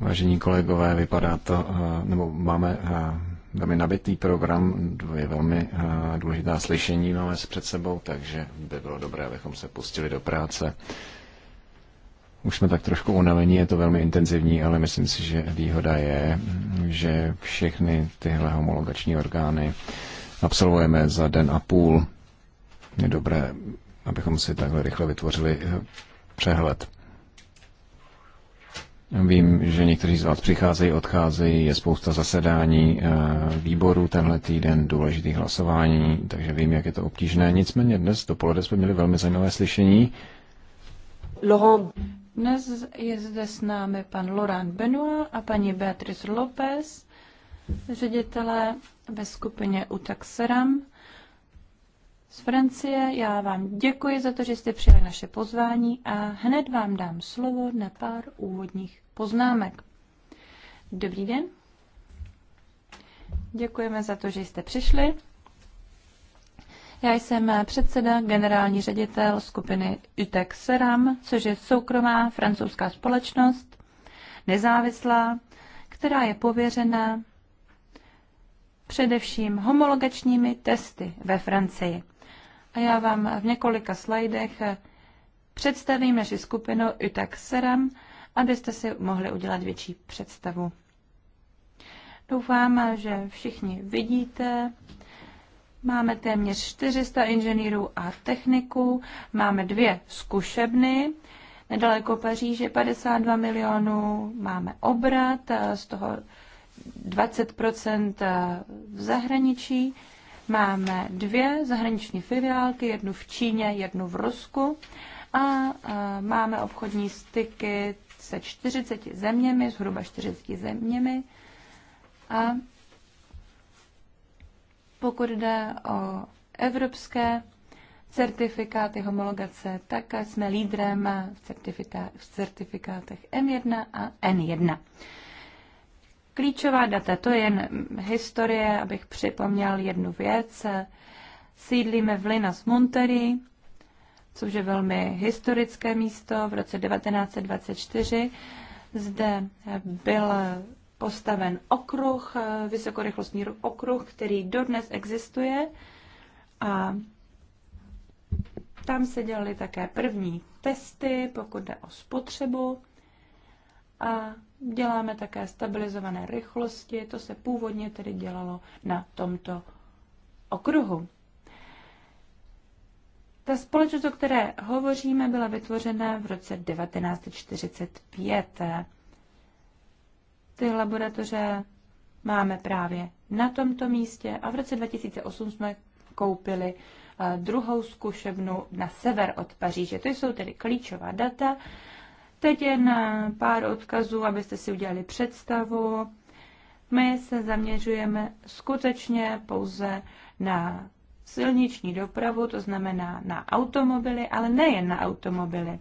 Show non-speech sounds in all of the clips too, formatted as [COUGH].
Vážení kolegové, vypadá to, eh, nebo máme eh, velmi nabitý program, dvě velmi eh, důležitá slyšení máme s před sebou, takže by bylo dobré, abychom se pustili do práce. Už jsme tak trošku unavení, je to velmi intenzivní, ale myslím si, že výhoda je, že všechny tyhle homologační orgány absolvujeme za den a půl. Je dobré, abychom si takhle rychle vytvořili přehled. Vím, že někteří z vás přicházejí, odcházejí, je spousta zasedání eh, výboru tenhle týden, důležitých hlasování, takže vím, jak je to obtížné. Nicméně dnes dopoledne jsme měli velmi zajímavé slyšení. Laurent. Dnes je zde s námi pan Laurent Benoit a paní Beatrice López, ředitelé ve skupině Utaxeram z Francie. Já vám děkuji za to, že jste přijali naše pozvání a hned vám dám slovo na pár úvodních poznámek. Dobrý den. Děkujeme za to, že jste přišli. Já jsem předseda, generální ředitel skupiny UTEC Seram, což je soukromá francouzská společnost, nezávislá, která je pověřena především homologačními testy ve Francii. A já vám v několika slajdech představím naši skupinu UTEC Seram abyste si mohli udělat větší představu. Doufám, že všichni vidíte. Máme téměř 400 inženýrů a techniků, máme dvě zkušebny, nedaleko Paříže 52 milionů, máme obrat, z toho 20 v zahraničí. Máme dvě zahraniční filiálky, jednu v Číně, jednu v Rusku. A máme obchodní styky se 40 zeměmi, zhruba 40 zeměmi. A pokud jde o evropské certifikáty homologace, tak jsme lídrem v, certifiká- v certifikátech M1 a N1. Klíčová data, to je jen historie, abych připomněl jednu věc. Sídlíme v Linas Monterey, což je velmi historické místo. V roce 1924 zde byl postaven okruh, eh, vysokorychlostní okruh, který dodnes existuje a tam se dělaly také první testy, pokud jde o spotřebu a děláme také stabilizované rychlosti. To se původně tedy dělalo na tomto okruhu. Ta společnost, o které hovoříme, byla vytvořena v roce 1945. Ty laboratoře máme právě na tomto místě a v roce 2008 jsme koupili eh, druhou zkušebnu na sever od Paříže. To jsou tedy klíčová data. Teď jen eh, pár odkazů, abyste si udělali představu. My se zaměřujeme skutečně pouze na silniční dopravu, to znamená na automobily, ale nejen na automobily.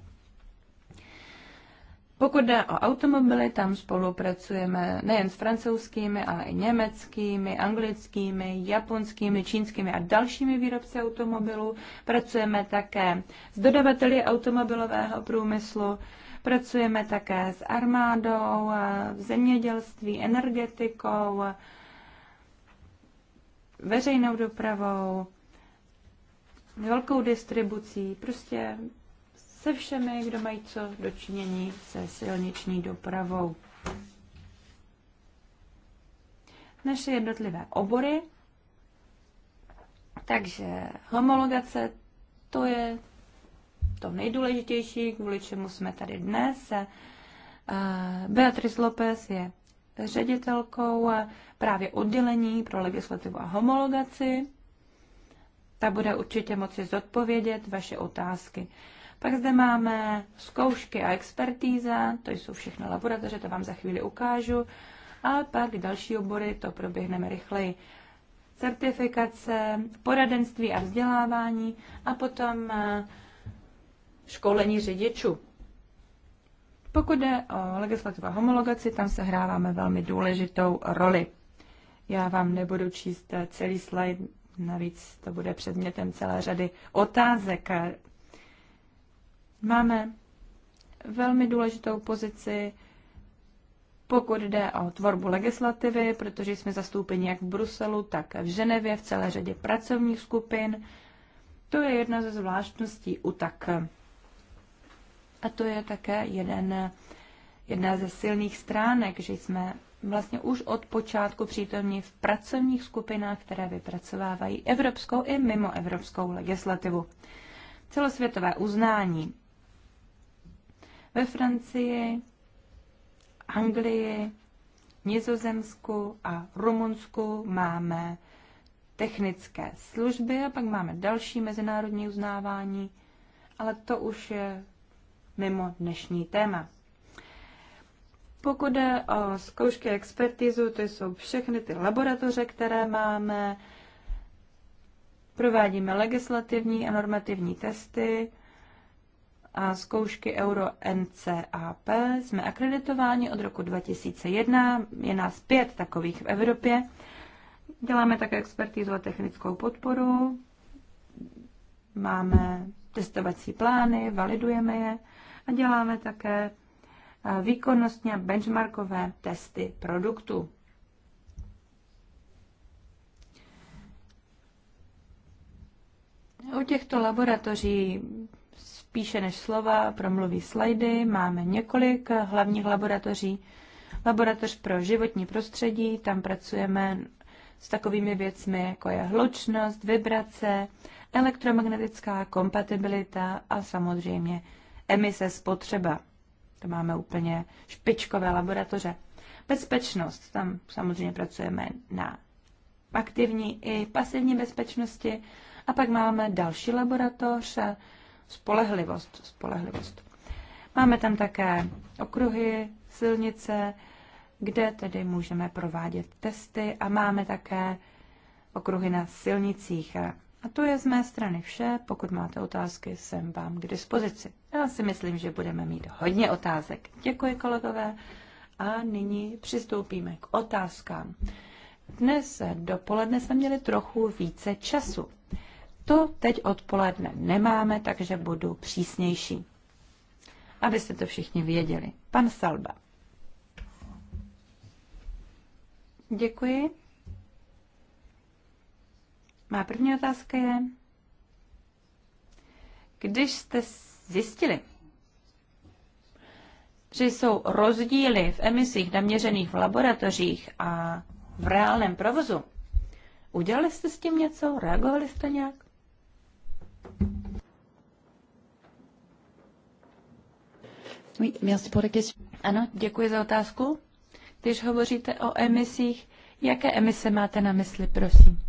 Pokud jde o automobily, tam spolupracujeme nejen s francouzskými, ale i německými, anglickými, japonskými, čínskými a dalšími výrobci automobilů. Pracujeme také s dodavateli automobilového průmyslu, pracujeme také s armádou, v zemědělství, energetikou, veřejnou dopravou, velkou distribucí, prostě se všemi, kdo mají co dočinění se silniční dopravou. Naše jednotlivé obory, takže homologace, to je to nejdůležitější, kvůli čemu jsme tady dnes. Beatrice Lopez je ředitelkou právě oddělení pro legislativu a homologaci. Ta bude určitě moci zodpovědět vaše otázky. Pak zde máme zkoušky a expertíza, to jsou všechno laboratoře, to vám za chvíli ukážu. A pak další obory, to proběhneme rychleji. Certifikace, poradenství a vzdělávání a potom eh, školení řidičů. Pokud jde o legislativu a homologaci, tam se hráváme velmi důležitou roli. Já vám nebudu číst celý slide, navíc to bude předmětem celé řady otázek. Máme velmi důležitou pozici, pokud jde o tvorbu legislativy, protože jsme zastoupeni jak v Bruselu, tak v Ženevě, v celé řadě pracovních skupin. To je jedna ze zvláštností u tak a to je také jeden, jedna ze silných stránek, že jsme vlastně už od počátku přítomní v pracovních skupinách, které vypracovávají evropskou i mimoevropskou legislativu. Celosvětové uznání ve Francii, Anglii, Nizozemsku a Rumunsku máme technické služby a pak máme další mezinárodní uznávání, ale to už je mimo dnešní téma. Pokud jde o zkoušky expertizu, to jsou všechny ty laboratoře, které máme. Provádíme legislativní a normativní testy a zkoušky Euro NCAP. Jsme akreditováni od roku 2001, je nás pět takových v Evropě. Děláme také expertizu a technickou podporu. Máme testovací plány, validujeme je a děláme také eh, výkonnostně benchmarkové testy produktů. U těchto laboratoří spíše než slova promluví slajdy. Máme několik hlavních laboratoří. Laboratoř pro životní prostředí, tam pracujeme s takovými věcmi, jako je hlučnost, vibrace, elektromagnetická kompatibilita a samozřejmě emise spotřeba. To máme úplně špičkové laboratoře. Bezpečnost, tam samozřejmě pracujeme na aktivní i pasivní bezpečnosti. A pak máme další laboratoř, spolehlivost, spolehlivost. Máme tam také okruhy, silnice, kde tedy můžeme provádět testy a máme také okruhy na silnicích. A to je z mé strany vše. Pokud máte otázky, jsem vám k dispozici. Já si myslím, že budeme mít hodně otázek. Děkuji, kolegové. A nyní přistoupíme k otázkám. Dnes dopoledne jsme měli trochu více času. To teď odpoledne nemáme, takže budu přísnější. Abyste to všichni věděli. Pan Salba. Děkuji. Má první otázka je, když jste zjistili, že jsou rozdíly v emisích naměřených v laboratořích a v reálném provozu, udělali jste s tím něco? Reagovali jste nějak? Ano, děkuji za otázku. Když hovoříte o emisích, jaké emise máte na mysli, prosím?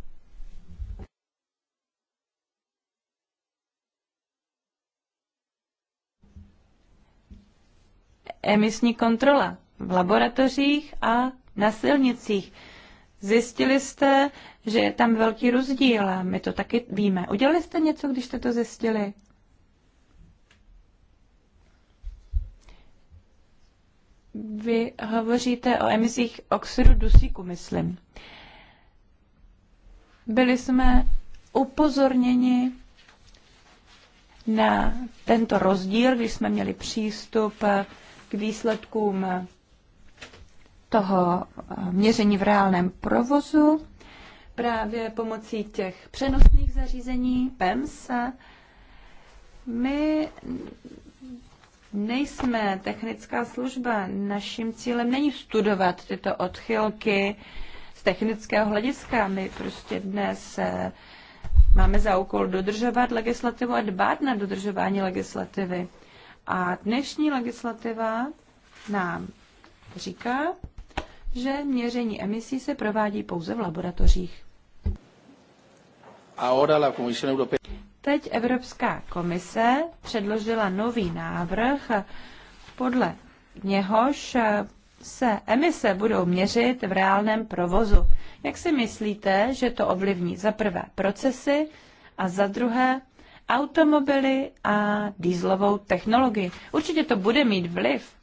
emisní kontrola v laboratořích a na silnicích. Zjistili jste, že je tam velký rozdíl a my to taky víme. Udělali jste něco, když jste to zjistili? Vy hovoříte o emisích oxidu dusíku, myslím. Byli jsme upozorněni na tento rozdíl, když jsme měli přístup výsledkům toho eh, měření v reálném provozu právě pomocí těch přenosných zařízení PEMS. My nejsme technická služba. Naším cílem není studovat tyto odchylky z technického hlediska. My prostě dnes eh, máme za úkol dodržovat legislativu a dbát na dodržování legislativy. A dnešní legislativa nám říká, že měření emisí se provádí pouze v laboratořích. Teď Evropská komise předložila nový návrh, podle něhož se emise budou měřit v reálném provozu. Jak si myslíte, že to ovlivní za prvé procesy a za druhé automobily a dýzlovou technologii. Určitě to bude mít vliv,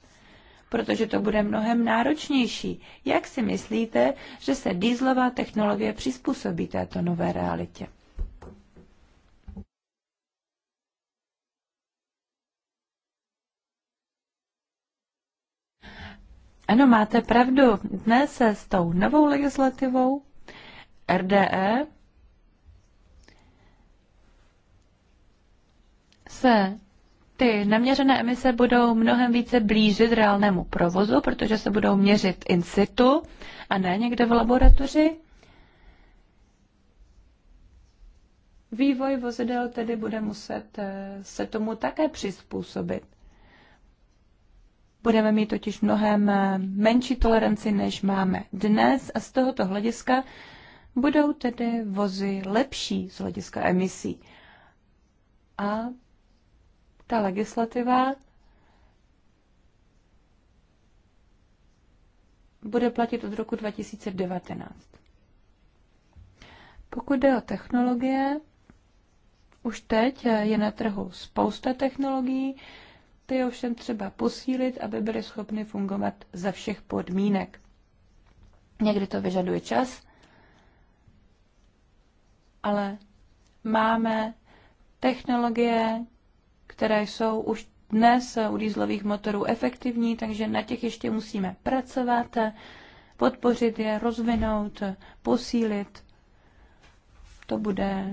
protože to bude mnohem náročnější. Jak si myslíte, že se dýzlová technologie přizpůsobí této nové realitě? Ano, máte pravdu. Dnes se s tou novou legislativou RDE se ty naměřené emise budou mnohem více blížit reálnému provozu, protože se budou měřit in situ a ne někde v laboratoři. Vývoj vozidel tedy bude muset eh, se tomu také přizpůsobit. Budeme mít totiž mnohem eh, menší toleranci, než máme dnes a z tohoto hlediska budou tedy vozy lepší z hlediska emisí. A ta legislativa bude platit od roku 2019. Pokud jde o technologie, už teď je na trhu spousta technologií, ty je ovšem třeba posílit, aby byly schopny fungovat za všech podmínek. Někdy to vyžaduje čas, ale máme technologie, které jsou už dnes u dýzlových motorů efektivní, takže na těch ještě musíme pracovat, podpořit je, rozvinout, posílit. To bude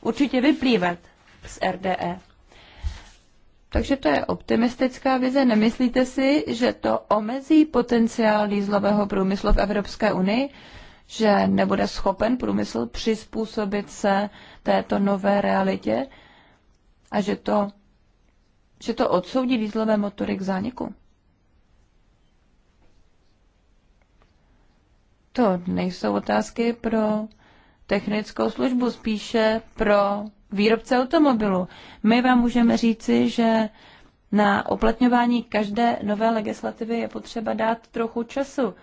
určitě vyplývat z RDE. Takže to je optimistická vize. Nemyslíte si, že to omezí potenciál dýzlového průmyslu v Evropské unii? Že nebude schopen průmysl přizpůsobit se této nové realitě? A že to že to odsoudí dýzlové motory k zániku. To nejsou otázky pro technickou službu, spíše pro výrobce automobilu. My vám můžeme říci, že na oplatňování každé nové legislativy je potřeba dát trochu času,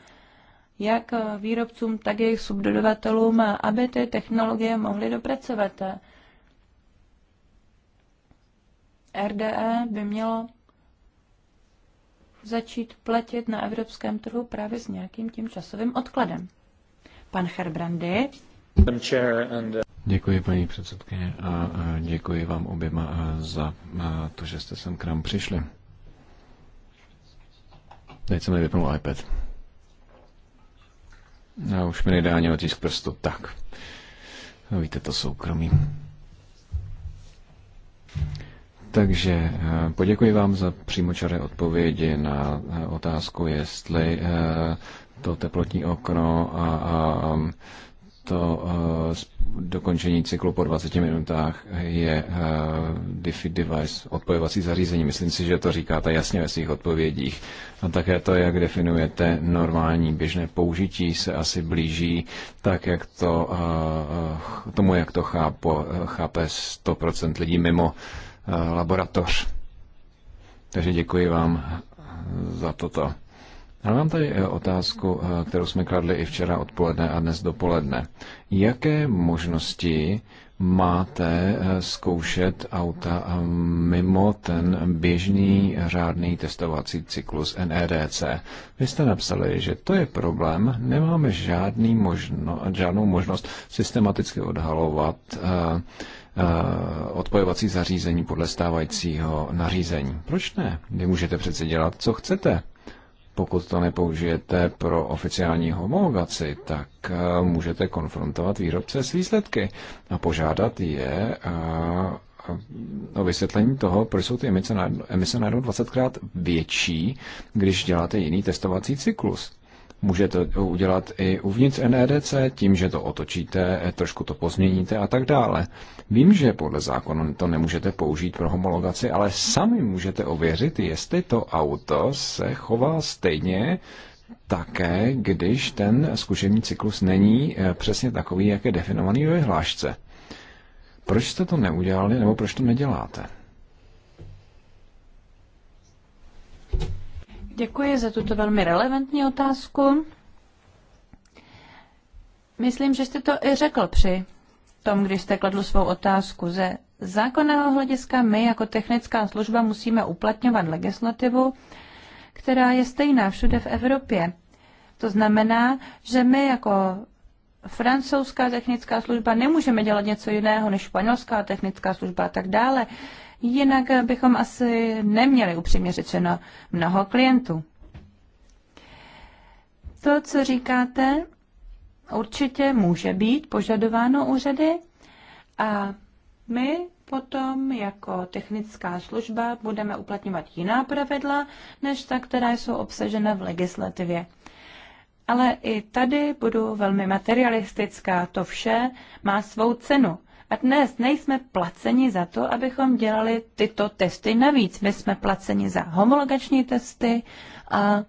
jak výrobcům, tak jejich subdodavatelům, aby ty technologie mohly dopracovat. RDE by mělo začít platit na evropském trhu právě s nějakým tím časovým odkladem. Pan Herbrandy. Uh, děkuji, paní předsedkyně, a děkuji vám oběma za to, že jste sem k nám přišli. Teď jsem mi vypnul iPad. A už mi nedá ani otisk prstu. Tak. Víte, to soukromí. Takže eh, poděkuji vám za přímočaré odpovědi na eh, otázku, jestli eh, to teplotní okno a, a mm, to dokončení cyklu po 20 minutách je Diffy device, odpojovací zařízení. Myslím si, že to říkáte jasně ve svých odpovědích. A také to, jak definujete normální běžné použití, se asi blíží tak, jak to, tomu, jak to chápo, chápe 100% lidí mimo Eh, laboratoř. Takže děkuji vám eh, za toto. Ale mám tady eh, otázku, kterou jsme kladli i včera odpoledne a dnes dopoledne. Jaké možnosti máte zkoušet auta mimo ten běžný řádný testovací cyklus NEDC. Vy jste napsali, že to je problém, nemáme žádný možno, žádnou možnost systematicky odhalovat uh, Eh, odpojovací zařízení podle stávajícího nařízení. Proč ne? Vy můžete přece dělat, co chcete. Pokud to nepoužijete pro oficiální homologaci, tak eh, můžete konfrontovat výrobce s výsledky a požádat je eh, o vysvětlení toho, proč jsou ty emise najednou 20krát větší, když děláte jiný testovací cyklus. Můžete to udělat i uvnitř NEDC tím, že to otočíte, trošku to pozměníte a tak dále. Vím, že podle zákonu to nemůžete použít pro homologaci, ale sami můžete ověřit, jestli to auto se chová stejně také, když ten zkušený cyklus není eh, přesně takový, jak je definovaný ve vyhlášce. Proč jste to neudělali, nebo proč to neděláte? Děkuji za tuto velmi relevantní otázku. Myslím, že jste to i řekl při tom, když jste kladl svou otázku. Ze zákonného hlediska my jako technická služba musíme uplatňovat legislativu, která je stejná všude v Evropě. To znamená, že my jako francouzská technická služba nemůžeme dělat něco jiného než španělská technická služba a tak dále. Jinak bychom asi neměli upřímně řečeno mnoho klientů. To, co říkáte, určitě může být požadováno úřady a my potom jako technická služba budeme uplatňovat jiná pravidla, než ta, která jsou obsažena v legislativě. Ale i tady budu velmi materialistická. To vše má svou cenu. A dnes nejsme placeni za to, abychom dělali tyto testy navíc. My jsme placeni za homologační testy a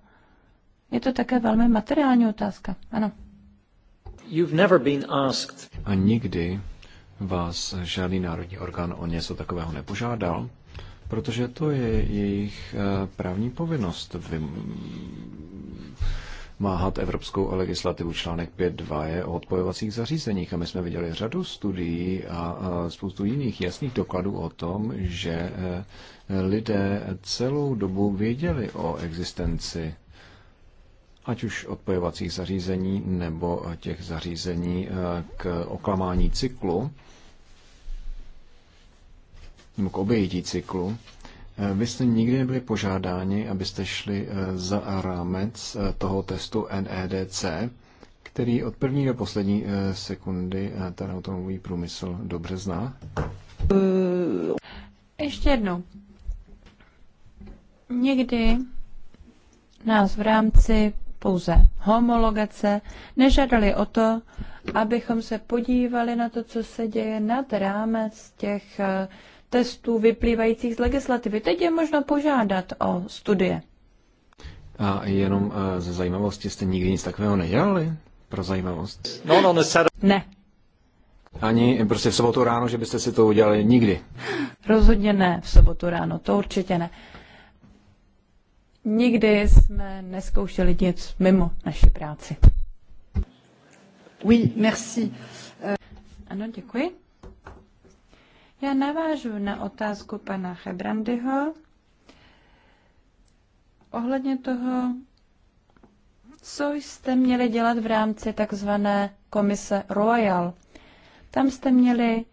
je to také velmi materiální otázka. Ano. You've never been asked. A nikdy vás žádný národní orgán o něco takového nepožádal, protože to je jejich eh, právní povinnost vymáhat evropskou legislativu. Článek 5.2 je o odpojovacích zařízeních a my jsme viděli řadu studií a spoustu jiných jasných dokladů o tom, že e, lidé celou dobu věděli o existenci ať už odpojovacích zařízení nebo těch zařízení e, k oklamání cyklu nebo k obejití cyklu Eh, vy jste nikdy nebyli požádáni, abyste šli eh, za rámec eh, toho testu NEDC, který od první do poslední sekundy ten automobilový průmysl dobře zná? Ještě jednou. Někdy nás v rámci pouze homologace nežadali o to, abychom se podívali na to, co se děje nad rámec těch uh, testů vyplývajících z legislativy. Teď je možno požádat o studie. A jenom eh, ze zajímavosti jste nikdy nic takového nedělali? Pro zajímavost? No, no, ne. Ne. Ani prostě v sobotu ráno, že byste si to udělali nikdy? Rozhodně ne v sobotu ráno, to určitě ne. Nikdy jsme neskoušeli nic mimo naši práci. Oui, merci. Ano, děkuji. Já navážu na otázku pana Hebrandyho ohledně toho, co jste měli dělat v rámci takzvané komise Royal. Tam jste měli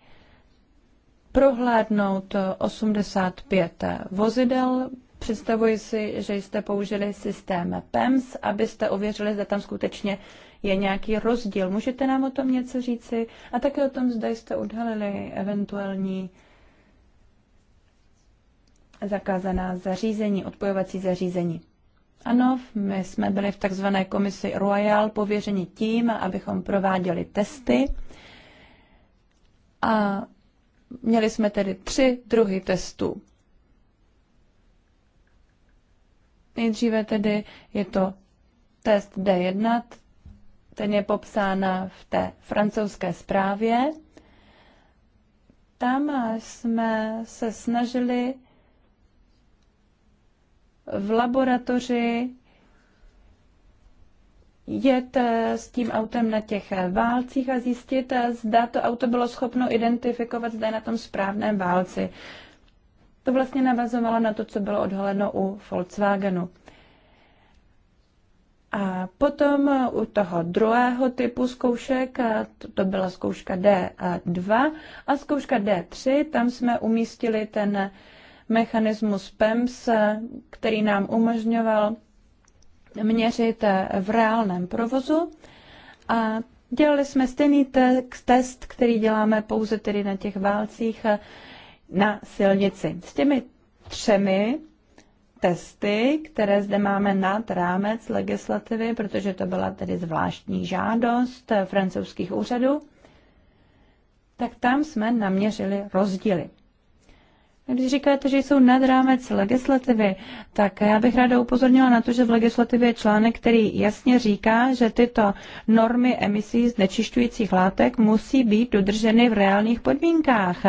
prohlédnout 85 vozidel představuji si, že jste použili systém PEMS, abyste ověřili, zda tam skutečně je nějaký rozdíl. Můžete nám o tom něco říci? A také o tom, zda jste odhalili eventuální zakázaná zařízení, odpojovací zařízení. Ano, my jsme byli v takzvané komisi Royal pověřeni tím, abychom prováděli testy. A měli jsme tedy tři druhy testů. Nejdříve tedy je to test D1, ten je popsán v té francouzské zprávě. Tam jsme se snažili v laboratoři jet s tím autem na těch válcích a zjistit, zda to auto bylo schopno identifikovat, zda je na tom správném válci. To vlastně navazovalo na to, co bylo odhaleno u Volkswagenu. A potom u toho druhého typu zkoušek, to byla zkouška D2 a zkouška D3, tam jsme umístili ten mechanismus PEMS, který nám umožňoval měřit v reálném provozu. A dělali jsme stejný test, který děláme pouze tedy na těch válcích na silnici. S těmi třemi testy, které zde máme nad rámec legislativy, protože to byla tedy zvláštní žádost francouzských úřadů, tak tam jsme naměřili rozdíly. Když říkáte, že jsou nad rámec legislativy, tak já bych ráda upozornila na to, že v legislativě je článek, který jasně říká, že tyto normy emisí znečišťujících látek musí být dodrženy v reálných podmínkách.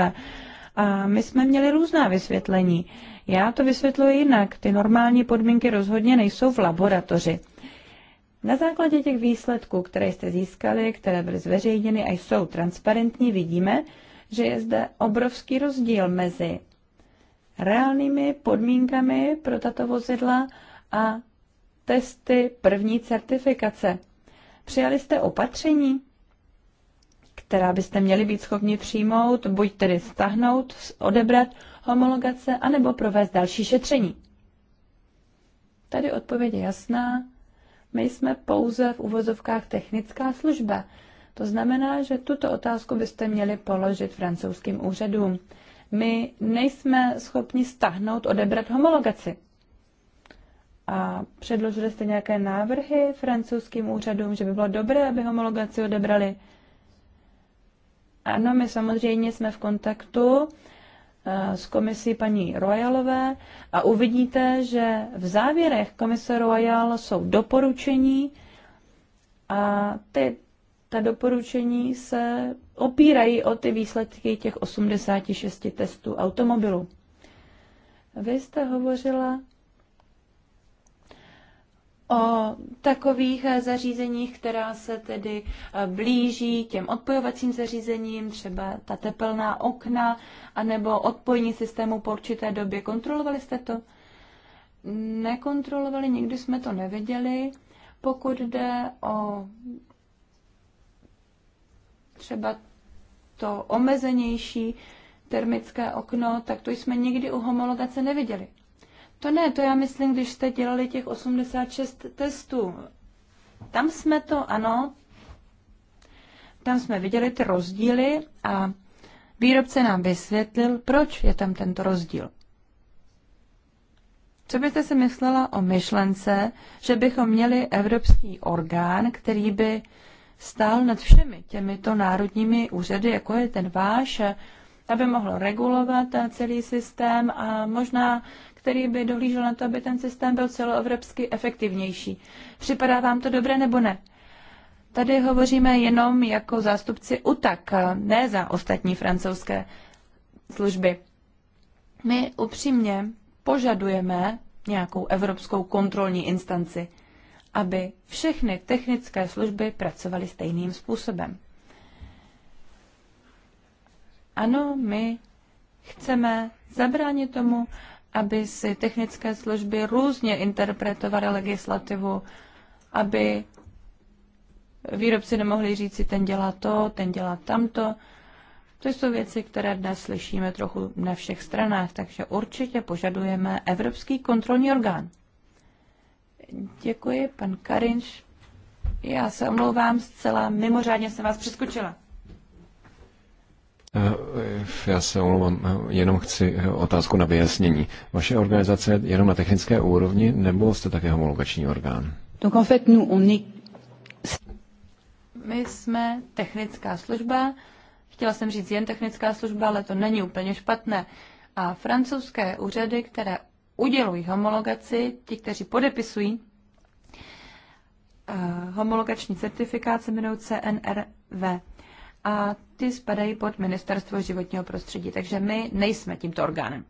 A my jsme měli různá vysvětlení. Já to vysvětluji jinak. Ty normální podmínky rozhodně nejsou v laboratoři. Na základě těch výsledků, které jste získali, které byly zveřejněny a jsou transparentní, vidíme, že je zde obrovský rozdíl mezi reálnými podmínkami pro tato vozidla a testy první certifikace. Přijali jste opatření? která byste měli být schopni přijmout, buď tedy stahnout, odebrat homologace, anebo provést další šetření. Tady odpověď je jasná. My jsme pouze v uvozovkách technická služba. To znamená, že tuto otázku byste měli položit francouzským úřadům. My nejsme schopni stahnout, odebrat homologaci. A předložili jste nějaké návrhy francouzským úřadům, že by bylo dobré, aby homologaci odebrali? Ano, my samozřejmě jsme v kontaktu eh, s komisí paní Royalové a uvidíte, že v závěrech komise Royal jsou doporučení a ty, ta doporučení se opírají o ty výsledky těch 86 testů automobilů. Vy jste hovořila o takových eh, zařízeních, která se tedy eh, blíží těm odpojovacím zařízením, třeba ta tepelná okna, anebo odpojení systému po určité době. Kontrolovali jste to? Nekontrolovali, nikdy jsme to neviděli. Pokud jde o třeba to omezenější termické okno, tak to jsme nikdy u homologace neviděli. To ne, to já myslím, když jste dělali těch 86 testů. Tam jsme to, ano, tam jsme viděli ty rozdíly a výrobce nám vysvětlil, proč je tam tento rozdíl. Co byste si myslela o myšlence, že bychom měli evropský orgán, který by stál nad všemi těmito národními úřady, jako je ten váš, aby mohl regulovat celý systém a možná který by dohlížel na to, aby ten systém byl celoevropsky efektivnější. Připadá vám to dobré nebo ne? Tady hovoříme jenom jako zástupci UTAK, ne za ostatní francouzské služby. My upřímně požadujeme nějakou evropskou kontrolní instanci, aby všechny technické služby pracovaly stejným způsobem. Ano, my chceme zabránit tomu, aby si technické služby různě interpretovaly legislativu, aby výrobci nemohli říct, ten dělá to, ten dělá tamto. To jsou věci, které dnes slyšíme trochu na všech stranách, takže určitě požadujeme Evropský kontrolní orgán. Děkuji, pan Karinš. Já se omlouvám, zcela mimořádně jsem vás přeskočila. Já se omlouvám, jenom chci otázku na vyjasnění. Vaše organizace je jenom na technické úrovni, nebo jste také homologační orgán? Donc en fait, nous, on est... My jsme technická služba, chtěla jsem říct jen technická služba, ale to není úplně špatné. A francouzské úřady, které udělují homologaci, ti, kteří podepisují eh, homologační certifikát, jmenují CNRV a ty spadají pod Ministerstvo životního prostředí, takže my nejsme tímto orgánem.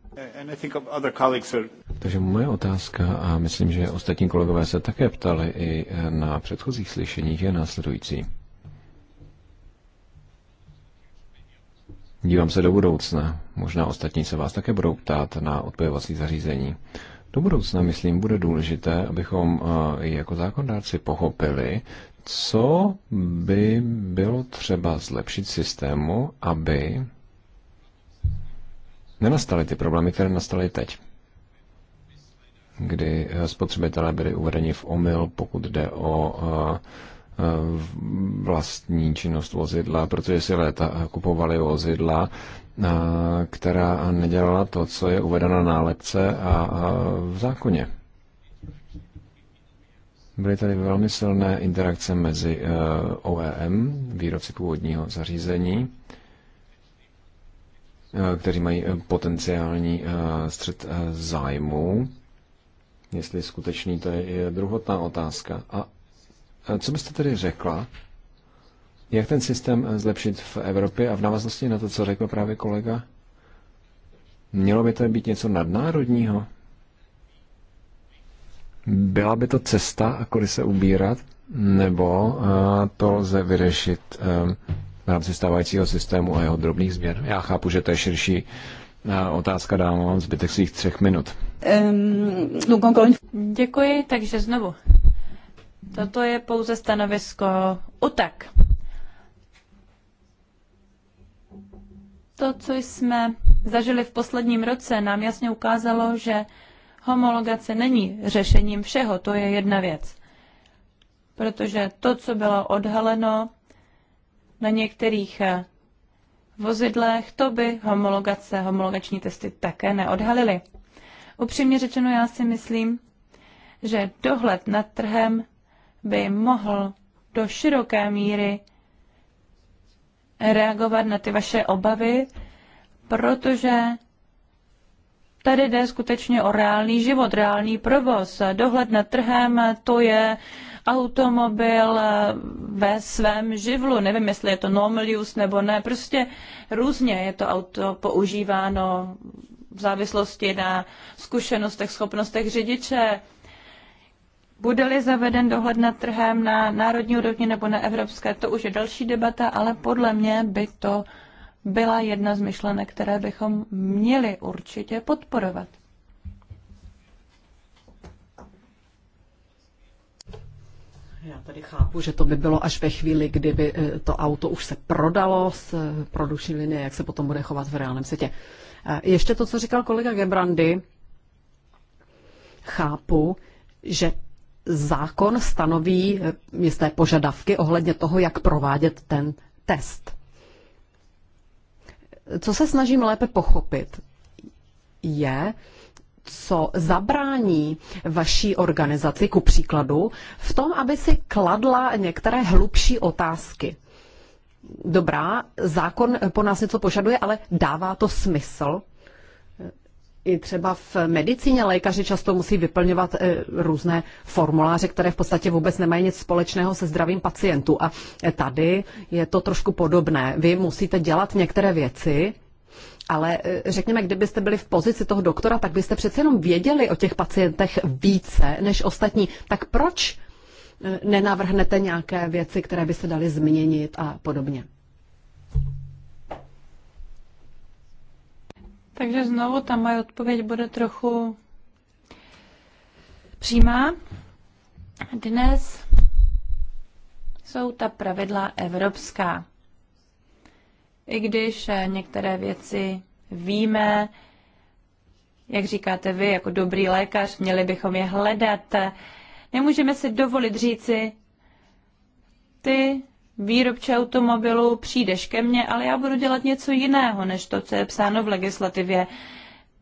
Takže moje otázka, a myslím, že ostatní kolegové se také ptali i na předchozích slyšeních, je následující. Dívám se do budoucna. Možná ostatní se vás také budou ptát na odpojovací zařízení. Do budoucna, myslím, bude důležité, abychom eh, i jako zákonodárci pochopili, co by bylo třeba zlepšit systému, aby nenastaly ty problémy, které nastaly teď, kdy eh, spotřebitelé byli uvedeni v omyl, pokud jde o eh, eh, vlastní činnost vozidla, protože si léta kupovali vozidla, která nedělala to, co je uvedeno na nálepce a v zákoně. Byly tady velmi silné interakce mezi eh, OEM, výrobci původního zařízení, eh, kteří mají eh, potenciální střed zájmu. Jestli skutečný, to je druhotná otázka. A co byste tedy řekla, jak ten systém zlepšit v Evropě a v návaznosti na to, co řekl právě kolega? Mělo by to být něco nadnárodního? Byla by to cesta, kudy se ubírat, nebo eh, to lze vyřešit eh, v rámci stávajícího systému a jeho drobných změn? Já chápu, že to je širší eh, otázka, dám vám zbytek svých třech minut. Děkuji, takže znovu. Toto je pouze stanovisko UTAK. To, co jsme zažili v posledním roce, nám jasně ukázalo, že homologace není řešením všeho, to je jedna věc. Protože to, co bylo odhaleno na některých eh, vozidlech, to by homologace, homologační testy také neodhalily. Upřímně řečeno, já si myslím, že dohled nad trhem by mohl do široké míry reagovat na ty vaše obavy, protože Tady jde skutečně o reálný život, reálný provoz. Dohled nad trhem, to je automobil eh, ve svém živlu. Nevím, jestli je to normal nebo ne. Prostě různě je to auto používáno v závislosti na zkušenostech, schopnostech řidiče. Bude-li zaveden dohled nad trhem na národní úrovni nebo na evropské, to už je další debata, ale podle mě by to byla jedna z myšlenek, které bychom měli určitě podporovat. Já tady chápu, že to by bylo až ve chvíli, kdyby eh, to auto už se prodalo z eh, produkční linie, jak se potom bude chovat v reálném světě. Eh, ještě to, co říkal kolega Gebrandy, chápu, že zákon stanoví jisté požadavky ohledně toho, jak provádět ten test co se snažím lépe pochopit, je, co zabrání vaší organizaci, ku příkladu, v tom, aby si kladla některé hlubší otázky. Dobrá, zákon po nás něco požaduje, ale dává to smysl? i třeba v medicíně lékaři často musí vyplňovat eh, různé formuláře, které v podstatě vůbec nemají nic společného se zdravím pacientů. A eh, tady je to trošku podobné. Vy musíte dělat některé věci, ale eh, řekněme, kdybyste byli v pozici toho doktora, tak byste přece jenom věděli o těch pacientech více než ostatní. Tak proč nenavrhnete nějaké věci, které by se daly změnit a podobně? Takže znovu ta moje odpověď bude trochu přímá. Dnes jsou ta pravidla evropská. I když eh, některé věci víme, jak říkáte vy, jako dobrý lékař, měli bychom je hledat. Nemůžeme si dovolit říci, ty výrobče automobilů, přijdeš ke mně, ale já budu dělat něco jiného, než to, co je psáno v legislativě,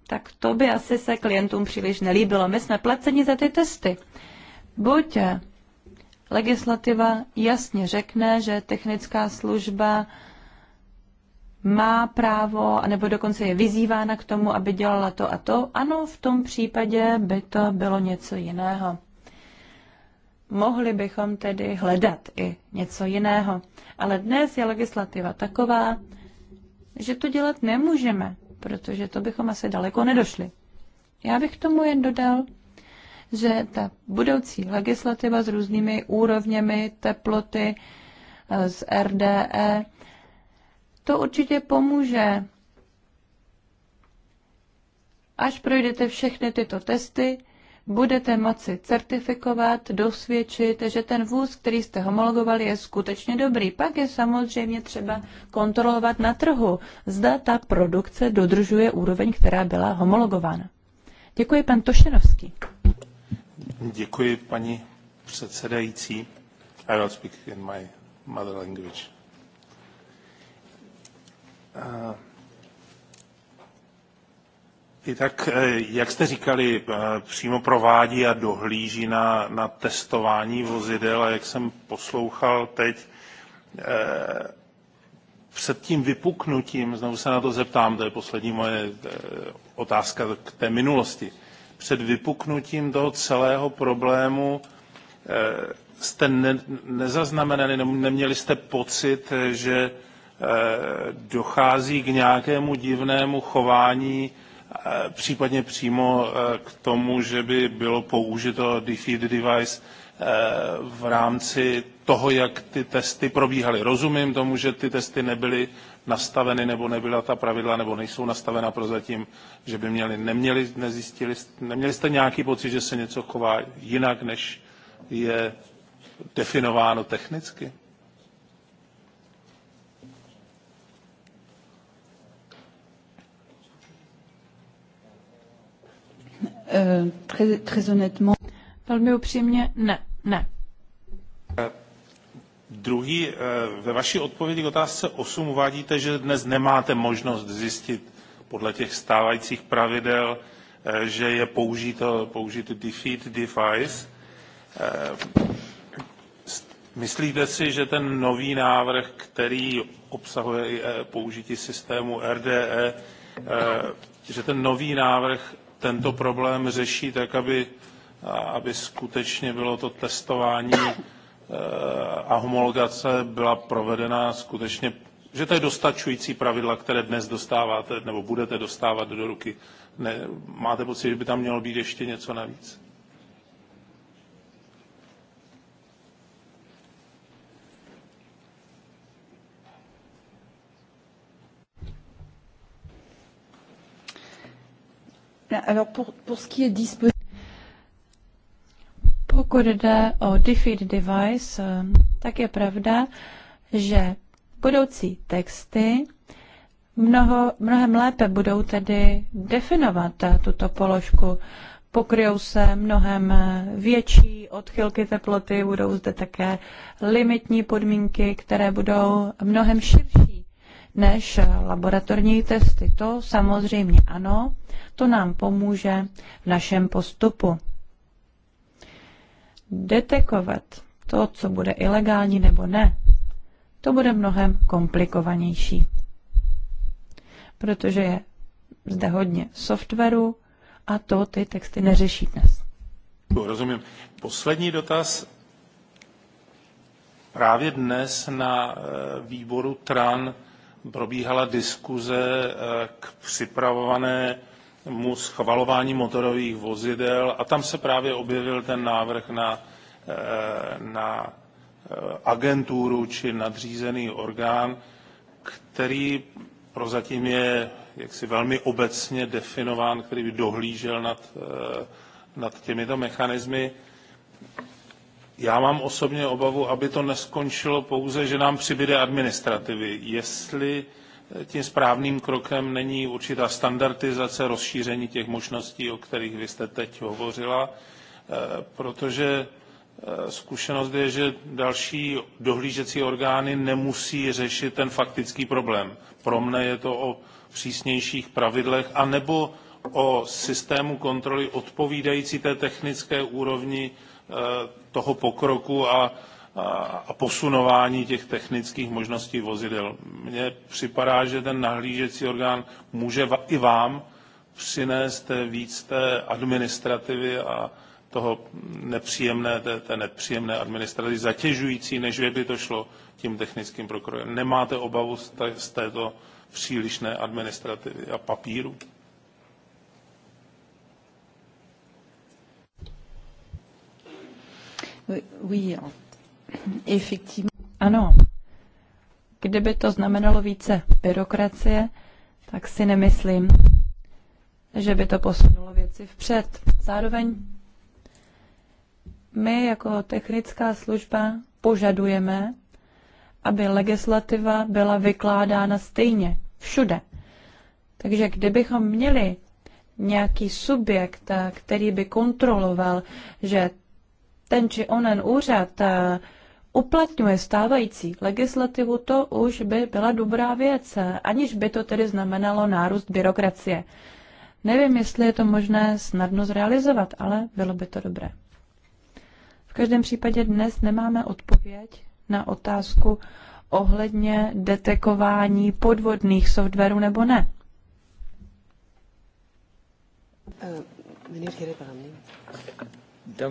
tak to by asi se klientům příliš nelíbilo. My jsme placeni za ty testy. Buď legislativa jasně řekne, že technická služba má právo, nebo dokonce je vyzývána k tomu, aby dělala to a to. Ano, v tom případě by to bylo něco jiného mohli bychom tedy hledat i něco jiného. Ale dnes je legislativa taková, že to dělat nemůžeme, protože to bychom asi daleko nedošli. Já bych tomu jen dodal, že ta budoucí legislativa s různými úrovněmi teploty eh, z RDE, to určitě pomůže. Až projdete všechny tyto testy, budete moci certifikovat, dosvědčit, že ten vůz, který jste homologovali, je skutečně dobrý. Pak je samozřejmě třeba kontrolovat na trhu, zda ta produkce dodržuje úroveň, která byla homologována. Děkuji, pan Tošenovský. Děkuji, paní předsedající. I will speak in my mother language. Uh, i tak, eh, jak jste říkali, eh, přímo provádí a dohlíží na, na testování vozidel a jak jsem poslouchal teď, eh, před tím vypuknutím, znovu se na to zeptám, to je poslední moje otázka k té minulosti, před vypuknutím toho celého problému jste ne, nezaznamenali, neměli jste pocit, že dochází k nějakému divnému chování Eh, případně přímo eh, k tomu, že by bylo použito defeat device eh, v rámci toho, jak ty testy probíhaly. Rozumím tomu, že ty testy nebyly nastaveny nebo nebyla ta pravidla nebo nejsou nastavena prozatím, že by měli, neměli, nezjistili, neměli jste nějaký pocit, že se něco chová jinak, než je definováno technicky? Eh, Velmi upřímně, ne, ne. Druhý, eh, ve vaší odpovědi k otázce 8 uvádíte, že dnes nemáte možnost zjistit podle těch stávajících pravidel, eh, že je použito použito defeat device. Myslíte si, že ten nový návrh, který obsahuje použití systému RDE, že ten nový návrh tento problém řeší tak, aby, aby skutečně bylo to testování eh, a homologace byla provedena skutečně, že to je dostačující pravidla, které dnes dostáváte nebo budete dostávat do ruky. Ne, máte pocit, že by tam mělo být ještě něco navíc? Eh, Pokud jde o defeat device, eh, tak je pravda, že budoucí texty mnoho, mnohem lépe budou tedy definovat eh, tuto položku. Pokryjou se mnohem větší odchylky teploty, budou zde také limitní podmínky, které budou mnohem širší než laboratorní testy. To samozřejmě ano, to nám pomůže v našem postupu. Detekovat to, co bude ilegální nebo ne, to bude mnohem komplikovanější, protože je zde hodně softwaru a to ty texty neřeší dnes. Rozumím. Poslední dotaz. Právě dnes na eh, výboru TRAN probíhala diskuze eh, k připravovanému schvalování motorových vozidel a tam se právě objevil ten návrh na, eh, na eh, agenturu či nadřízený orgán, který prozatím je jaksi velmi obecně definován, který by dohlížel nad, nad těmito mechanismy. Já mám osobně obavu, aby to neskončilo pouze, že nám přibyde administrativy. Jestli eh, tím správným krokem není určitá standardizace, rozšíření těch možností, o kterých vy jste teď hovořila, eh, protože eh, zkušenost je, že další dohlížecí orgány nemusí řešit ten faktický problém. Pro mne je to o přísnějších pravidlech, anebo o systému kontroly odpovídající té technické úrovni Eh, toho pokroku a, a, a posunování těch technických možností vozidel. Mně připadá, že ten nahlížecí orgán může i vám přinést víc té administrativy a toho nepříjemné, té, té nepříjemné administrativy zatěžující, než by to šlo tím technickým prokrojem. Nemáte obavu z, té, z této přílišné administrativy a papíru? Oui, effectivement. Ano, kdyby to znamenalo více byrokracie, tak si nemyslím, že by to posunulo věci vpřed. Zároveň my jako technická služba požadujeme, aby legislativa byla vykládána stejně všude. Takže kdybychom měli nějaký subjekt, který by kontroloval, že ten či onen úřad eh, uplatňuje stávající legislativu, to už by byla dobrá věc, eh, aniž by to tedy znamenalo nárůst byrokracie. Nevím, jestli je to možné snadno zrealizovat, ale bylo by to dobré. V každém případě dnes nemáme odpověď na otázku ohledně detekování podvodných softwarů nebo ne. Uh, Eh,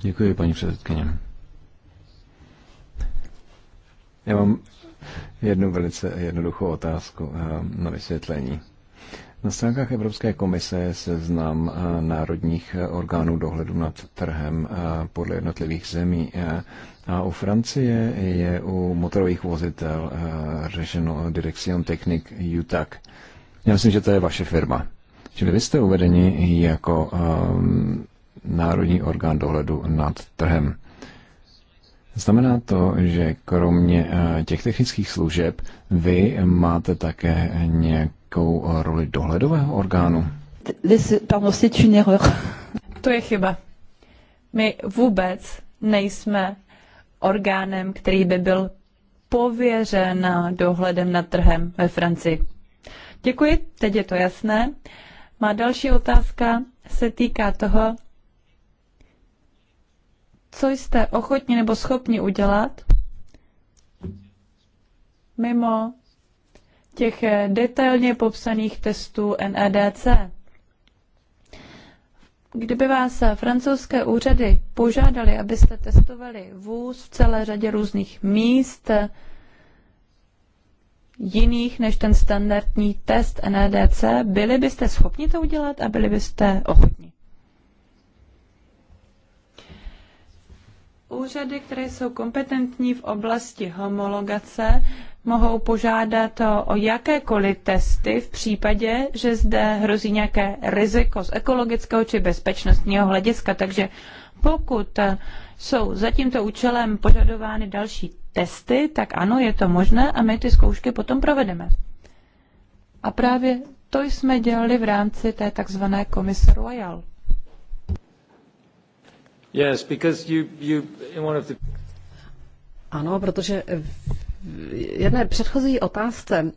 Děkuji, paní předsedkyně. Já mám jednu velice jednoduchou otázku eh, na vysvětlení. Na stránkách Evropské komise je seznam eh, národních orgánů dohledu nad trhem podle jednotlivých zemí. A u Francie je u motorových vozitel řešeno Direction Technique UTAC. Já myslím, že to je vaše firma. Čili vy jste uvedeni jako um, národní orgán dohledu nad trhem. Znamená to, že kromě uh, těch technických služeb vy máte také nějakou roli dohledového orgánu? To je chyba. My vůbec nejsme orgánem, který by byl pověřen dohledem nad trhem ve Francii. Děkuji, teď je to jasné. Má další otázka se týká toho, co jste ochotni nebo schopni udělat mimo těch detailně popsaných testů NEDC. Kdyby vás francouzské úřady požádali, abyste testovali vůz v celé řadě různých míst, jiných než ten standardní test NEDC, byli byste schopni to udělat a byli byste ochotni? Úřady, které jsou kompetentní v oblasti homologace, mohou požádat o jakékoliv testy v případě, že zde hrozí nějaké riziko z ekologického či bezpečnostního hlediska. Takže pokud jsou za tímto účelem požadovány další testy, tak ano, je to možné a my ty zkoušky potom provedeme. A právě to jsme dělali v rámci té takzvané komise Royal. Yes, because you, you, in one of the... Ano, protože v jedné předchozí otázce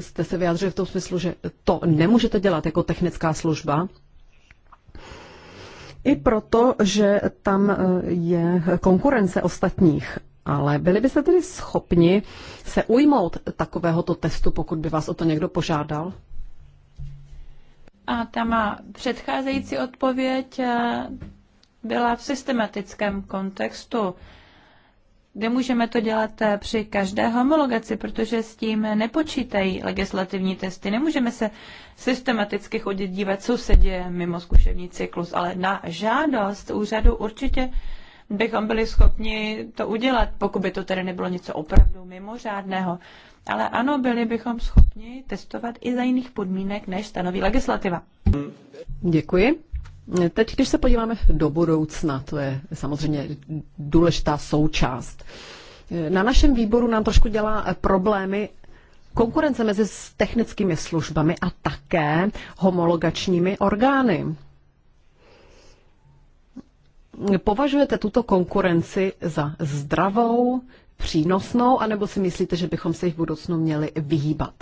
jste se vyjádřili v tom smyslu, že to nemůžete dělat jako technická služba, i proto, že tam e, je konkurence ostatních. Ale byli byste tedy schopni se ujmout takovéhoto testu, pokud by vás o to někdo požádal? A ta má předcházející odpověď e, byla v systematickém kontextu. Nemůžeme to dělat eh, při každé homologaci, protože s tím nepočítají legislativní testy. Nemůžeme se systematicky chodit dívat, co se děje mimo zkušební cyklus, ale na žádost úřadu určitě bychom byli schopni to udělat, pokud by to tedy nebylo něco opravdu mimořádného. Ale ano, byli bychom schopni testovat i za jiných podmínek, než stanoví legislativa. Děkuji. Teď, když se podíváme do budoucna, to je samozřejmě důležitá součást. Na našem výboru nám trošku dělá problémy konkurence mezi technickými službami a také homologačními orgány. Považujete tuto konkurenci za zdravou, přínosnou, anebo si myslíte, že bychom se jich v budoucnu měli vyhýbat?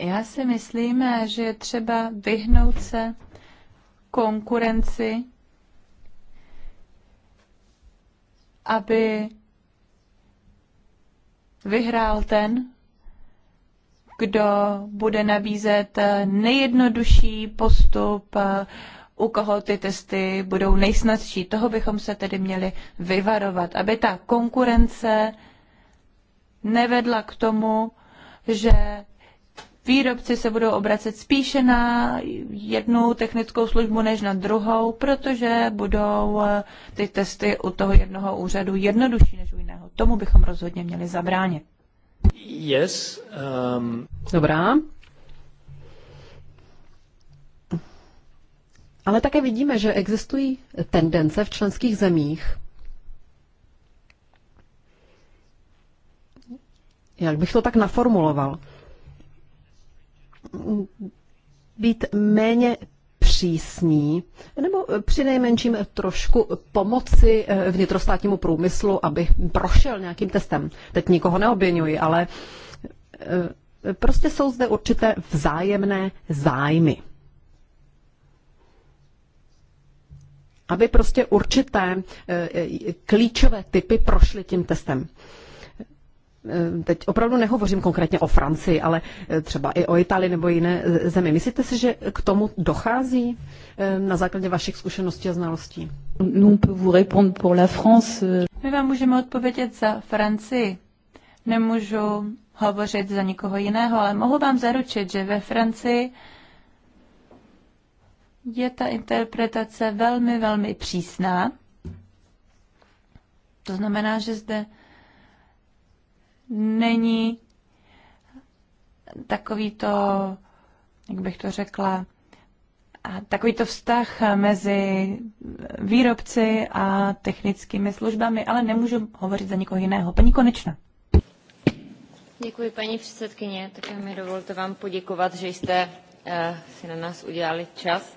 Já si myslím, že je třeba vyhnout se konkurenci, aby vyhrál ten, kdo bude nabízet nejjednodušší postup, u koho ty testy budou nejsnadší. Toho bychom se tedy měli vyvarovat, aby ta konkurence nevedla k tomu, že výrobci se budou obracet spíše na jednu technickou službu než na druhou, protože budou eh, ty testy u toho jednoho úřadu jednodušší než u jiného. Tomu bychom rozhodně měli zabránit. Yes. Um... Dobrá. Ale také vidíme, že existují tendence v členských zemích, jak bych to tak naformuloval, být méně přísní, nebo přinejmenším trošku pomoci eh, vnitrostátnímu průmyslu, aby prošel nějakým testem. Teď nikoho neobvinuji, ale eh, prostě jsou zde určité vzájemné zájmy. Aby prostě určité eh, klíčové typy prošly tím testem. Eh, teď opravdu nehovořím konkrétně o Francii, ale eh, třeba i o Itálii nebo jiné eh, zemi. Myslíte si, že k tomu dochází na základě vašich zkušeností a znalostí? Euh. My vám můžeme odpovědět za Francii. Nemůžu hovořit za nikoho jiného, ale mohu vám zaručit, že ve Francii je ta interpretace velmi, velmi přísná. To znamená, že zde není takový to, jak bych to řekla, takový to vztah mezi výrobci a technickými službami, ale nemůžu hovořit za nikoho jiného. Paní Konečna. Děkuji, paní předsedkyně. Také mi dovolte vám poděkovat, že jste eh, si na nás udělali čas.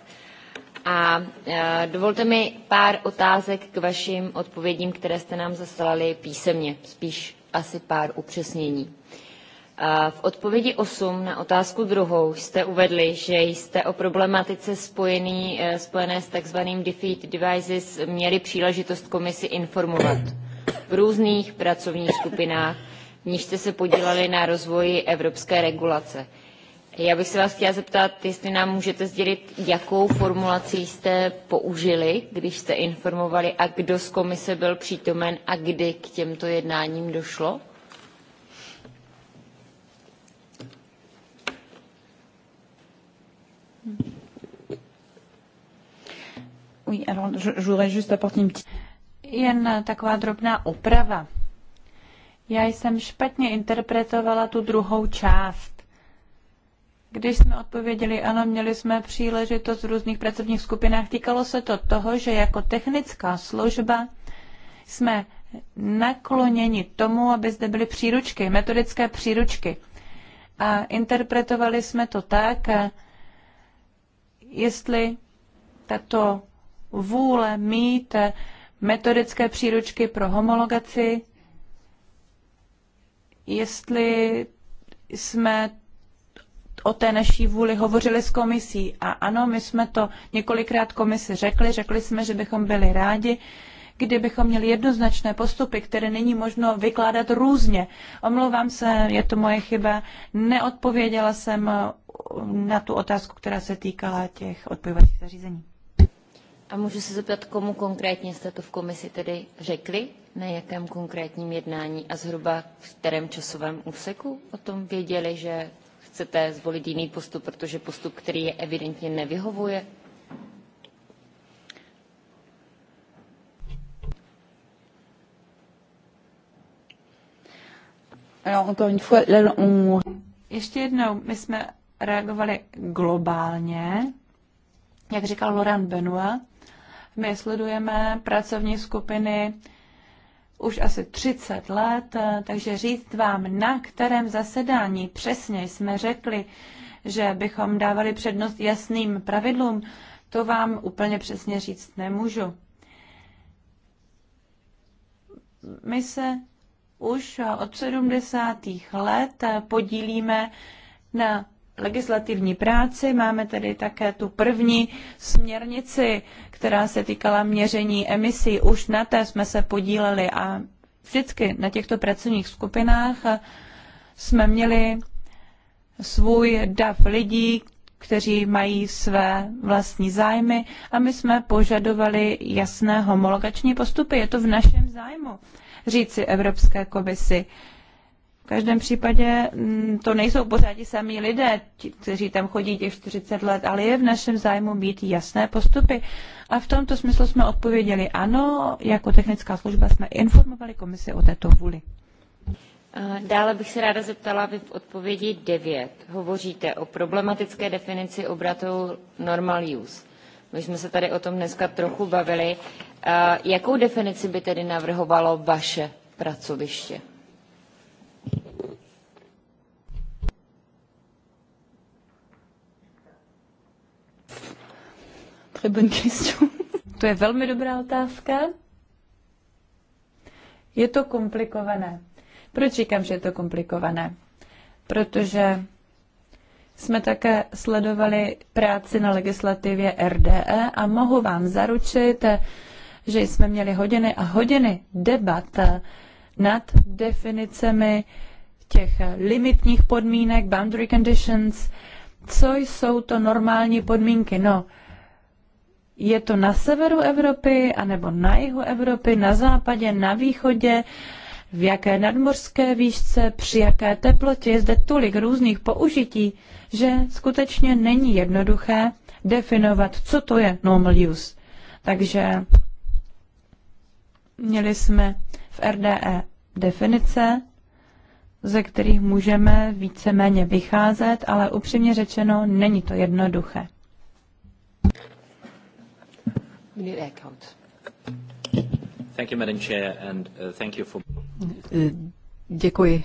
A eh, dovolte mi pár otázek k vašim odpovědím, které jste nám zaslali písemně, spíš asi pár upřesnění. V odpovědi 8 na otázku druhou jste uvedli, že jste o problematice spojený, eh, spojené s takzvaným defeat devices měli příležitost komisi informovat v různých pracovních skupinách, v níž jste se podíleli na rozvoji evropské regulace. Já bych se vás chtěla zeptat, jestli nám můžete sdělit, jakou formulaci jste použili, když jste informovali a kdo z komise byl přítomen a kdy k těmto jednáním došlo? Jen taková drobná oprava. Já jsem špatně interpretovala tu druhou část když jsme odpověděli ano, měli jsme příležitost v různých pracovních skupinách. Týkalo se to toho, že jako technická služba jsme nakloněni tomu, aby zde byly příručky, metodické příručky. A interpretovali jsme to tak, jestli tato vůle mít metodické příručky pro homologaci, jestli jsme o té naší vůli hovořili s komisí. A ano, my jsme to několikrát komisi řekli, řekli jsme, že bychom byli rádi, kdybychom měli jednoznačné postupy, které není možno vykládat různě. Omlouvám se, je to moje chyba, neodpověděla jsem eh, na tu otázku, která se týkala těch odpojovacích zařízení. A můžu se zeptat, komu konkrétně jste to v komisi tedy řekli, na jakém konkrétním jednání a zhruba v kterém časovém úseku o tom věděli, že chcete zvolit jiný postup, protože postup, který je evidentně nevyhovuje? Ještě jednou, my jsme reagovali globálně, jak říkal Laurent Benoit. My sledujeme pracovní skupiny už asi 30 let, eh, takže říct vám, na kterém zasedání přesně jsme řekli, že bychom dávali přednost jasným pravidlům, to vám úplně přesně říct nemůžu. My se už od 70. let podílíme na legislativní práci. Máme tedy také tu první směrnici, která se týkala měření emisí. Už na té jsme se podíleli a vždycky na těchto pracovních skupinách jsme měli svůj dav lidí, kteří mají své vlastní zájmy a my jsme požadovali jasné homologační postupy. Je to v našem zájmu říci Evropské komisi, každém případě mm, to nejsou pořád ti samí lidé, ti, kteří tam chodí těch 40 let, ale je v našem zájmu mít jasné postupy. A v tomto smyslu jsme odpověděli ano, jako technická služba jsme informovali komisi o této vůli. Dále bych se ráda zeptala, vy v odpovědi 9 hovoříte o problematické definici obratu normal use. My jsme se tady o tom dneska trochu bavili. Jakou definici by tedy navrhovalo vaše pracoviště? très bonne question. To je velmi dobrá otázka. Je to komplikované. Proč říkám, že je to komplikované? Protože jsme také sledovali práci na legislativě RDE a mohu vám zaručit, že jsme měli hodiny a hodiny debat nad definicemi těch limitních podmínek, boundary conditions, co jsou to normální podmínky. No, je to na severu Evropy, anebo na jihu Evropy, na západě, na východě, v jaké nadmořské výšce, při jaké teplotě. Je zde tolik různých použití, že skutečně není jednoduché definovat, co to je normal use. Takže měli jsme v RDE definice, ze kterých můžeme víceméně vycházet, ale upřímně řečeno, není to jednoduché. Uh, eh, děkuji.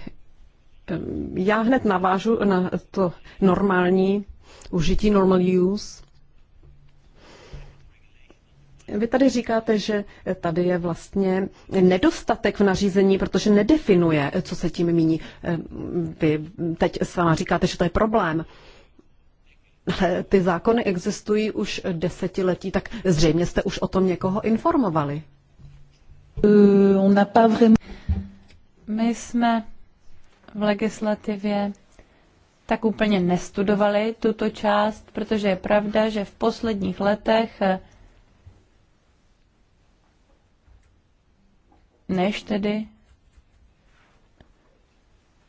Eh, já hned navážu na to normální užití, normal use. Vy tady říkáte, že tady je vlastně nedostatek v nařízení, protože nedefinuje, co se tím míní. Eh, vy teď sama říkáte, že to je problém ty zákony existují už desetiletí, tak zřejmě jste už o tom někoho informovali. Euh, My jsme v legislativě tak úplně nestudovali tuto část, protože je pravda, že v posledních letech, než tedy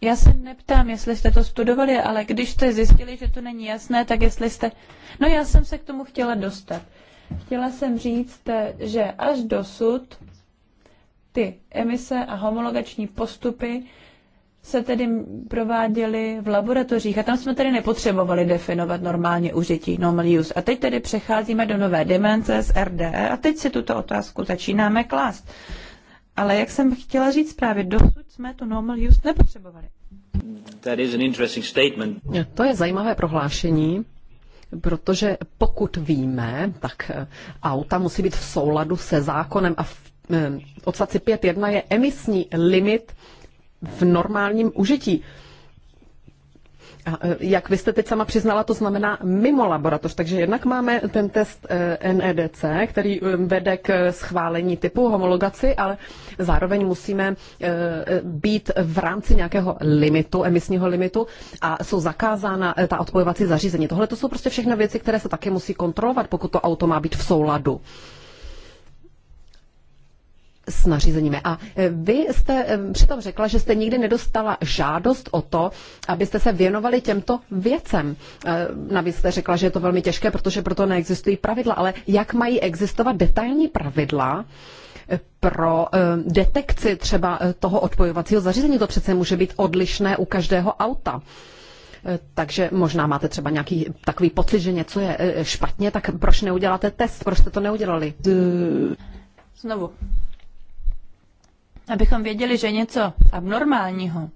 já se neptám, jestli jste to studovali, ale když jste zjistili, že to není jasné, tak jestli jste... No já jsem se k tomu chtěla dostat. Chtěla jsem říct, že až dosud ty emise a homologační postupy se tedy prováděly v laboratořích a tam jsme tedy nepotřebovali definovat normálně užití, normal use. A teď tedy přecházíme do nové dimenze z RDE a teď si tuto otázku začínáme klást. Ale jak jsem chtěla říct právě, dosud jsme tu normal use nepotřebovali. That is an interesting statement. To je zajímavé prohlášení, protože pokud víme, tak eh, auta musí být v souladu se zákonem a v eh, odstavci 5.1 je emisní limit v normálním užití. E, jak vy jste teď sama přiznala, to znamená mimo laboratoř. Takže jednak máme ten test e, NEDC, který e, vede k schválení typu homologaci, ale zároveň musíme být v rámci nějakého limitu, emisního limitu a jsou zakázána ta odpojovací zařízení. Tohle to jsou prostě všechny věci, které se také musí kontrolovat, pokud to auto má být v souladu s nařízeními. A e, vy jste e, přitom řekla, že jste nikdy nedostala žádost o to, abyste se věnovali těmto věcem. E, navíc jste řekla, že je to velmi těžké, protože proto neexistují pravidla. Ale jak mají existovat detailní pravidla pro detekci třeba toho odpojovacího zařízení? To přece může být odlišné u každého auta. Takže možná máte třeba nějaký takový pocit, že něco je špatně, tak proč neuděláte test? Proč jste to neudělali? Znovu, abychom věděli, že něco abnormálního,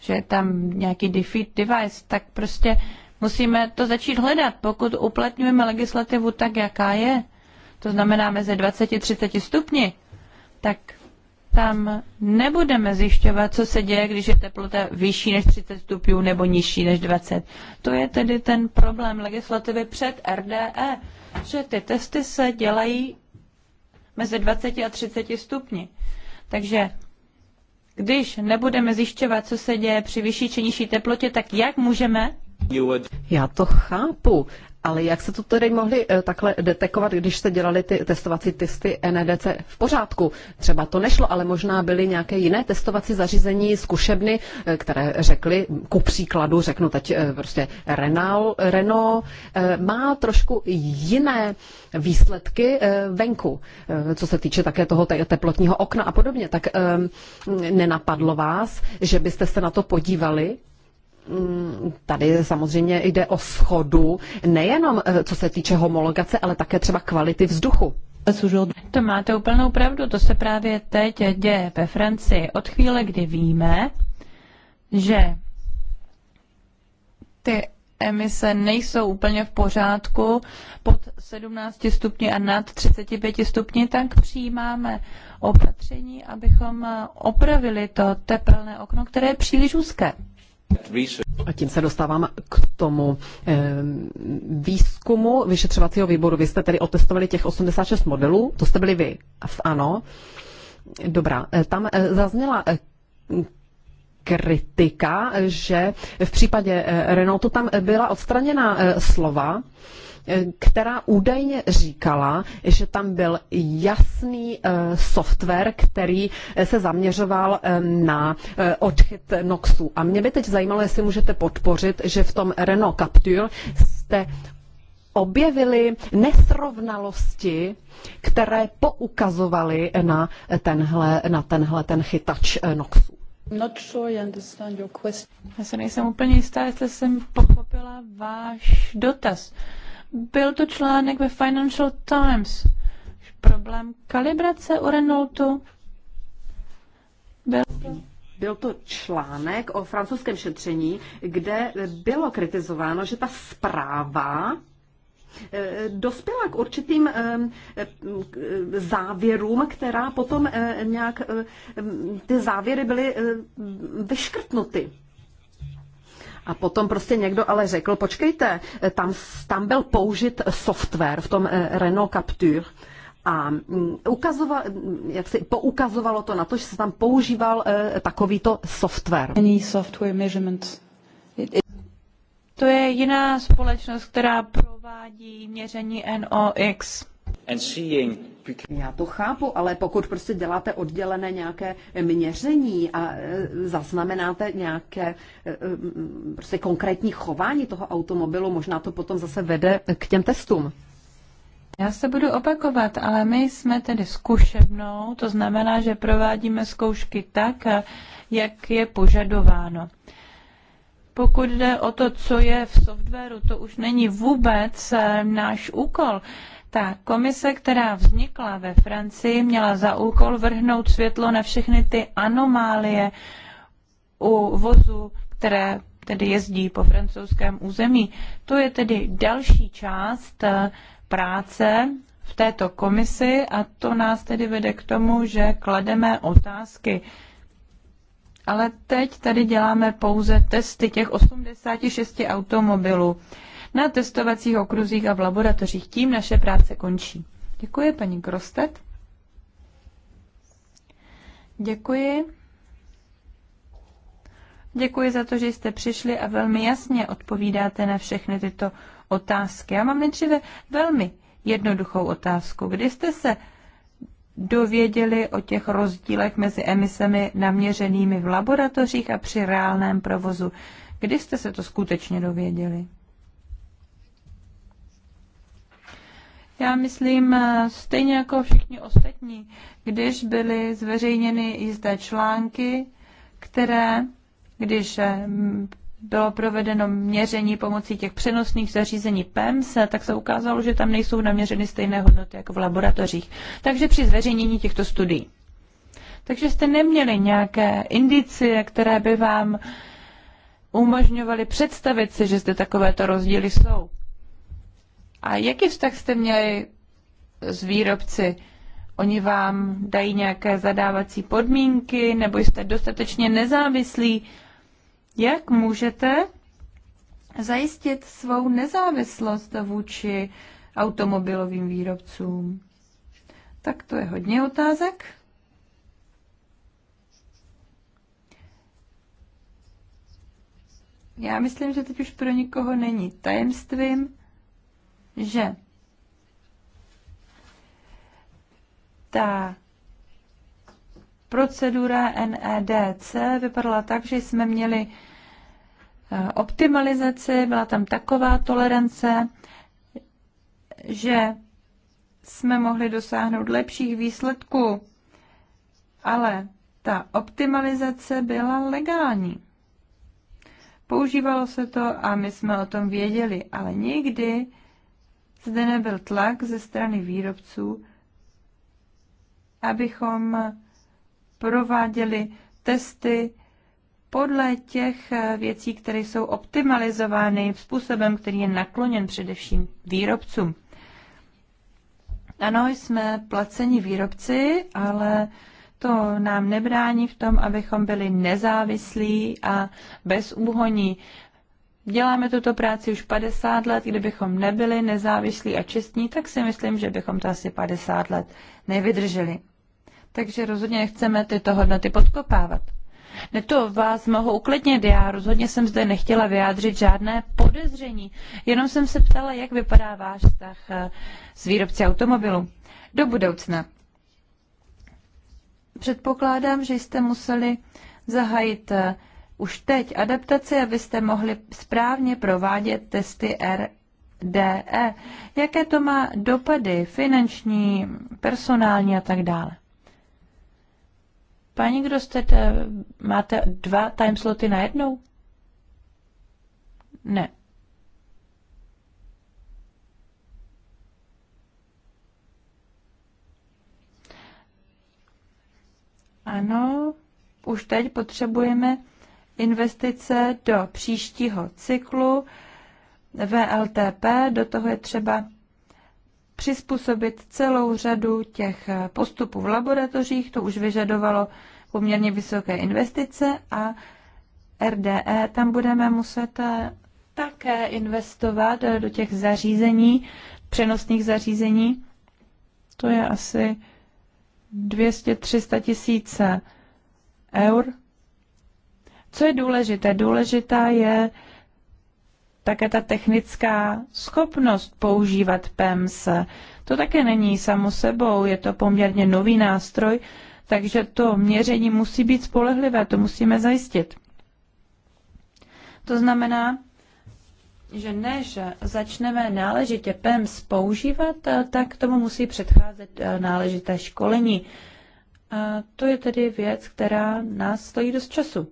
že je tam nějaký defeat device, tak prostě musíme to začít hledat, pokud uplatňujeme legislativu tak, jaká je, to znamená mezi 20-30 a stupni, tak tam nebudeme zjišťovat, co se děje, když je teplota vyšší než 30 stupňů nebo nižší než 20. To je tedy ten problém legislativy před RDE, že ty testy se dělají mezi 20 a 30 stupni. Takže když nebudeme zjišťovat, co se děje při vyšší či nižší teplotě, tak jak můžeme? Já to chápu, ale jak se to tedy mohli eh, takhle detekovat, když se dělali ty testovací testy NDC e v pořádku? Třeba to nešlo, ale možná byly nějaké jiné testovací zařízení, zkušebny, eh, které řekly, ku příkladu, řeknu teď eh, prostě Renault, Renault má trošku jiné výsledky venku, co se týče také toho teplotního okna a podobně. Tak ehm, nenapadlo vás, že byste se na to podívali? Mm, tady samozřejmě jde o schodu, nejenom eh, co se týče homologace, ale také třeba kvality vzduchu. To máte úplnou pravdu, to se právě teď děje ve Francii. Od chvíle, kdy víme, že ty emise nejsou úplně v pořádku pod 17 stupni a nad 35 stupni, tak přijímáme opatření, abychom eh, opravili to tepelné okno, které je příliš úzké. A tím se dostávám k tomu eh, výzkumu vyšetřovacího výboru. Vy jste tedy otestovali těch 86 modelů, to jste byli vy ANO. Dobrá, eh, tam eh, zazněla kritika, že v případě Renaultu tam byla odstraněna slova, která údajně říkala, že tam byl jasný eh, software, který eh, se zaměřoval eh, na odchyt NOXu. A mě by teď zajímalo, jestli můžete podpořit, že v tom Renault Captur jste objevili nesrovnalosti, které poukazovaly na tenhle, na tenhle ten chytač NOXu. Not sure I understand your question. Já se nejsem úplně jistá, jestli jsem pochopila váš dotaz. Byl to článek ve Financial Times. Problém kalibrace u Renaultu byl to... Byl to článek o francouzském šetření, kde bylo kritizováno, že ta zpráva eh, dospěla k určitým eh, eh, závěrům, která potom nějak, ty závěry byly vyškrtnuty. A potom prostě někdo ale řekl, počkejte, tam, tam byl použit software v tom eh, Renault Captur a mm, ukazoval, jak se poukazovalo to na to, že se tam používal eh, takovýto software. Any software measurement. To je jiná společnost, která provádí měření NOx. And seeing já to chápu, ale pokud prostě děláte oddělené nějaké měření a e, zaznamenáte nějaké e, prostě konkrétní chování toho automobilu, možná to potom zase vede k těm testům. Já se budu opakovat, ale my jsme tedy zkušebnou, to znamená, že provádíme zkoušky tak, e, jak je požadováno. Pokud jde o to, co je v softwaru, to už není vůbec náš úkol. Ta komise, která vznikla ve Francii, měla za úkol vrhnout světlo na všechny ty anomálie u vozu, které tedy jezdí po francouzském území. To je tedy další část eh, práce v této komisi a to nás tedy vede k tomu, že klademe otázky. Ale teď tady děláme pouze testy těch 86 automobilů na testovacích okruzích a v laboratořích. Tím naše práce končí. Děkuji, paní Krostet. Děkuji. Děkuji za to, že jste přišli a velmi jasně odpovídáte na všechny tyto otázky. Já mám nejdříve velmi jednoduchou otázku. Kdy jste se dověděli o těch rozdílech mezi emisemi naměřenými v laboratořích a při reálném provozu? Kdy jste se to skutečně dověděli? Já myslím, eh, stejně jako všichni ostatní, když byly zveřejněny jisté články, které, když eh, bylo provedeno měření pomocí těch přenosných zařízení PEMS, tak se ukázalo, že tam nejsou naměřeny stejné hodnoty jako v laboratořích. Takže při zveřejnění těchto studií. Takže jste neměli nějaké indicie, které by vám umožňovaly představit si, že zde takovéto rozdíly jsou. A jaký vztah jste měli s výrobci? Oni vám dají nějaké zadávací podmínky, nebo jste dostatečně nezávislí? Jak můžete zajistit svou nezávislost vůči automobilovým výrobcům? Tak to je hodně otázek. Já myslím, že teď už pro nikoho není tajemstvím, že ta procedura NEDC vypadala tak, že jsme měli eh, optimalizaci, byla tam taková tolerance, že jsme mohli dosáhnout lepších výsledků, ale ta optimalizace byla legální. Používalo se to a my jsme o tom věděli, ale nikdy zde nebyl tlak ze strany výrobců, abychom prováděli testy podle těch věcí, které jsou optimalizovány způsobem, který je nakloněn především výrobcům. Ano, jsme placeni výrobci, ale to nám nebrání v tom, abychom byli nezávislí a bezúhoní děláme tuto práci už 50 let, kdybychom nebyli nezávislí a čestní, tak si myslím, že bychom to asi 50 let nevydrželi. Takže rozhodně nechceme tyto hodnoty podkopávat. Ne to vás mohu uklidnit, já rozhodně jsem zde nechtěla vyjádřit žádné podezření, jenom jsem se ptala, jak vypadá váš vztah eh, s výrobci automobilu Do budoucna. Předpokládám, že jste museli zahájit eh, už teď adaptaci, abyste mohli správně provádět testy RDE. Jaké to má dopady finanční, personální a tak dále? Paní Grostet, eh, máte dva timesloty na jednou? Ne. Ano, už teď potřebujeme investice do příštího cyklu VLTP, do toho je třeba přizpůsobit celou řadu těch postupů v laboratořích, to už vyžadovalo poměrně vysoké investice a RDE, tam budeme muset eh, také investovat eh, do těch zařízení, přenosných zařízení. To je asi 200-300 tisíce eur co je důležité? Důležitá je také ta technická schopnost používat PEMS. To také není samo sebou, je to poměrně nový nástroj, takže to měření musí být spolehlivé, to musíme zajistit. To znamená, že než začneme náležitě PEMS používat, tak tomu musí předcházet eh, náležité školení. A to je tedy věc, která nás stojí dost času.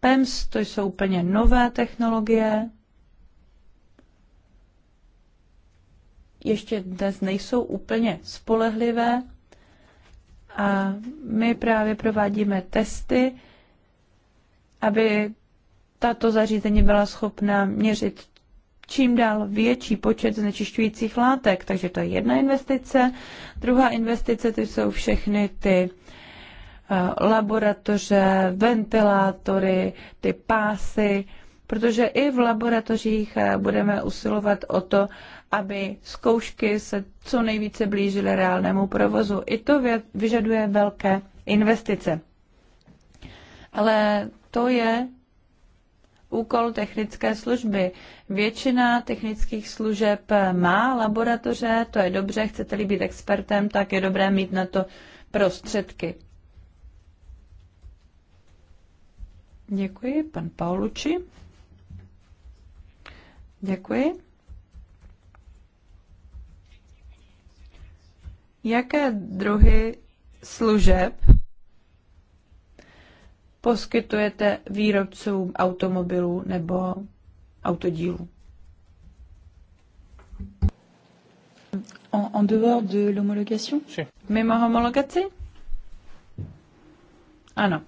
PEMS, to jsou úplně nové technologie. Ještě dnes nejsou úplně spolehlivé a my právě provádíme testy, aby tato zařízení byla schopna měřit čím dál větší počet znečišťujících látek. Takže to je jedna investice. Druhá investice, ty jsou všechny ty uh, laboratoře, ventilátory, ty pásy, protože i v laboratořích eh, budeme usilovat o to, aby zkoušky se co nejvíce blížily reálnému provozu. I to vyžaduje velké investice. Ale to je úkol technické služby. Většina technických služeb eh, má laboratoře, to je dobře, chcete-li být expertem, tak je dobré mít na to prostředky. Děkuji, pan Pauluči. Děkuji. Jaké druhy služeb poskytujete výrobcům automobilů nebo autodílů? En, en dehors de l'homologation Mimo homologaci? Ano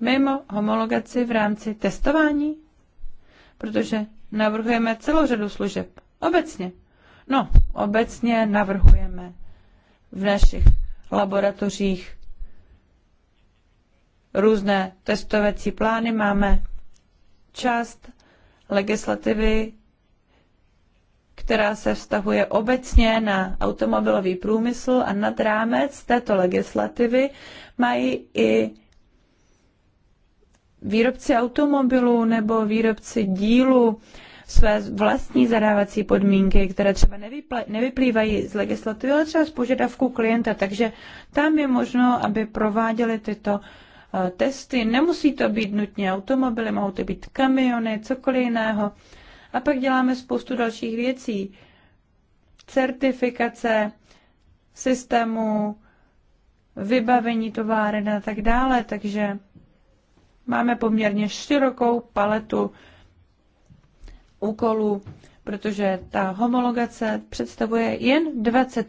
mimo homologaci v rámci testování? Protože navrhujeme celou řadu služeb. Obecně. No, obecně navrhujeme v našich laboratořích různé testovací plány. Máme část legislativy, která se vztahuje obecně na automobilový průmysl a nad rámec této legislativy mají i výrobci automobilů nebo výrobci dílů své vlastní zadávací podmínky, které třeba nevyplývají z legislativy, ale třeba z požadavků klienta. Takže tam je možno, aby prováděli tyto eh, testy. Nemusí to být nutně automobily, mohou to být kamiony, cokoliv jiného. A pak děláme spoustu dalších věcí. Certifikace systému, vybavení továren a tak dále. Takže máme poměrně širokou paletu úkolů, protože ta homologace představuje jen 20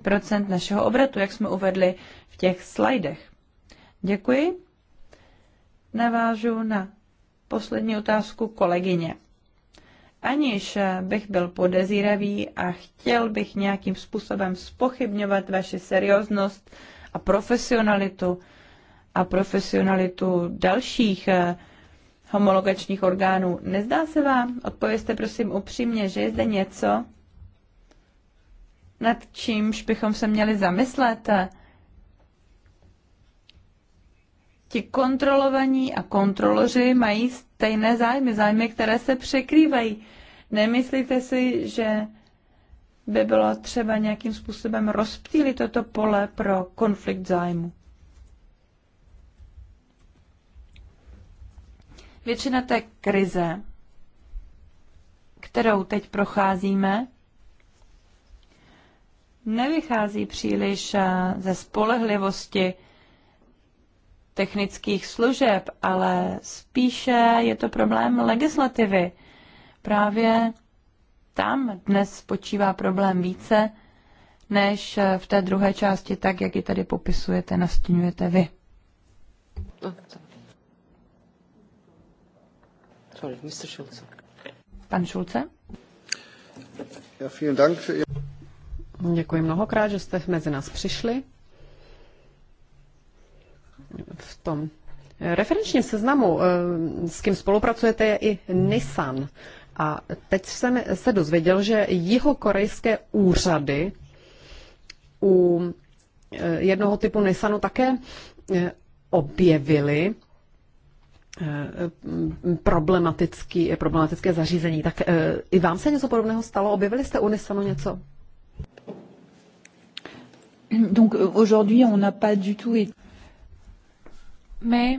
našeho obratu, jak jsme uvedli v těch slajdech. Děkuji. Navážu na poslední otázku kolegyně. Aniž bych byl podezíravý a chtěl bych nějakým způsobem spochybňovat vaši serióznost a profesionalitu, a profesionalitu dalších eh, homologačních orgánů. Nezdá se vám, odpovězte prosím upřímně, že je zde něco, nad čímž bychom se měli zamyslet? Ti kontrolovaní a kontroloři mají stejné zájmy, zájmy, které se překrývají. Nemyslíte si, že by bylo třeba nějakým způsobem rozptýlit toto pole pro konflikt zájmu? Většina té krize, kterou teď procházíme, nevychází příliš eh, ze spolehlivosti technických služeb, ale spíše je to problém legislativy. Právě tam dnes spočívá problém více než eh, v té druhé části, tak jak ji tady popisujete, nastínujete vy. No, Sorry, Mr. Schulze. Pan Schulze? Ja, vielen Dank für Ihr... Děkuji mnohokrát, že jste mezi nás přišli. V tom eh, referenčním seznamu, eh, s kým spolupracujete, je i Nissan. A teď jsem se dozvěděl, že jihokorejské úřady u eh, jednoho typu Nissanu také objevili Eh, problematický, eh, problematické zařízení. Tak eh, i vám se něco podobného stalo? Objevili jste unisono něco? Donc euh, aujourd'hui, on n'a pas du tout été... Mais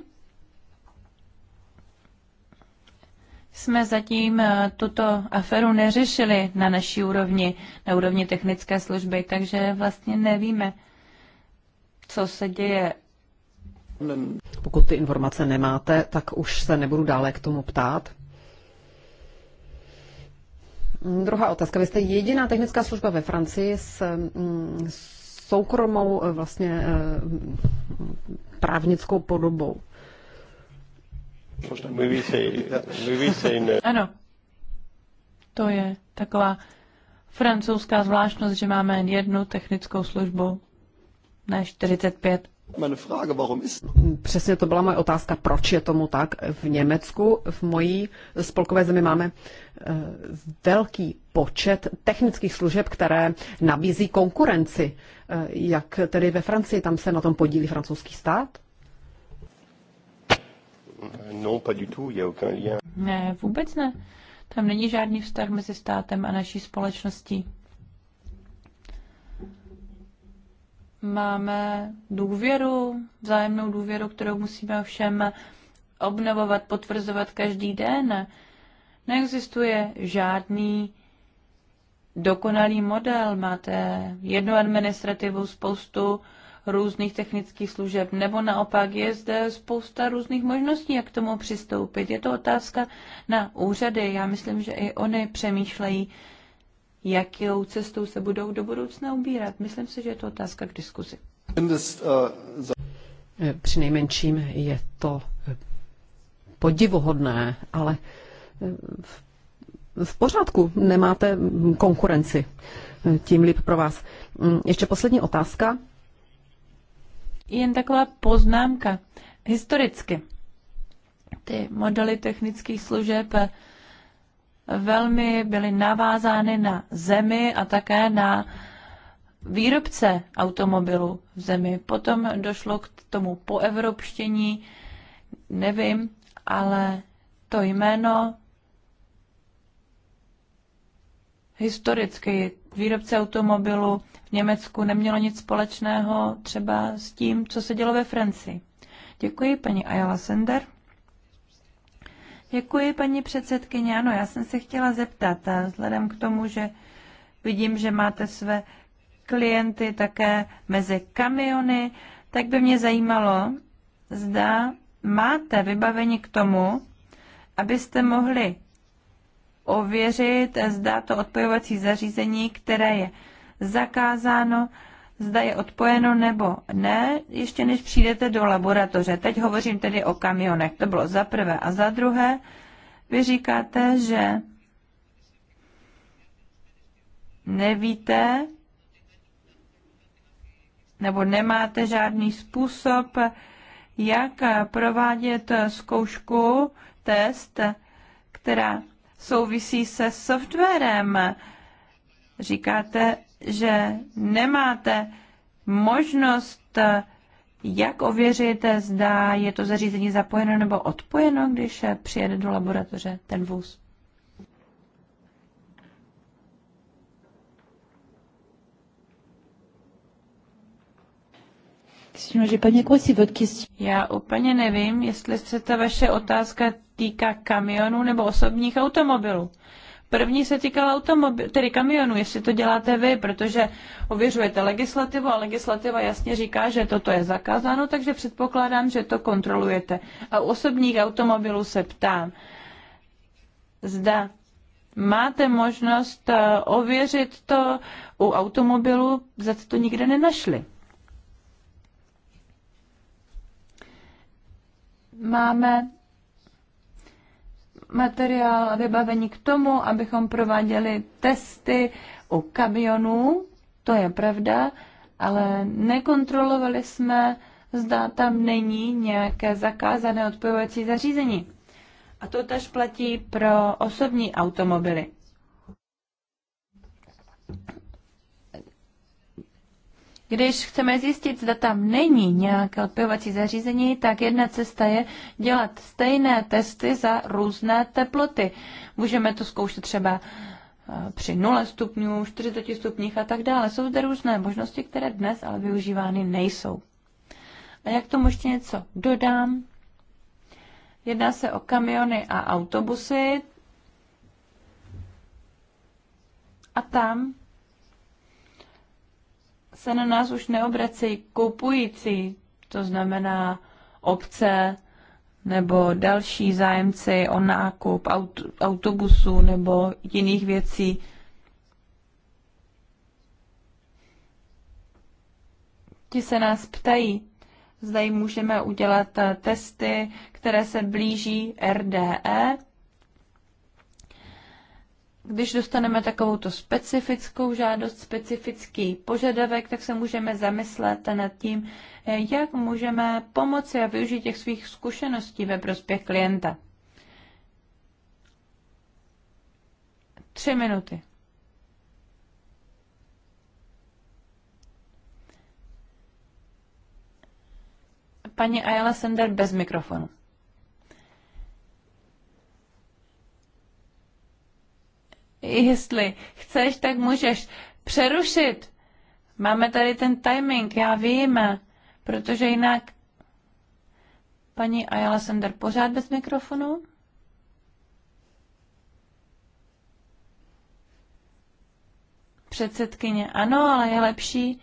jsme zatím tuto aferu neřešili na naší úrovni, na úrovni technické služby, takže vlastně nevíme, co se děje pokud ty informace nemáte, tak už se nebudu dále k tomu ptát. Druhá otázka. Vy jste jediná technická služba ve Francii s mm, soukromou eh, vlastně eh, právnickou podobou. Ano, to je taková francouzská zvláštnost, že máme jen jednu technickou službu, na 45. Přesně to byla moje otázka, proč je tomu tak. V Německu, v mojí spolkové zemi máme eh, velký počet technických služeb, které nabízí konkurenci. Eh, jak tedy ve Francii, tam se na tom podílí francouzský stát? Ne, vůbec ne. Tam není žádný vztah mezi státem a naší společností. máme důvěru, vzájemnou důvěru, kterou musíme všem obnovovat, potvrzovat každý den. Neexistuje žádný dokonalý model. Máte jednu administrativu, spoustu různých technických služeb, nebo naopak je zde spousta různých možností, jak k tomu přistoupit. Je to otázka na úřady. Já myslím, že i oni přemýšlejí jakou cestou se budou do budoucna ubírat. Myslím si, že je to otázka k diskuzi. Přinejmenším je to eh, podivuhodné, ale eh, v, v pořádku, nemáte konkurenci. Tím líp pro vás. Mm, ještě poslední otázka. Jen taková poznámka. Historicky ty modely technických služeb eh, velmi byly navázány na zemi a také na výrobce automobilů v zemi. Potom došlo k tomu poevropštění, nevím, ale to jméno historicky výrobce automobilu v Německu nemělo nic společného třeba s tím, co se dělo ve Francii. Děkuji, paní Ayala Sender. Děkuji, paní předsedkyně. Ano, já jsem se chtěla zeptat, a vzhledem k tomu, že vidím, že máte své klienty také mezi kamiony, tak by mě zajímalo, zda máte vybavení k tomu, abyste mohli ověřit, zda to odpojovací zařízení, které je zakázáno, zda je odpojeno nebo ne, ještě než přijdete do laboratoře. Teď hovořím tedy o kamionech, to bylo za prvé. A za druhé, vy říkáte, že nevíte, nebo nemáte žádný způsob, jak provádět zkoušku, test, která souvisí se softwarem. Říkáte, že nemáte možnost, eh, jak ověřit, eh, zda je to zařízení zapojeno nebo odpojeno, když eh, přijede do laboratoře ten vůz. Já úplně nevím, jestli se ta vaše otázka týká kamionů nebo osobních automobilů. První se týkala automobil, tedy kamionů, jestli to děláte vy, protože ověřujete legislativu a legislativa jasně říká, že toto je zakázáno, takže předpokládám, že to kontrolujete. A u osobních automobilů se ptám, zda máte možnost eh, ověřit to u automobilů, za co to nikde nenašli. Máme materiál a vybavení k tomu, abychom prováděli testy u kamionů, to je pravda, ale nekontrolovali jsme, zda tam není nějaké zakázané odpojovací zařízení. A to tež platí pro osobní automobily. Když chceme zjistit, zda tam není nějaké odpěvací zařízení, tak jedna cesta je dělat stejné testy za různé teploty. Můžeme to zkoušet třeba eh, při 0 stupňů, 40 stupních a tak dále. Jsou zde různé možnosti, které dnes ale využívány nejsou. A jak tomu ještě něco dodám? Jedná se o kamiony a autobusy. A tam se na nás už neobracejí kupující, to znamená obce nebo další zájemci o nákup aut, autobusů nebo jiných věcí. Ti se nás ptají, zda jim můžeme udělat testy, které se blíží RDE když dostaneme takovouto specifickou žádost, specifický požadavek, tak se můžeme zamyslet nad tím, jak můžeme pomoci a využít těch svých zkušeností ve prospěch klienta. Tři minuty. Paní Ayala Sender bez mikrofonu. jestli chceš, tak můžeš přerušit. Máme tady ten timing, já vím, protože jinak... Paní Ayala Sender pořád bez mikrofonu? Předsedkyně, ano, ale je lepší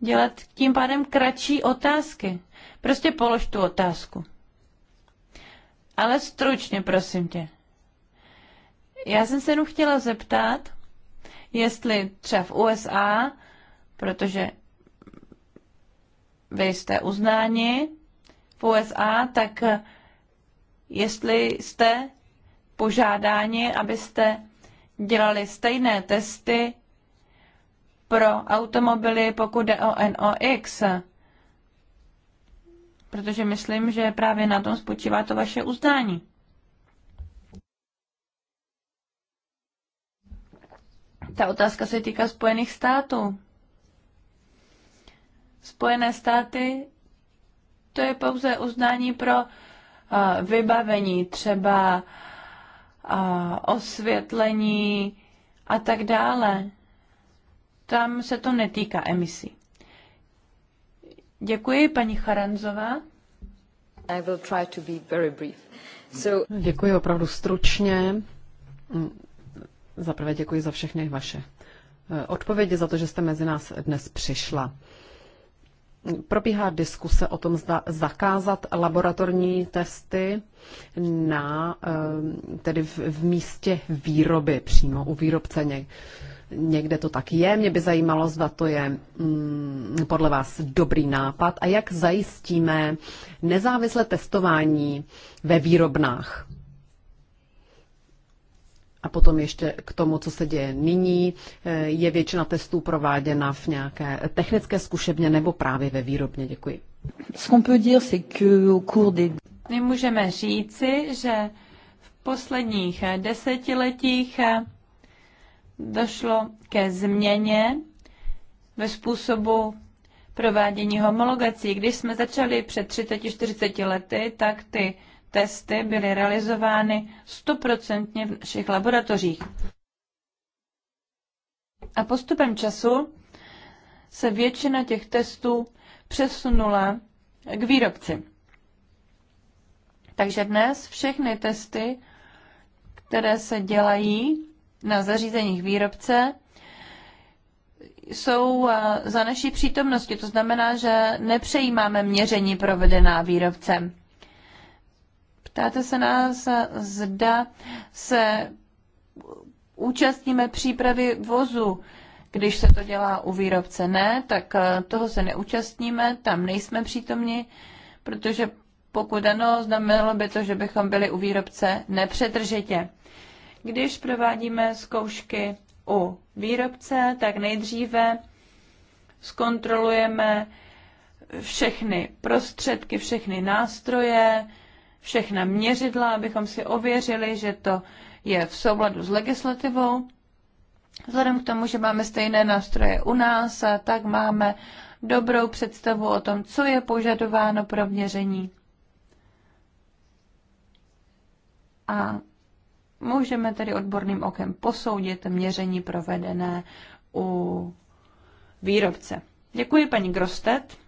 dělat tím pádem kratší otázky. Prostě polož tu otázku. Ale stručně, prosím tě. Já jsem se jenom chtěla zeptat, jestli třeba v USA, protože vy jste uznáni v USA, tak jestli jste požádáni, abyste dělali stejné testy pro automobily, pokud jde o NOx. Protože myslím, že právě na tom spočívá to vaše uznání. Ta otázka se týká Spojených států. Spojené státy to je pouze uznání pro uh, vybavení, třeba uh, osvětlení a tak dále. Tam se to netýká emisí. Děkuji, paní Charanzová. I will try to be very brief. So... Děkuji opravdu stručně. Zaprvé děkuji za všechny vaše eh, odpovědi, za to, že jste mezi nás dnes přišla. Probíhá diskuse o tom, zda zakázat laboratorní testy na, eh, tedy v, v místě výroby, přímo u výrobce. někde to tak je. Mě by zajímalo, zda to je mm, podle vás dobrý nápad a jak zajistíme nezávislé testování ve výrobnách. A potom ještě k tomu, co se děje nyní, eh, je většina testů prováděna v nějaké technické zkušebně nebo právě ve výrobně. Děkuji. My můžeme říci, že v posledních eh, desetiletích eh, došlo ke změně ve způsobu provádění homologací. Když jsme začali před 30-40 lety, tak ty testy byly realizovány stoprocentně v našich laboratořích. A postupem času se většina těch testů přesunula k výrobci. Takže dnes všechny testy, které se dělají na zařízeních výrobce, jsou eh, za naší přítomnosti. To znamená, že nepřejímáme měření provedená výrobcem. Ptáte se nás, zda se účastníme přípravy vozu, když se to dělá u výrobce. Ne, tak eh, toho se neúčastníme, tam nejsme přítomni, protože pokud ano, znamenalo by to, že bychom byli u výrobce nepřetržitě. Když provádíme zkoušky u výrobce, tak nejdříve zkontrolujeme všechny prostředky, všechny nástroje, všechna měřidla, abychom si ověřili, že to je v souladu s legislativou. Vzhledem k tomu, že máme stejné nástroje u nás, tak máme dobrou představu o tom, co je požadováno pro měření. A můžeme tedy odborným okem posoudit měření provedené u výrobce. Děkuji paní Grostet.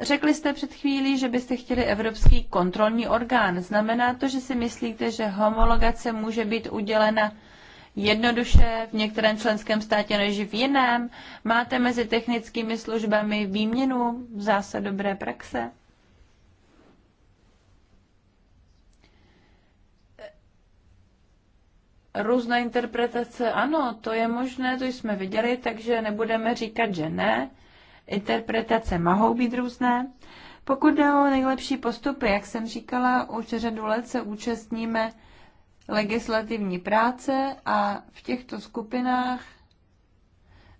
Řekli jste před chvílí, že byste chtěli evropský kontrolní orgán. Znamená to, že si myslíte, že homologace může být udělena jednoduše v některém členském státě než v jiném? Máte mezi technickými službami výměnu zásad dobré praxe? Různé interpretace, ano, to je možné, to jsme viděli, takže nebudeme říkat, že ne interpretace mohou být různé. Pokud jde o nejlepší postupy, jak jsem říkala, už řadu let se účastníme legislativní práce a v těchto skupinách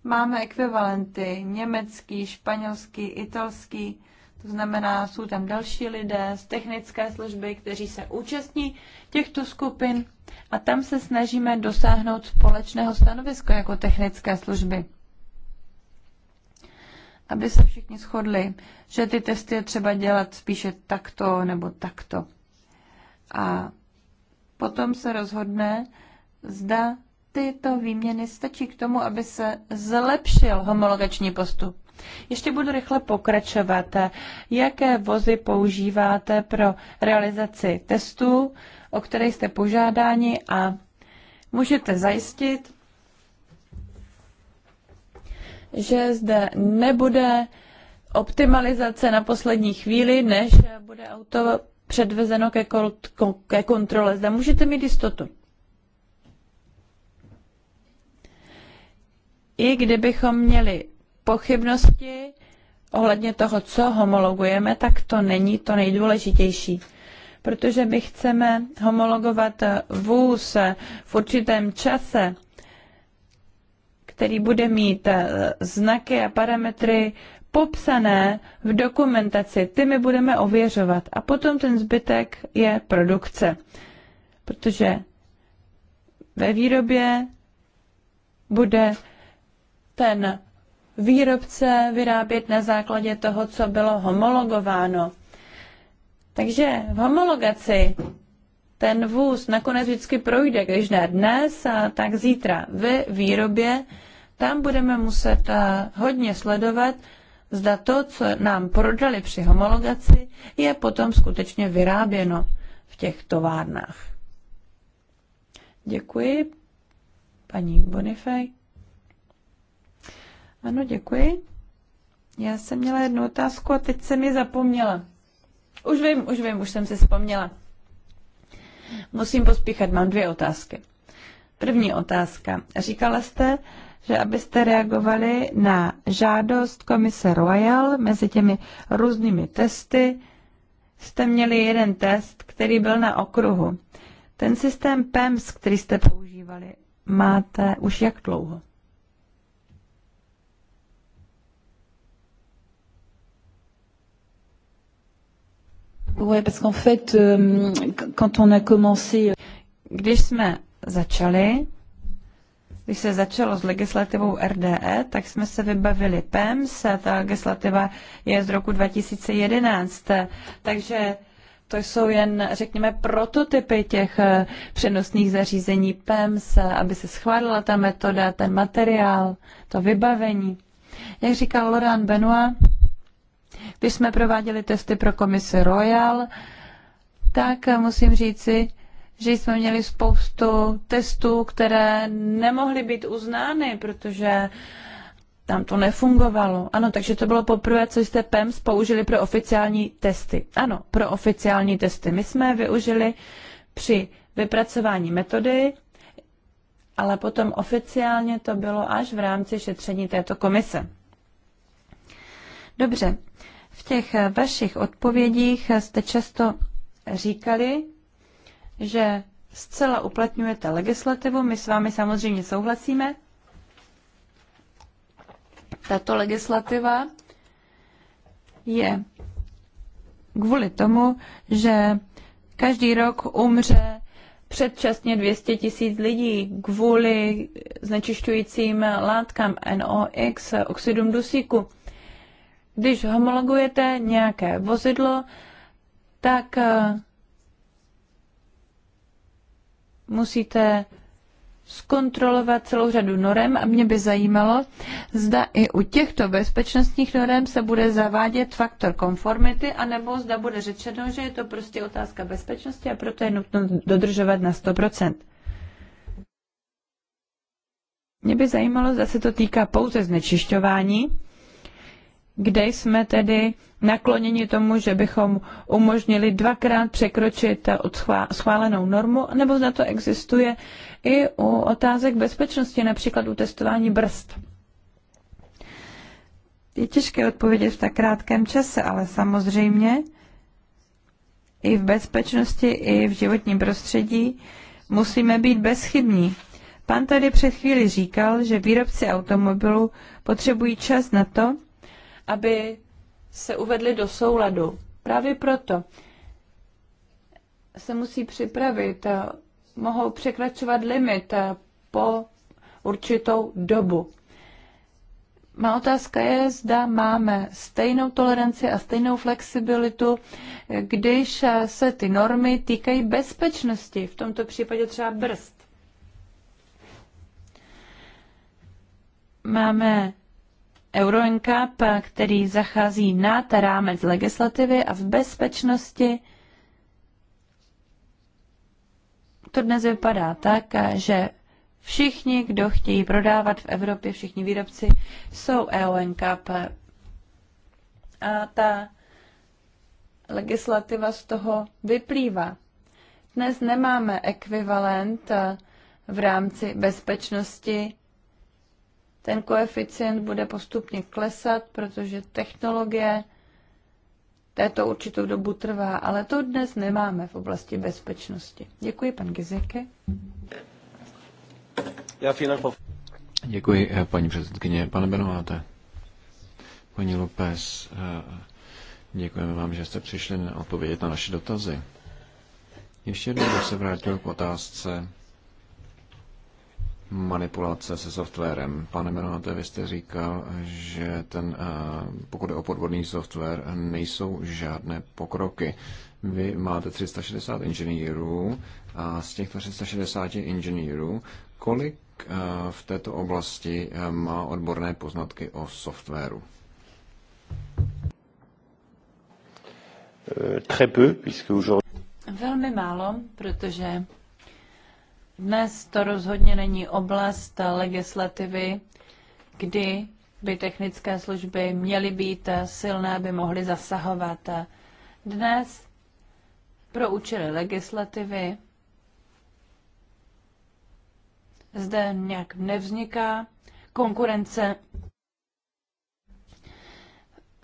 máme ekvivalenty německý, španělský, italský, to znamená, jsou tam další lidé z technické služby, kteří se účastní těchto skupin a tam se snažíme dosáhnout společného stanoviska jako technické služby aby se všichni shodli, že ty testy je třeba dělat spíše takto nebo takto. A potom se rozhodne, zda tyto výměny stačí k tomu, aby se zlepšil homologační postup. Ještě budu rychle pokračovat. Jaké vozy používáte pro realizaci testů, o které jste požádáni a můžete zajistit, že zde nebude optimalizace na poslední chvíli, než bude auto předvezeno ke, kol- ke kontrole. Zda můžete mít jistotu. I kdybychom měli pochybnosti ohledně toho, co homologujeme, tak to není to nejdůležitější. Protože my chceme homologovat vůz v určitém čase, který bude mít eh, znaky a parametry popsané v dokumentaci. Ty my budeme ověřovat. A potom ten zbytek je produkce. Protože ve výrobě bude ten výrobce vyrábět na základě toho, co bylo homologováno. Takže v homologaci ten vůz nakonec vždycky projde, když ne dnes, a tak zítra. Ve výrobě tam budeme muset eh, hodně sledovat, zda to, co nám prodali při homologaci, je potom skutečně vyráběno v těch továrnách. Děkuji, paní Bonifej. Ano, děkuji. Já jsem měla jednu otázku a teď jsem ji zapomněla. Už vím, už vím, už jsem si vzpomněla. Musím pospíchat, mám dvě otázky. První otázka. Říkala jste, že abyste reagovali na žádost komise Royal mezi těmi různými testy, jste měli jeden test, který byl na okruhu. Ten systém PEMS, který jste používali, máte už jak dlouho? Ouais, parce qu'en fait, euh, quand on a commencé... Euh, Když jsme začali, když se začalo s legislativou RDE, tak jsme se vybavili PEMS, ta legislativa je z roku 2011, takže to jsou jen, řekněme, prototypy těch eh, přenosných zařízení PEMS, aby se schválila ta metoda, ten materiál, to vybavení. Jak říkal Laurent Benoit, když jsme prováděli testy pro komisi Royal, tak musím říci, že jsme měli spoustu testů, které nemohly být uznány, protože tam to nefungovalo. Ano, takže to bylo poprvé, co jste PEMS použili pro oficiální testy. Ano, pro oficiální testy. My jsme je využili při vypracování metody, ale potom oficiálně to bylo až v rámci šetření této komise. Dobře, v těch vašich odpovědích jste často říkali, že zcela uplatňujete legislativu, my s vámi samozřejmě souhlasíme. Tato legislativa je kvůli tomu, že každý rok umře předčasně 200 tisíc lidí kvůli znečišťujícím látkám NOx, oxidům dusíku. Když homologujete nějaké vozidlo, tak eh, musíte zkontrolovat celou řadu norem a mě by zajímalo, zda i u těchto bezpečnostních norem se bude zavádět faktor konformity, anebo zda bude řečeno, že je to prostě otázka bezpečnosti a proto je nutno dodržovat na 100%. Mě by zajímalo, zda se to týká pouze znečišťování, kde jsme tedy nakloněni tomu, že bychom umožnili dvakrát překročit schválenou normu, nebo zda to existuje i u otázek bezpečnosti, například u testování brzd. Je těžké odpovědět v tak krátkém čase, ale samozřejmě i v bezpečnosti, i v životním prostředí musíme být bezchybní. Pan tady před chvíli říkal, že výrobci automobilů potřebují čas na to, aby se uvedli do souladu. Právě proto se musí připravit, eh, mohou překračovat limit eh, po určitou dobu. Má otázka je, zda máme stejnou toleranci a stejnou flexibilitu, když eh, se ty normy týkají bezpečnosti, v tomto případě třeba brzd. Máme NCAP, který zachází nad rámec legislativy a v bezpečnosti. To dnes vypadá tak, že všichni, kdo chtějí prodávat v Evropě, všichni výrobci, jsou NCAP. A ta legislativa z toho vyplývá. Dnes nemáme ekvivalent v rámci bezpečnosti ten koeficient bude postupně klesat, protože technologie této určitou dobu trvá, ale to dnes nemáme v oblasti bezpečnosti. Děkuji, pan Gizeke. Děkuji, eh, paní předsedkyně. Pane Benováte, paní López, eh, děkujeme vám, že jste přišli na odpovědět na naše dotazy. Ještě jednou se vrátil k otázce manipulace se softwarem. Pane Meronate, vy jste říkal, že ten, eh, pokud je o podvodný software, nejsou žádné pokroky. Vy máte 360 inženýrů a z těchto 360 inženýrů, kolik eh, v této oblasti eh, má odborné poznatky o softwaru? Velmi málo, protože dnes to rozhodně není oblast legislativy, kdy by technické služby měly být silné, aby mohly zasahovat. Dnes pro účely legislativy zde nějak nevzniká konkurence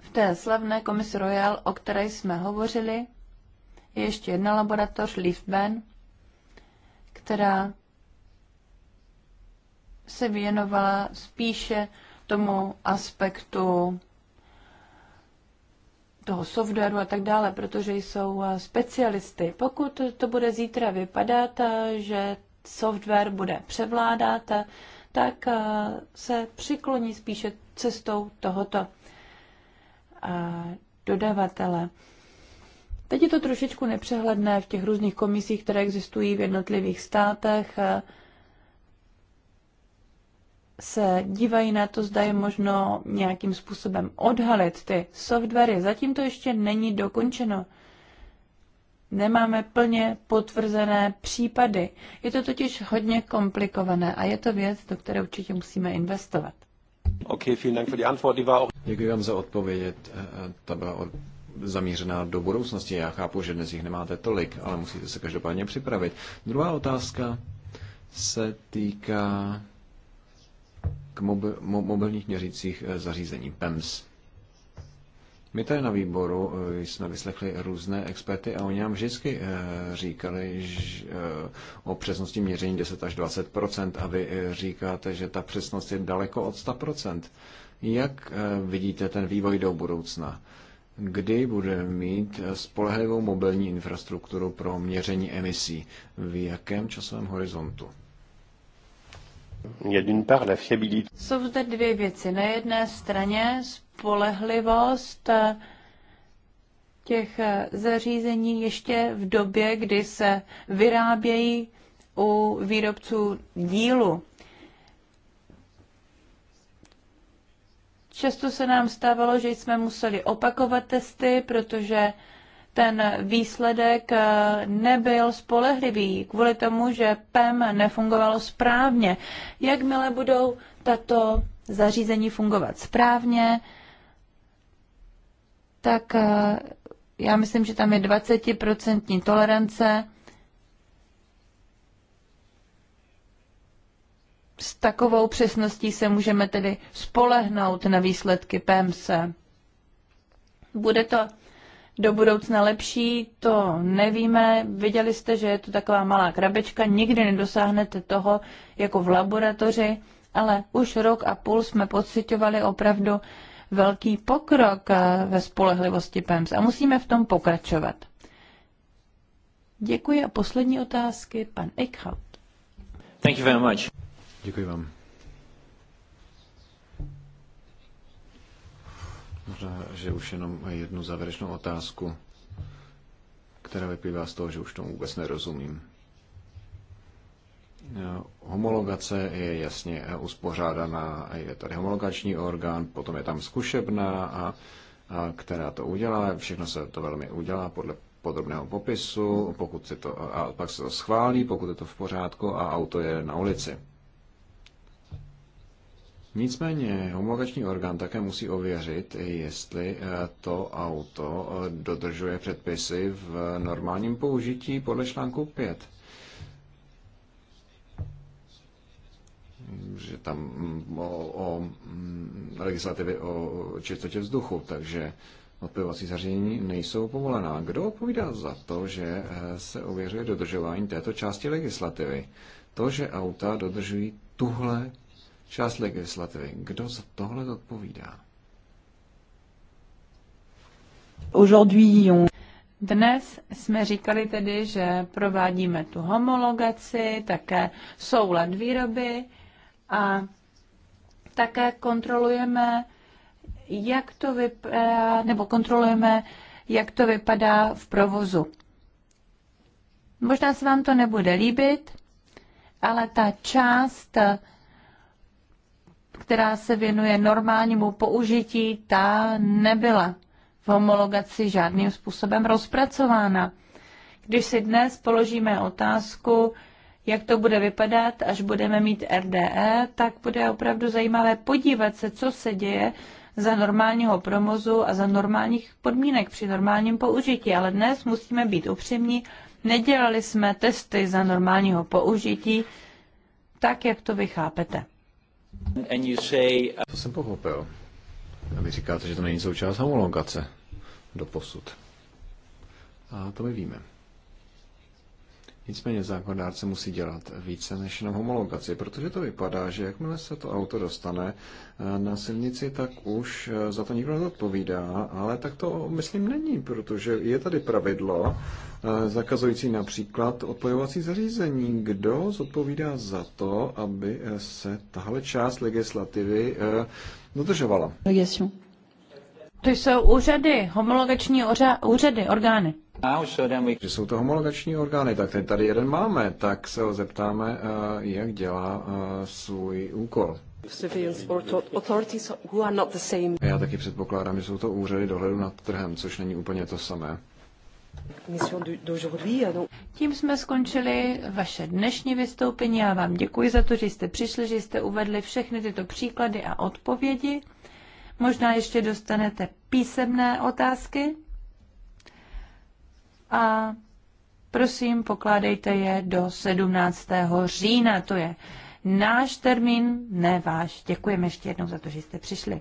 v té slavné komisi Royal, o které jsme hovořili, je ještě jedna laboratoř, LeafBen, která se věnovala spíše tomu aspektu toho softwaru a tak dále, protože jsou eh, specialisty. Pokud to bude zítra vypadat, eh, že software bude převládat, eh, tak se přikloní spíše cestou tohoto dodavatele. Teď je to trošičku nepřehledné v těch různých komisích, které existují v jednotlivých státech. Eh, se dívají na to, zda je možno nějakým způsobem odhalit ty softwary. Zatím to ještě není dokončeno. Nemáme plně potvrzené případy. Je to totiž hodně komplikované a je to věc, do které určitě musíme investovat. Okay, vielen Dank für die Antwort. Die war auch... Děkuji vám za odpověď. Eh, eh, ta byla od zamířená do budoucnosti. Já chápu, že dnes jich nemáte tolik, ale musíte se každopádně připravit. Druhá otázka se týká k mobil, mo, mobilních měřících eh, zařízení PEMS. My tady na výboru eh, jsme vyslechli různé experty a oni nám vždycky eh, říkali že o přesnosti měření 10 až 20 a vy říkáte, že ta přesnost je daleko od 100 Jak vidíte ten vývoj do budoucna? kdy budeme mít spolehlivou mobilní infrastrukturu pro měření emisí. V jakém časovém horizontu? Jsou zde dvě věci. Na jedné straně spolehlivost eh, těch eh, zařízení ještě v době, kdy se vyrábějí u výrobců dílu. Často se nám stávalo, že jsme museli opakovat testy, protože ten výsledek eh, nebyl spolehlivý kvůli tomu, že PEM nefungovalo správně. Jakmile budou tato zařízení fungovat správně, tak eh, já myslím, že tam je 20% tolerance s takovou přesností se můžeme tedy spolehnout na výsledky PMS. Bude to do budoucna lepší, to nevíme. Viděli jste, že je to taková malá krabička, nikdy nedosáhnete toho jako v laboratoři, ale už rok a půl jsme pocitovali opravdu velký pokrok eh, ve spolehlivosti PEMS a musíme v tom pokračovat. Děkuji a poslední otázky, pan Eichhout. Thank you very much. Děkuji vám. Možná, že už jenom jednu závěrečnou otázku, která vyplývá z toho, že už tomu vůbec nerozumím. Homologace je jasně uspořádaná, je tady homologační orgán, potom je tam zkušebná, a, a která to udělá, všechno se to velmi udělá podle podrobného popisu, pokud se to, a pak se to schválí, pokud je to v pořádku a auto je na ulici. Nicméně homologační orgán také musí ověřit, jestli eh, to auto eh, dodržuje předpisy v normálním použití podle článku 5. že tam mm, o, o mm, legislativě o čistotě vzduchu, takže odplivovací zařízení nejsou povolená. Kdo odpovídá za to, že eh, se ověřuje dodržování této části legislativy? To, že auta dodržují tuhle Část legislativy. Kdo za tohle odpovídá? Dnes jsme říkali tedy, že provádíme tu homologaci, také soulad výroby a také kontrolujeme, jak to vypadá, nebo kontrolujeme, jak to vypadá v provozu. Možná se vám to nebude líbit, ale ta část která se věnuje normálnímu použití, ta nebyla v homologaci žádným způsobem rozpracována. Když si dnes položíme otázku, jak to bude vypadat, až budeme mít RDE, tak bude opravdu zajímavé podívat se, co se děje za normálního promozu a za normálních podmínek při normálním použití. Ale dnes musíme být upřímní, nedělali jsme testy za normálního použití, tak jak to vy chápete. Uh, to jsem pochopil. A vy říkáte, že to není součást homologace do posud. A to my víme. Nicméně zákonodárce musí dělat více než jenom homologaci, protože to vypadá, že jakmile se to auto dostane eh, na silnici, tak už eh, za to nikdo neodpovídá, ale tak to myslím není, protože je tady pravidlo eh, zakazující například odpojovací zařízení. Kdo zodpovídá za to, aby se tahle část legislativy dodržovala? Legation. To jsou úřady, homologační oře- úřady, orgány. Že jsou to homologační orgány, tak teď tady jeden máme, tak se ho zeptáme, eh, jak dělá eh, svůj úkol. Já taky předpokládám, že jsou to úřady dohledu nad trhem, což není úplně to samé. Eh, Tím jsme skončili vaše dnešní vystoupení. Já vám děkuji za to, že jste přišli, že jste uvedli všechny tyto příklady a odpovědi. Možná ještě dostanete písemné otázky a prosím, pokládejte je do 17. října. To je náš termín, ne váš. Děkujeme ještě jednou za to, že jste přišli.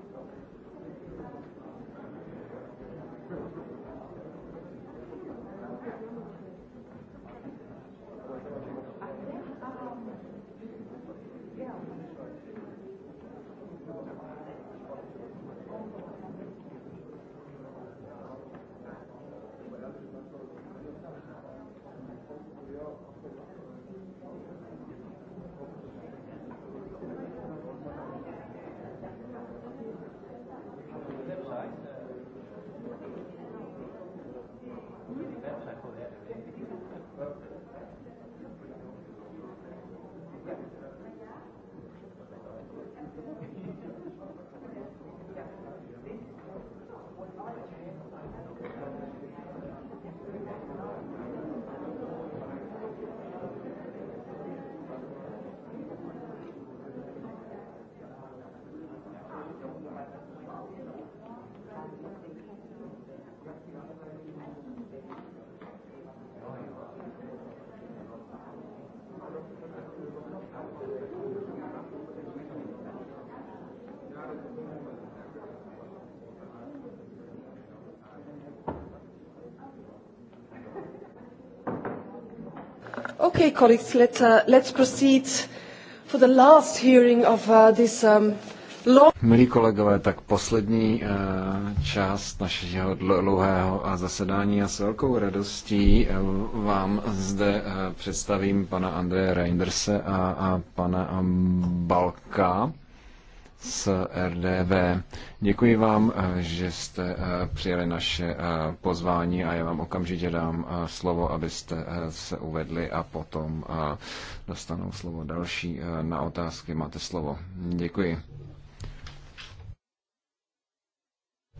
Okay, colleagues, let, uh, let's proceed for the last hearing of uh, this um, Milí kolegové, tak poslední uh, část našeho dlouhého uh, zasedání. a s velkou radostí uh, vám zde představím pana Andreje Reinderse a, pana Balka z RDV. Děkuji vám, eh, že jste eh, přijeli naše eh, pozvání a já vám okamžitě dám slovo, abyste se uvedli a potom dostanou slovo další na otázky. Máte slovo. Děkuji.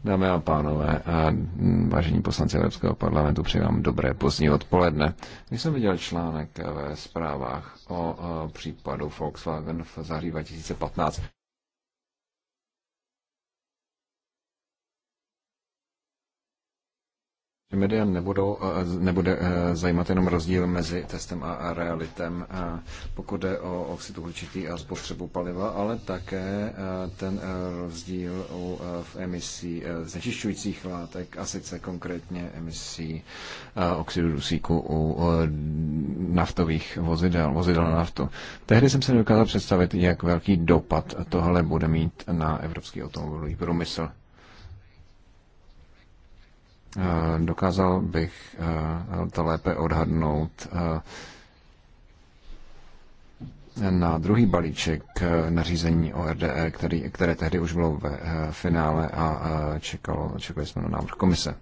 Dámy a pánové, a vážení poslanci Evropského parlamentu, přeji vám dobré pozdní odpoledne. Když jsem viděl článek ve zprávách o případu Volkswagen v září 2015, Média nebudou, eh, nebude eh, zajímat jenom rozdíl mezi testem a realitem, eh, pokud jde o oxid uhličitý a spotřebu paliva, ale také ten rozdíl v emisí znečišťujících látek a sice konkrétně emisí oxidu dusíku u naftových vozidel, vozidel na naftu. Tehdy jsem se nedokázal představit, jak velký dopad tohle bude mít na evropský automobilový průmysl. Eh, dokázal bych eh, to lépe odhadnout. Eh, na druhý balíček nařízení o RDE, který, které tehdy už bylo ve finále a čekalo, čekali jsme na návrh komise.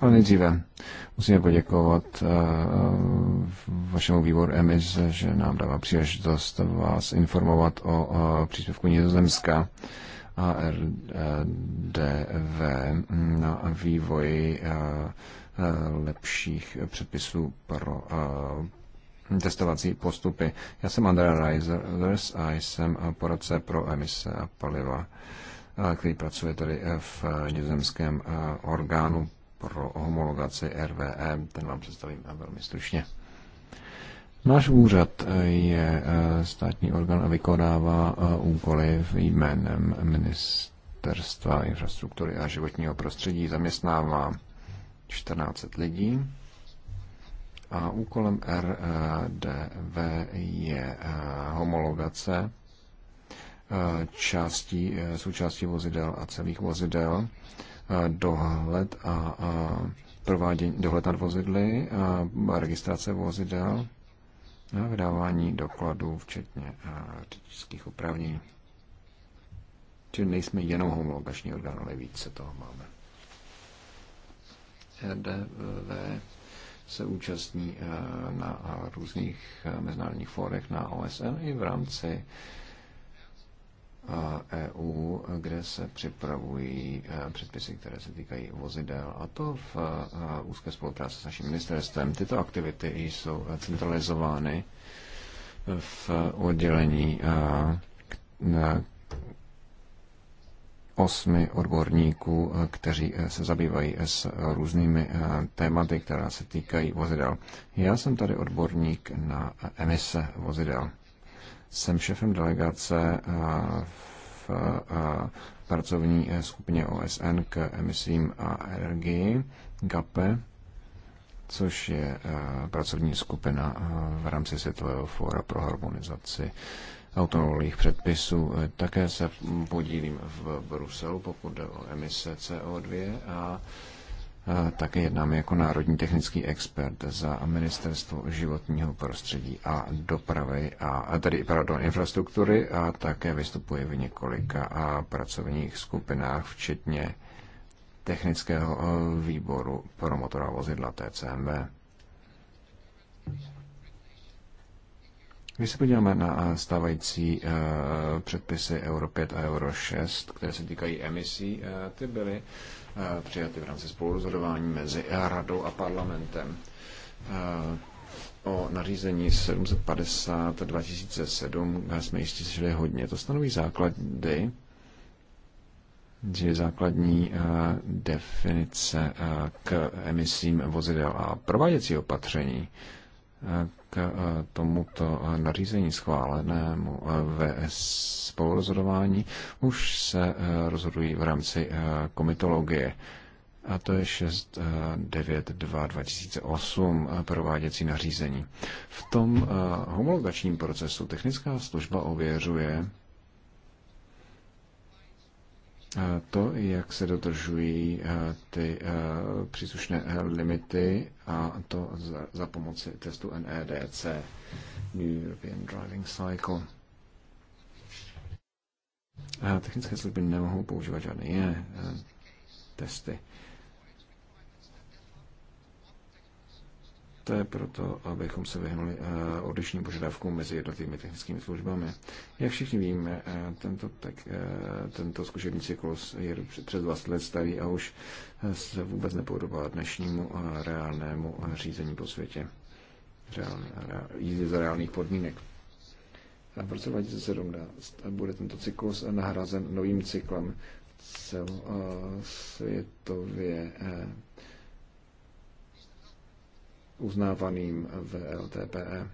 Ale nejdříve musíme poděkovat vašemu výboru EMIS, že nám dává příležitost vás informovat o příspěvku Nizozemska ARDV na vývoji eh, eh, lepších předpisů pro eh, testovací postupy. Já jsem Andrea Reisers a jsem poradce pro emise a paliva, který pracuje tady v nizozemském orgánu pro homologaci RVE. Ten vám představím velmi stručně. Náš úřad eh, je eh, státní orgán a vykonává eh, úkoly v jménem Ministerstva infrastruktury a životního prostředí. Zaměstnává 14 lidí a úkolem RDV je homologace částí, součástí vozidel a celých vozidel, dohled a provádění, dohled nad vozidly, registrace vozidel, na vydávání dokladů, včetně eh, řidičských opravní. Čili nejsme jenom homologační orgán, ale více toho máme. EDV se účastní eh, na různých eh, mezinárodních fórech na OSN i v rámci EU, kde se připravují eh, předpisy, které se týkají vozidel, a to v eh, úzké spolupráci s naším ministerstvem. Tyto aktivity jsou eh, centralizovány v oddělení osmi odborníků, kteří se zabývají s různými tématy, která se týkají vozidel. Já jsem tady odborník na emise vozidel. Jsem šefem delegace eh, v eh, pracovní eh, skupině OSN k emisím a energii GAPE, což je pracovní skupina v rámci Světového fóra pro harmonizaci automobilových předpisů. Také se podílím v Bruselu, pokud jde o emise CO2 a také jednáme jako národní technický expert za Ministerstvo životního prostředí a dopravy, a tedy, pardon, infrastruktury a také vystupuje v několika a pracovních skupinách, včetně technického e, výboru pro motorová vozidla TCMB. Když se podíváme na e, stávající e, předpisy Euro 5 a Euro 6, které se týkají emisí, ty byly Eh, přijaty v rámci spolurozhodování mezi radou a parlamentem eh, o nařízení 750 2007 eh, jsme jistě slyšeli hodně. To stanoví základy, že základní definice k emisím vozidel a prováděcí opatření k eh, tomuto eh, nařízení schválenému eh, ve spolurozhodování už se rozhodují v rámci komitologie. A to je 692-2008 prováděcí nařízení. V tom homologačním procesu technická služba ověřuje, to, jak se dodržují ty příslušné limity a to za, pomoci testu NEDC, New European Driving Cycle. Technické služby nemohou používat žádné jiné e, testy. To je proto, abychom se vyhnuli eh, odlišným požadavkům mezi jednotlivými technickými službami. Jak všichni víme, eh, tento, tak, eh, tento zkušební cyklus je před 20 let starý a už se vůbec nepodobá dnešnímu reálnému řízení po světě. Reálné, jízdy za reálných podmínek. A v roce 2017 bude tento cyklus nahrazen novým cyklem celosvětově uznávaným v LTPE.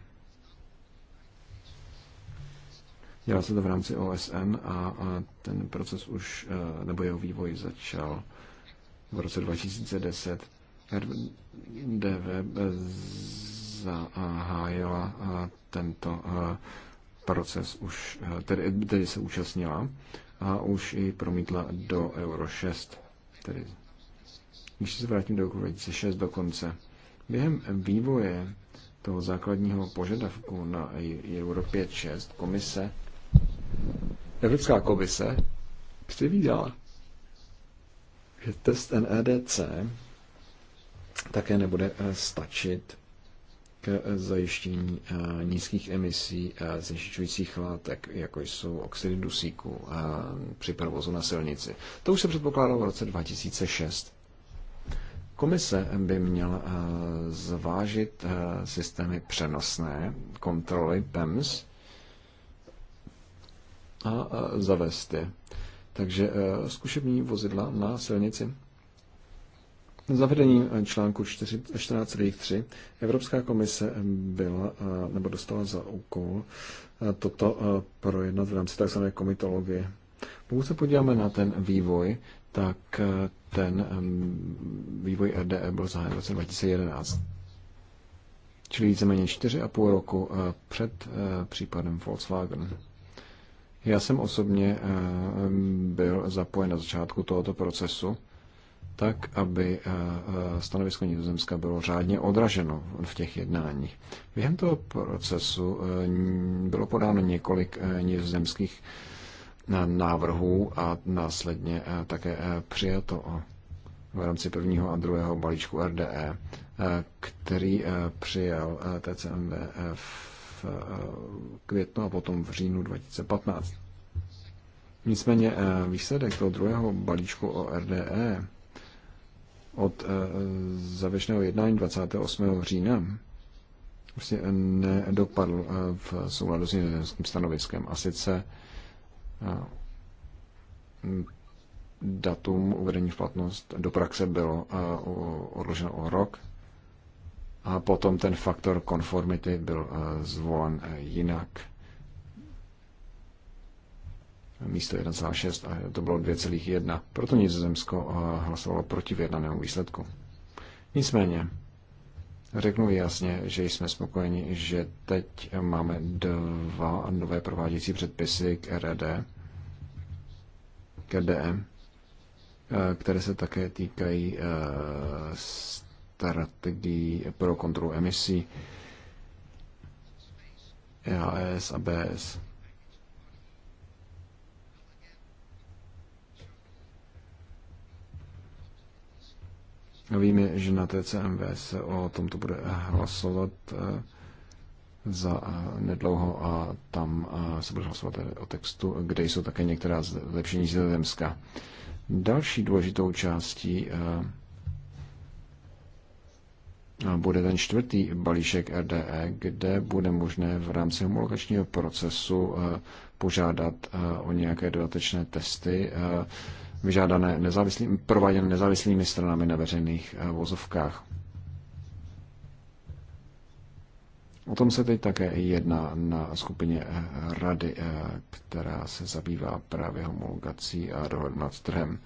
Dělá se to v rámci OSN a, ten proces už, e, nebo jeho vývoj začal v roce 2010. RDV zahájila e, tento e, proces už, tedy, tedy se účastnila a už i promítla do Euro 6, tedy když se vrátím do roku 2006 dokonce, Během vývoje toho základního požadavku na Euro 5.6 komise, Evropská komise přivídala, že test NEDC také nebude eh, stačit k eh, zajištění eh, nízkých emisí znečišťujících látek, jako jsou oxidy dusíku při provozu na silnici. To už se předpokládalo v roce 2006. Komise by měla eh, zvážit eh, systémy přenosné kontroly PEMS a eh, zavést je. Takže zkušební vozidla na silnici. Zavedením článku 14.3 Evropská komise byla, nebo dostala za úkol toto projednat v rámci tzv. komitologie. Pokud se podíváme na ten vývoj, tak ten vývoj RDE byl zahájen v roce 2011. Čili víceméně 4,5 roku eh, před eh, případem Volkswagen. Já jsem osobně eh, byl zapojen na začátku tohoto procesu, tak, aby stanovisko Nizozemska bylo řádně odraženo v těch jednáních. Během toho procesu bylo podáno několik nizozemských návrhů a následně eh, také eh, přijato eh, v rámci prvního a druhého balíčku RDE, který přijal TCMV v květnu a potom v říjnu 2015. Nicméně výsledek toho druhého balíčku o RDE od zavěšného jednání 28. října si nedopadl v souladu s nizozemským stanoviskem. A sice datum uvedení v platnost do praxe bylo eh, odloženo o rok a potom ten faktor konformity byl eh, zvolen eh, jinak. Místo 1,6 a to bylo 2,1. Proto Nizozemsko hlasovalo proti vyjednanému výsledku. Nicméně, řeknu jasně, že jsme spokojeni, že teď máme dva nové prováděcí předpisy k RED KDM, e, eh, které se také týkají eh, strategií pro kontrolu emisí EAS a BS. Víme, že na TCMV se o tomto bude hlasovat eh, za eh, nedlouho a tam eh, se bude hlasovat o textu, kde jsou také některá zlepšení z Zemska. Další důležitou částí eh, bude ten čtvrtý balíšek RDE, kde bude možné v rámci homologačního procesu požádat o nějaké dodatečné testy vyžádané nezávislými prováděné nezávislými stranami na veřejných vozovkách. O tom se teď také jedná na skupině eh, rady, eh, která se zabývá právě homologací a dohod nad trhem.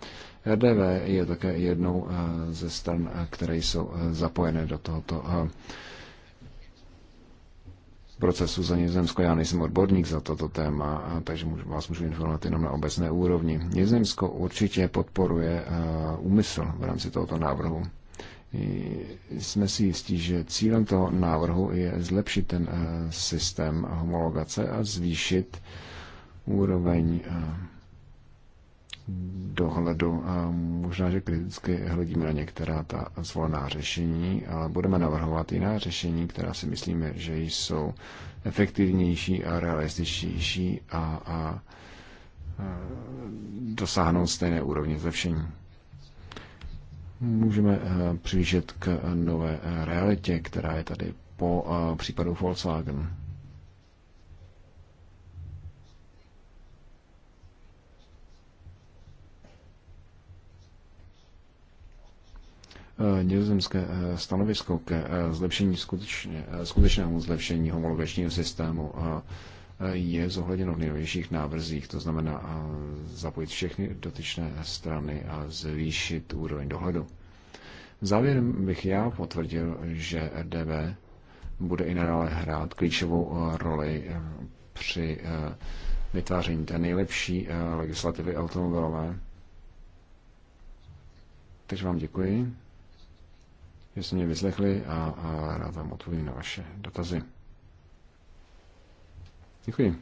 RDV je také jednou eh, ze stran, které jsou zapojené do tohoto procesu za Nizemsko. Já nejsem odborník za toto téma, takže vás můžu informovat jenom na obecné úrovni. Nizemsko určitě podporuje úmysl v rámci tohoto návrhu jsme si jistí, že cílem toho návrhu je zlepšit ten eh, systém homologace a zvýšit úroveň eh, dohledu. a Možná, že kriticky hledíme na některá ta zvolená řešení, ale budeme navrhovat jiná řešení, která si myslíme, že jsou efektivnější a realističtější a, a, a eh, dosáhnou stejné úrovně zlepšení můžeme eh, přijít k eh, nové eh, realitě, která je tady po případu Volkswagen. nizozemské stanovisko ke zlepšení skutečně, skutečnému zlepšení homologačního systému je zohledněno v nejnovějších návrzích, to znamená zapojit všechny dotyčné strany a zvýšit úroveň dohledu. Závěrem bych já potvrdil, že RDB e bude i nadále hrát klíčovou roli při eh, vytváření té nejlepší eh, legislativy automobilové. Takže vám děkuji, že jste mě vyslechli a, rád vám odpovím na vaše dotazy. Děkuji.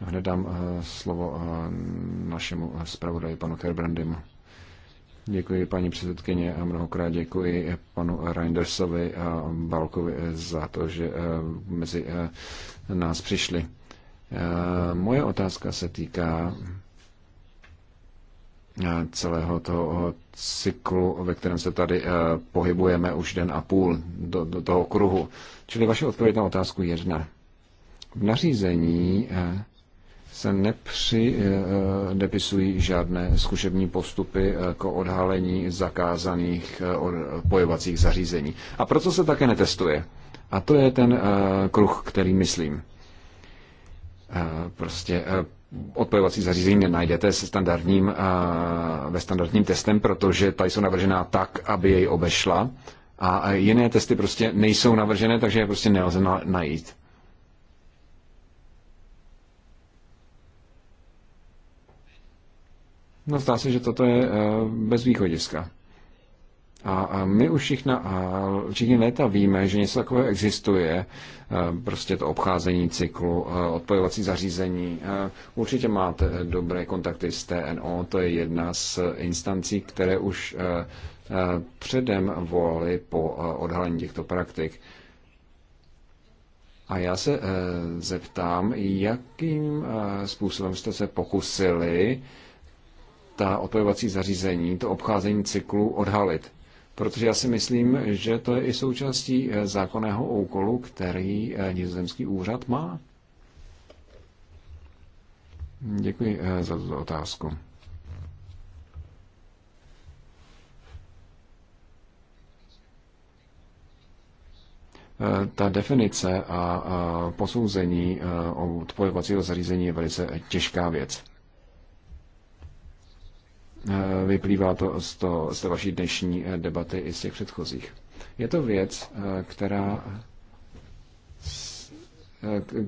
Hned dám eh, slovo eh, našemu eh, zpravodaji, panu Kerbrandimu. Děkuji paní předsedkyně a mnohokrát děkuji panu Reindersovi a Balkovi za to, že mezi nás přišli. Moje otázka se týká celého toho cyklu, ve kterém se tady pohybujeme už den a půl do, do toho kruhu. Čili vaše odpověď na otázku jedna v nařízení eh, se nepřidepisují eh, eh, žádné zkušební postupy k odhalení zakázaných pojovacích zařízení. A proto se také netestuje. A to je ten kruh, který myslím. Prostě odpojovací zařízení nenajdete se standardním, ve standardním testem, protože ta jsou navržená tak, aby jej obešla. A jiné testy prostě nejsou navržené, takže je prostě nelze najít. No zdá se, že toto je eh, bez východiska. A, my už všichni, všichni léta víme, že něco takového existuje, eh, prostě to obcházení cyklu, eh, odpojovací zařízení. Určitě máte dobré kontakty s TNO, to je jedna z instancí, které už předem volali po odhalení těchto praktik. A já se zeptám, jakým způsobem jste se pokusili ta opojovací zařízení, to obcházení cyklu odhalit. Protože já si myslím, že to je i součástí eh, zákonného úkolu, který eh, nizozemský úřad má. Děkuji eh, za tuto otázku. ta definice a posouzení odpojovacího zařízení je velice těžká věc. Eh, vyplývá to z, to z vaší dnešní eh, debaty i z těch předchozích. Je to věc, eh, která,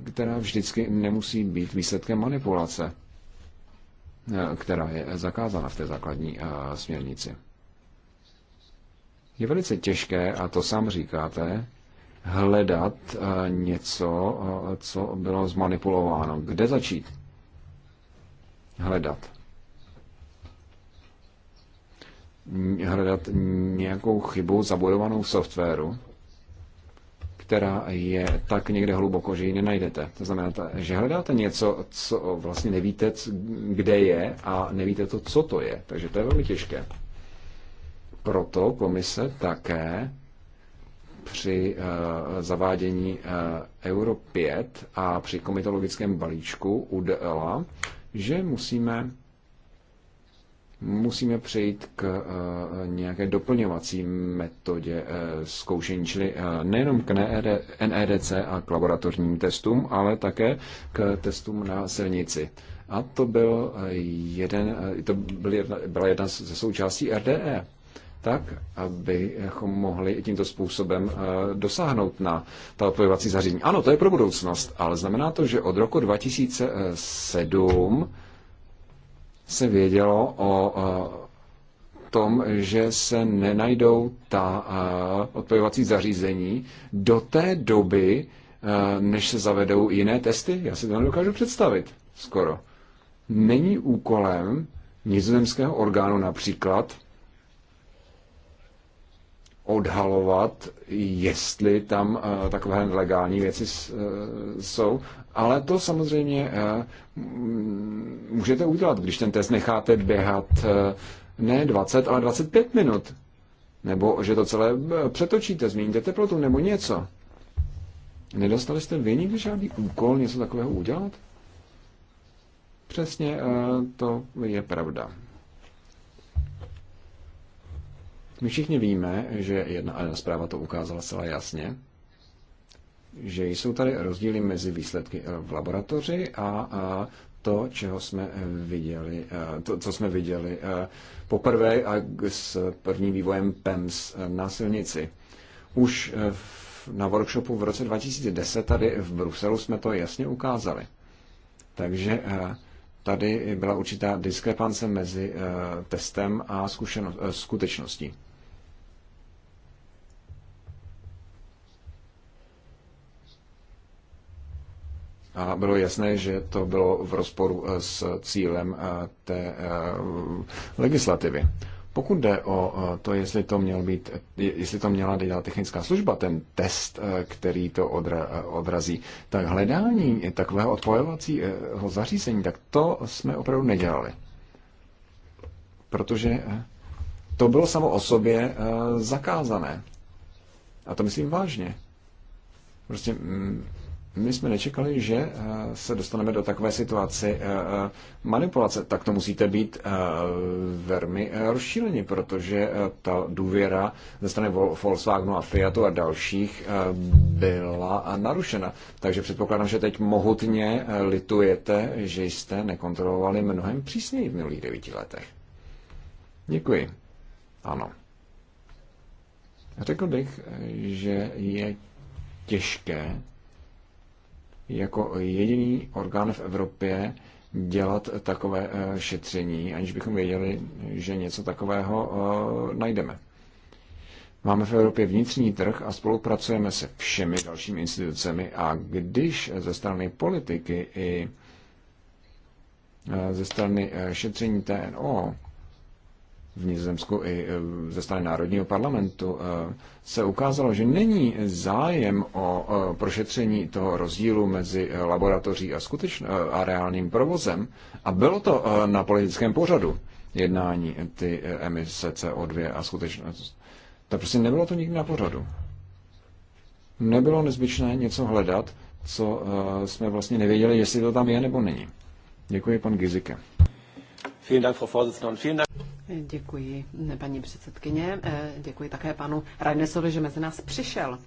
která vždycky nemusí být výsledkem manipulace, která je zakázána v té základní směrnici. Je velice těžké, a to sám říkáte, hledat něco, co bylo zmanipulováno. Kde začít? Hledat hledat nějakou chybu zabudovanou v softwaru, která je tak někde hluboko, že ji nenajdete. To znamená, že hledáte něco, co vlastně nevíte, kde je a nevíte to, co to je. Takže to je velmi těžké. Proto komise také při uh, zavádění uh, Euro 5 a při komitologickém balíčku udala, že musíme musíme přejít k eh, nějaké doplňovací metodě eh, zkoušení, čili eh, nejenom k NEDC e a k laboratorním testům, ale také k testům na silnici. A to, byl jeden, to byl jedna, byla jedna ze součástí RDE tak, abychom mohli tímto způsobem dosáhnout na ta odpojovací zařízení. Ano, to je pro budoucnost, ale znamená to, že od roku 2007 se vědělo o tom, že se nenajdou ta odpojovací zařízení do té doby, než se zavedou jiné testy? Já si to nedokážu představit skoro. Není úkolem nizozemského orgánu například odhalovat, jestli tam takové legální věci e, jsou, ale to samozřejmě eh, můžete udělat, když ten test necháte běhat eh, ne 20, ale 25 minut. Nebo že to celé eh, přetočíte, změníte teplotu nebo něco. Nedostali jste vy nikdy žádný úkol něco takového udělat? Přesně to je pravda. My všichni víme, že jedna, zpráva to ukázala zcela jasně, že jsou tady rozdíly mezi výsledky eh, v laboratoři a, to, čeho jsme eh, viděli, eh, to, co jsme viděli poprvé a s prvním vývojem PEMS na silnici. Už na workshopu v roce 2010 tady v Bruselu jsme to jasně ukázali. Takže tady byla určitá diskrepance mezi testem a skutečností. A bylo jasné, že to bylo v rozporu eh, s cílem eh, té eh, legislativy. Pokud jde o to, jestli to, měl být, jestli to měla dělat technická služba, ten test, který to odra, odrazí, tak hledání takového odpojovacího zařízení, tak to jsme opravdu nedělali. Protože to bylo samo o sobě zakázané. A to myslím vážně. Prostě mm, my jsme nečekali, že eh, se dostaneme do takové situaci eh, eh, manipulace. Tak to musíte být velmi rozšíleni, protože ta důvěra ze strany Volkswagenu a Fiatu a dalších byla narušena. Takže předpokládám, že teď mohutně litujete, že jste nekontrolovali mnohem přísněji v minulých devíti letech. Děkuji. Ano. Řekl bych, že je těžké jako jediný orgán v Evropě dělat takové eh, šetření, aniž bychom věděli, že něco takového eh, najdeme. Máme v Evropě vnitřní trh a spolupracujeme se všemi dalšími institucemi a když ze strany politiky i eh, ze strany šetření TNO v Nizozemsku i eh, ze strany Národního parlamentu eh, se ukázalo, že není zájem o eh, prošetření toho rozdílu mezi laboratoří a, skutečn- a reálným provozem. A bylo to na politickém pořadu jednání ty emise CO2 a skutečnost. Tak prostě nebylo to nikdy na pořadu. Nebylo nezbytné něco hledat, co jsme vlastně nevěděli, jestli to tam je nebo není. Děkuji, pan Gizike. Vielen Dank, Frau Vorsitzende, und vielen Dank. Děkuji, paní předsedkyně. Eh, děkuji také panu Rajnesovi, že mezi nás přišel.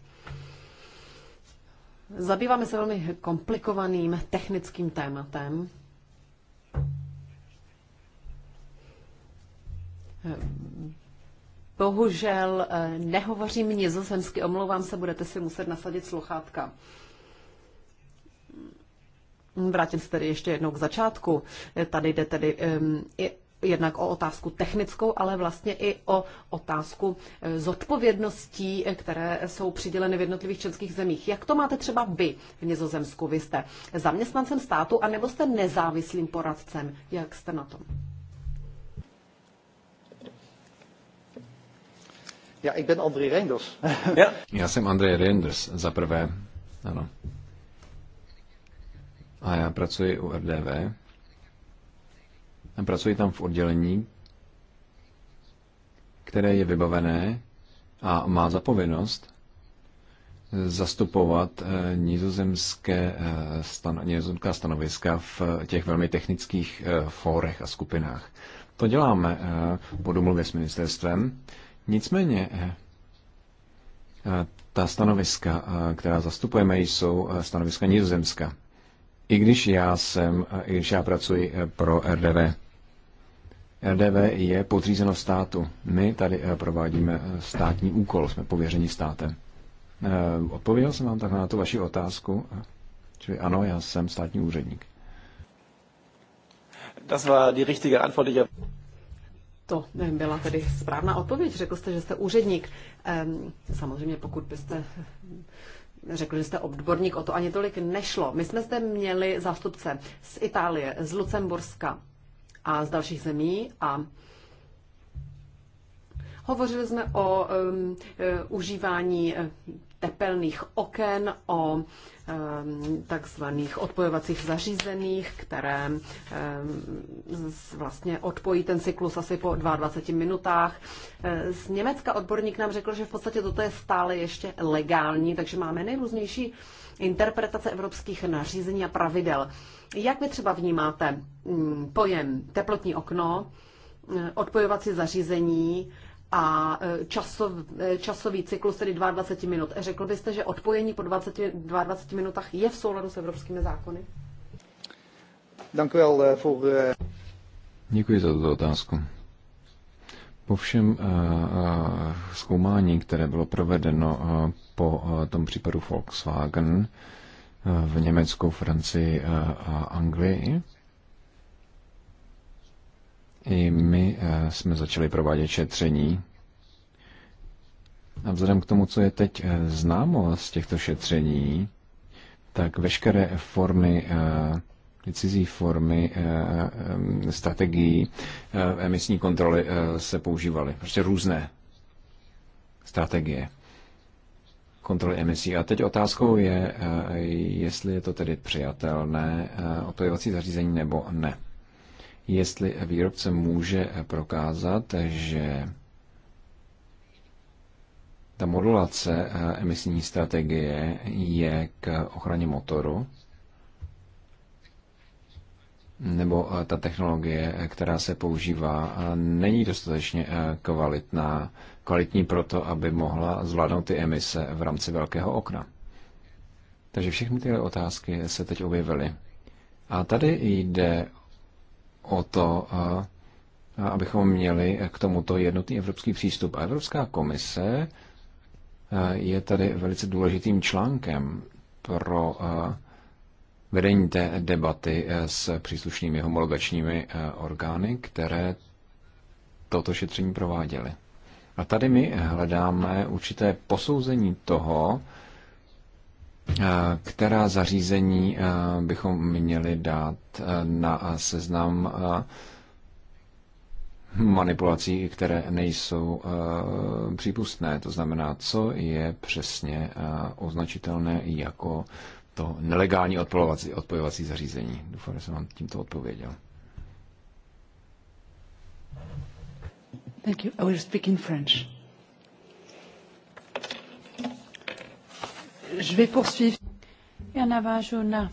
Zabýváme se velmi komplikovaným technickým tématem. Eh, bohužel eh, nehovořím nizozemsky, omlouvám se, budete si muset nasadit sluchátka. Vrátím se tedy ještě jednou k začátku. Tady jde tedy um, jednak o otázku technickou, ale vlastně i o otázku eh, zodpovědností, eh, které jsou přiděleny v jednotlivých členských zemích. Jak to máte třeba vy v Nizozemsku? Vy jste zaměstnancem státu, anebo jste nezávislým poradcem? Jak jste na tom? Já jsem Andrej André Reinders. [LAUGHS] ja. Já jsem André Reinders, za prvé. Ano. A já pracuji u RDV Pracuji tam v oddělení, které je vybavené a má zapovinnost zastupovat eh, nizozemské eh, nizozemská stanoviska v eh, těch velmi technických fórech a skupinách. To děláme po domluvě s ministerstvem. Nicméně ta stanoviska, která zastupujeme, jsou stanoviska nizozemska. I když já jsem, i když já pracuji pro RDV. DV je podřízeno státu. My tady eh, provádíme eh, státní úkol, jsme pověřeni státem. Eh, odpověděl jsem vám tak na tu vaši otázku? Čili ano, já jsem státní úředník. Das war die richtige Antwort, die to byla tedy správná odpověď. Řekl jste, že jste úředník. Ehm, samozřejmě, pokud byste řekl, že jste odborník, o to ani tolik nešlo. My jsme zde měli zástupce z Itálie, z Lucemburska, a z dalších zemí a Hovořili jsme o um, e, užívání e, tepelných oken, o um, takzvaných odpojovacích zařízeních, které um, vlastně odpojí ten cyklus asi po 22 minutách. E, z Německa odborník nám řekl, že v podstatě toto je stále ještě legální, takže máme nejrůznější interpretace evropských nařízení a pravidel. Jak vy třeba vnímáte mm, pojem teplotní okno, eh, odpojovací zařízení a eh, časov, eh, časový cyklus, tedy 22 minut? Řekl byste, že odpojení po 20, 22 minutách je v souladu s evropskými zákony? Děkuji za tuto otázku. Po všem zkoumání, které bylo provedeno po tom případu Volkswagen, v Německu, Francii a Anglii. I my e, jsme začali provádět šetření. A vzhledem k tomu, co je teď e, známo z těchto šetření, tak veškeré formy, e, cizí formy strategií emisní kontroly se používaly. Prostě různé strategie kontroly emisí. A teď otázkou je, eh, jestli je to tedy přijatelné eh, opojovací zařízení nebo ne. Jestli výrobce může prokázat, že ta modulace eh, emisní strategie je k ochraně motoru, nebo ta technologie, která se používá, není dostatečně kvalitná kvalitní proto, aby mohla zvládnout ty emise v rámci velkého okna. Takže všechny tyhle otázky se teď objevily. A tady jde o to, abychom měli k tomuto jednotný evropský přístup. A Evropská komise je tady velice důležitým článkem pro vedení té debaty s příslušnými homologačními orgány, které toto šetření prováděly. A tady my hledáme určité posouzení toho, eh, která zařízení eh, bychom měli dát eh, na seznam manipulací, které nejsou přípustné. To znamená, co je přesně označitelné jako to nelegální odpojovací, zařízení. Doufám, že jsem vám tímto odpověděl. Thank you. I oh, will speak in French. Je vais poursuivre. Já navážu na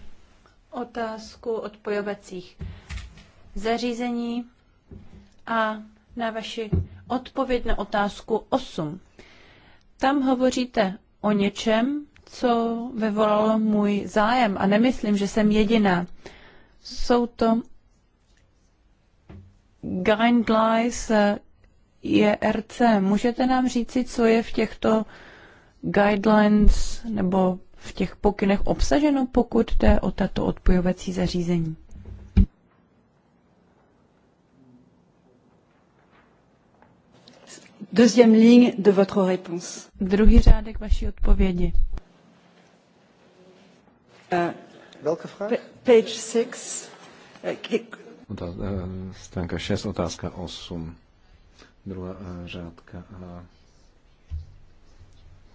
otázku odpojovacích zařízení a na vaši odpověď na otázku 8. Tam hovoříte o něčem, co vyvolalo můj zájem a nemyslím, že jsem jediná. Jsou to guidelines IRC. Můžete nám říci, co je v těchto guidelines nebo v těch pokynech obsaženo, pokud jde o tato odpojovací zařízení? Deuxième ligne de votre réponse. Druhý řádek vaší odpovědi. uh, Page 6. Uh, eh, stránka 6, otázka 8 druhá eh, řádka. A eh,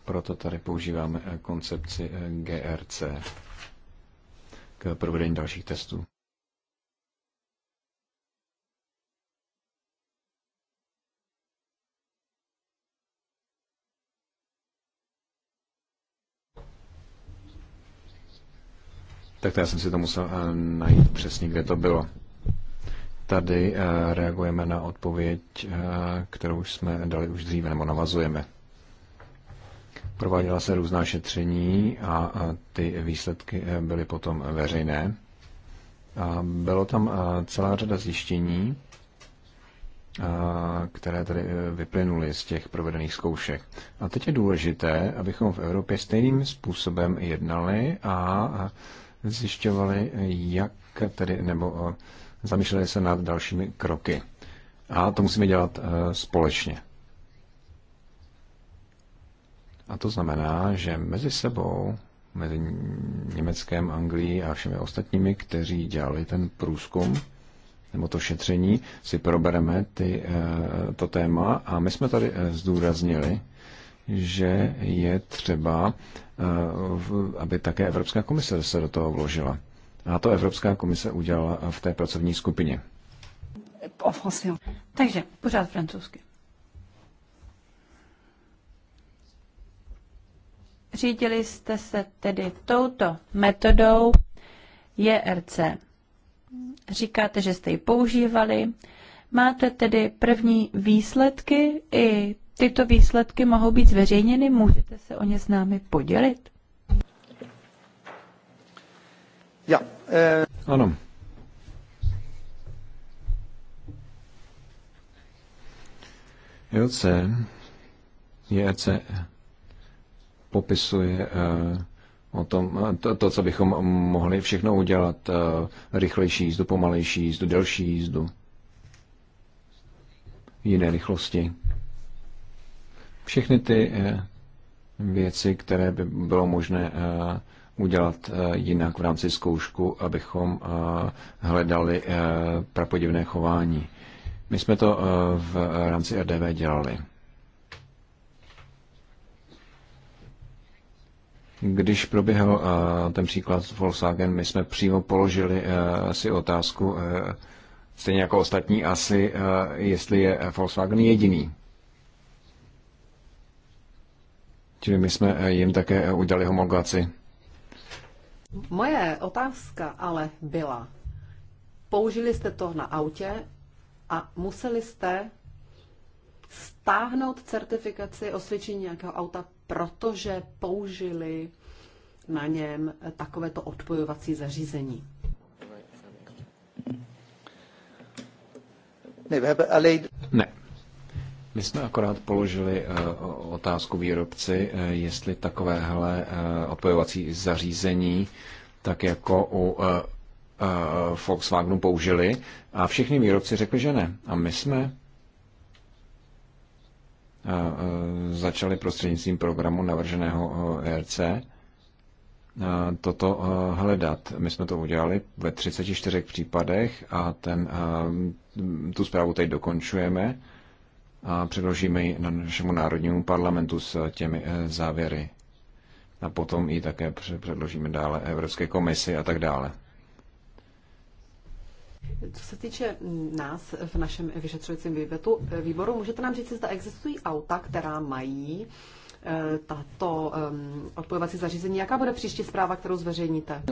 proto tady používáme eh, koncepci GRC k provedení dalších testů. Tak to já jsem si to musel najít přesně, kde to bylo tady eh, reagujeme na odpověď, eh, kterou jsme dali už dříve, nebo navazujeme. Prováděla se různá šetření a ty výsledky eh, byly potom veřejné. bylo tam celá řada zjištění, které tady vyplynuly z těch provedených zkoušek. A teď je důležité, abychom v Evropě stejným způsobem jednali a zjišťovali, jak tedy, nebo zamýšleli se nad dalšími kroky. A to musíme dělat eh, společně. A to znamená, že mezi sebou, mezi Německem, Anglií a všemi ostatními, kteří dělali ten průzkum, nebo to šetření, si probereme ty, eh, to téma a my jsme tady eh, zdůraznili, že je třeba, aby také Evropská komise se do toho vložila. A to Evropská komise udělala v té pracovní skupině. Takže pořád francouzsky. Řídili jste se tedy touto metodou JRC. Říkáte, že jste ji používali. Máte tedy první výsledky i tyto výsledky mohou být zveřejněny. Můžete se o ně s námi podělit? Ja, eh... Ano. JOC, JEC popisuje eh, o tom, to, to, co bychom mohli všechno udělat, eh, rychlejší jízdu, pomalejší jízdu, delší jízdu, jiné rychlosti. Všechny ty eh, věci, které by bylo možné udělat eh, jinak v rámci zkoušku, abychom eh, hledali eh, prapodivné chování. My jsme to v rámci RDV dělali. Když proběhl ten příklad s Volkswagen, my jsme přímo položili si otázku, stejně jako ostatní asi, jestli je Volkswagen jediný. Čili my jsme jim také udělali homologaci. Moje otázka ale byla, použili jste to na autě a museli jste stáhnout certifikaci osvědčení nějakého auta, protože použili na něm takovéto odpojovací zařízení. Ne, my jsme akorát položili eh, otázku výrobci, eh, jestli takovéhle eh, odpojovací zařízení, tak jako u Volkswagenu použili a všichni výrobci řekli, že ne. A my jsme začali prostřednictvím programu navrženého RC toto hledat. My jsme to udělali ve 34 případech a ten, tu zprávu teď dokončujeme a předložíme ji na našemu národnímu parlamentu s těmi eh, závěry. A potom ji také předložíme dále Evropské komisi a tak dále. Co se týče nás v našem vyšetřujícím výbetu, eh, výboru, můžete nám říct, zda existují auta, která mají eh, tato um, odpojovací zařízení. Jaká bude příští zpráva, kterou zveřejníte?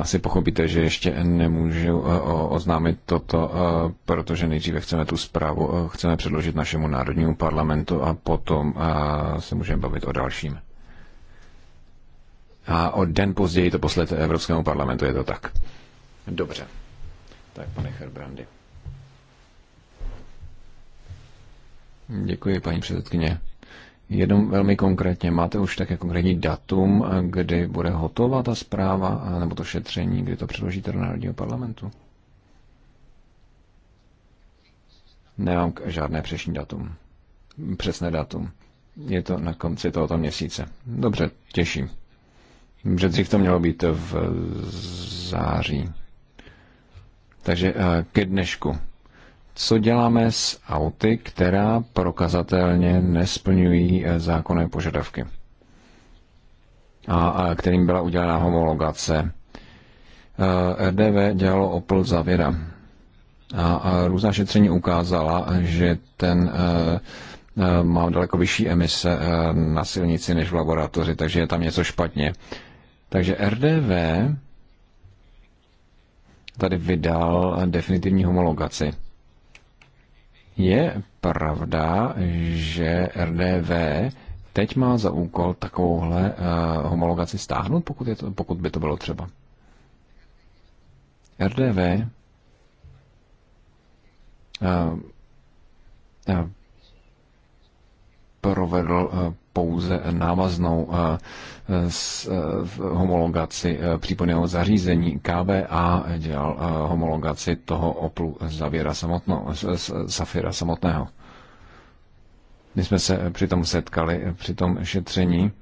Asi pochopíte, že ještě nemůžu eh, oznámit toto, eh, protože nejdříve chceme tu zprávu, eh, chceme předložit našemu národnímu parlamentu a potom se můžeme bavit o dalším. A o den později to poslat Evropskému parlamentu, je to tak. Dobře. Tak, pane Herbrandy. Děkuji, paní předsedkyně. Jenom velmi konkrétně, máte už také konkrétní datum, kdy bude hotová ta zpráva nebo to šetření, kdy to předložíte do Národního parlamentu? Nemám žádné přesné datum. Přesné datum. Je to na konci tohoto měsíce. Dobře, těším. Že dřív to mělo být v září. Takže eh, ke dnešku co děláme s auty, která prokazatelně nesplňují eh, zákonné požadavky a, a kterým byla udělána homologace. Eh, RDV dělalo Opel Zavěra a, a různá šetření ukázala, že ten eh, má daleko vyšší emise na silnici než v laboratoři, takže je tam něco špatně. Takže RDV tady vydal definitivní homologaci. Je pravda, že RDV teď má za úkol takovouhle uh, homologaci stáhnout, pokud, je to, pokud by to bylo třeba. RDV uh, eh, uh, eh, provedl eh, pouze návaznou eh, eh, homologaci přípojného zařízení KVA, dělal homologaci toho Oplu zavěra samotno, Safira samotného. My jsme se přitom setkali při tom šetření.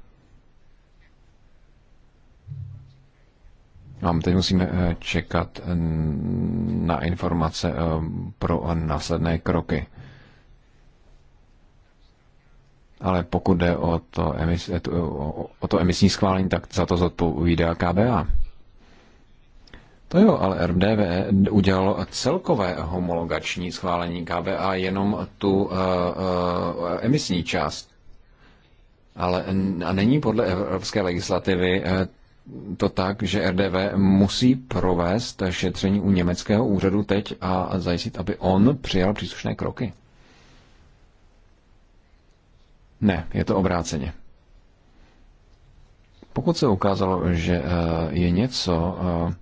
No a teď musíme čekat na informace pro následné kroky ale pokud jde o to, emis, eh, eh, o to emisní schválení, tak za to zodpovídá KBA. To jo, ale RDV e udělalo celkové homologační schválení KBA, jenom tu uh, uh, emisní část. Ale a není podle evropské legislativy to tak, že RDV e musí provést šetření u německého úřadu teď a zajistit, aby on přijal příslušné kroky. Ne, je to obráceně. Pokud se ukázalo, že eh, je něco eh,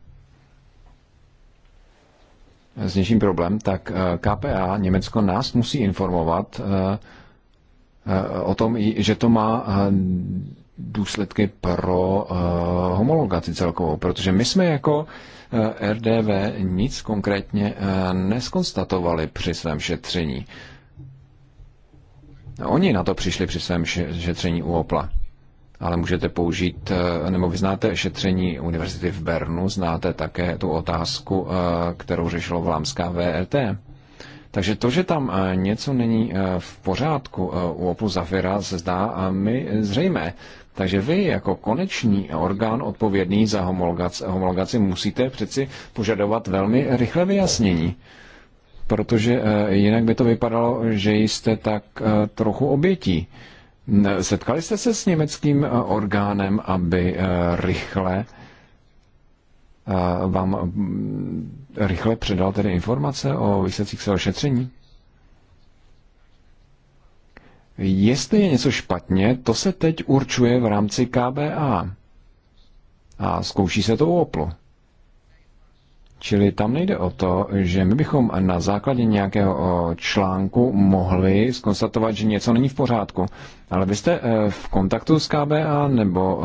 s něčím problém, tak eh, KPA Německo nás musí informovat o tom, že to má důsledky pro homologaci celkovou, protože my jsme jako RDV nic konkrétně neskonstatovali při svém šetření. Oni na to přišli při svém šetření u Opla. Ale můžete použít, eh, nebo vy znáte šetření univerzity v Bernu, znáte také tu otázku, eh, kterou řešilo vlámská VRT. E Takže to, že tam eh, něco není v pořádku u Oplu Zafira, se zdá mi zřejmé. Takže vy jako konečný orgán odpovědný za homologaci, homologaci musíte přeci požadovat velmi rychle vyjasnění protože eh, jinak by to vypadalo, že jste tak eh, trochu obětí. Setkali jste se s německým eh, orgánem, aby rychle vám mm, rychle předal tedy informace o výsledcích se ošetření? Jestli je něco špatně, to se teď určuje v rámci KBA. A zkouší se to u Oplu. Čili tam nejde o to, že my bychom na základě nějakého článku mohli skonstatovat, že něco není v pořádku. Ale vy jste e, v kontaktu s KBA nebo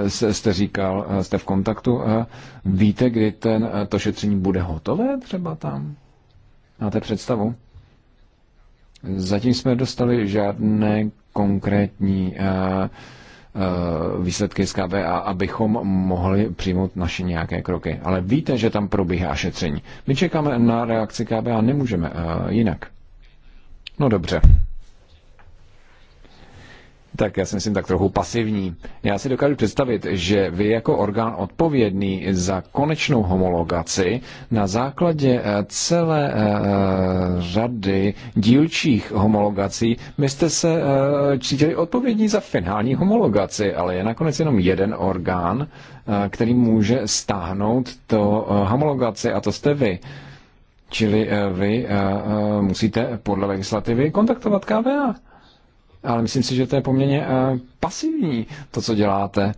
e, jste říkal, e, jste v kontaktu, víte, kdy ten, to šetření bude hotové třeba tam? Máte představu? Zatím jsme dostali žádné konkrétní uh, Eh, výsledky z KBA, abychom mohli přijmout naše nějaké kroky. Ale víte, že tam probíhá šetření. My čekáme na reakci KBA, nemůžeme eh, jinak. No dobře tak já si myslím tak trochu pasivní. Já si dokážu představit, že vy jako orgán odpovědný za konečnou homologaci na základě eh, celé eh, řady dílčích homologací byste se eh, cítili odpovědní za finální homologaci, ale je nakonec jenom jeden orgán, který může stáhnout to homologaci a to jste vy. Čili vy musíte podle legislativy kontaktovat KVA ale myslím si, že to je poměrně eh, pasivní, to, co děláte.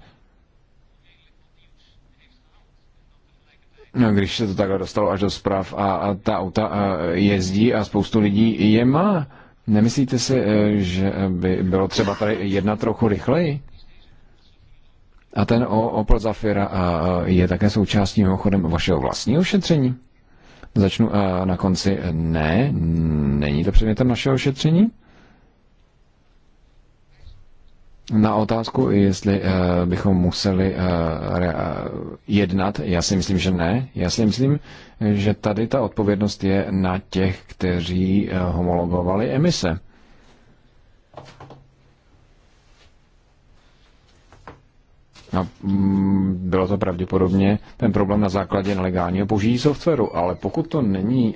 No, když se to takhle dostalo až do zpráv a, a ta auta a eh, jezdí a spoustu lidí je má, nemyslíte si, eh, že by bylo třeba tady jedna trochu rychleji? A ten Opel Zafira je také součástí mimochodem vašeho vlastního šetření? Začnu na konci. Ne, není to předmětem našeho šetření? na otázku, jestli eh, bychom museli eh, eh, jednat, já si myslím, že ne. Já si myslím, že tady ta odpovědnost je na těch, kteří homologovali emise. A no, mm, bylo to pravděpodobně ten problém na základě nelegálního použití softwaru, ale pokud to není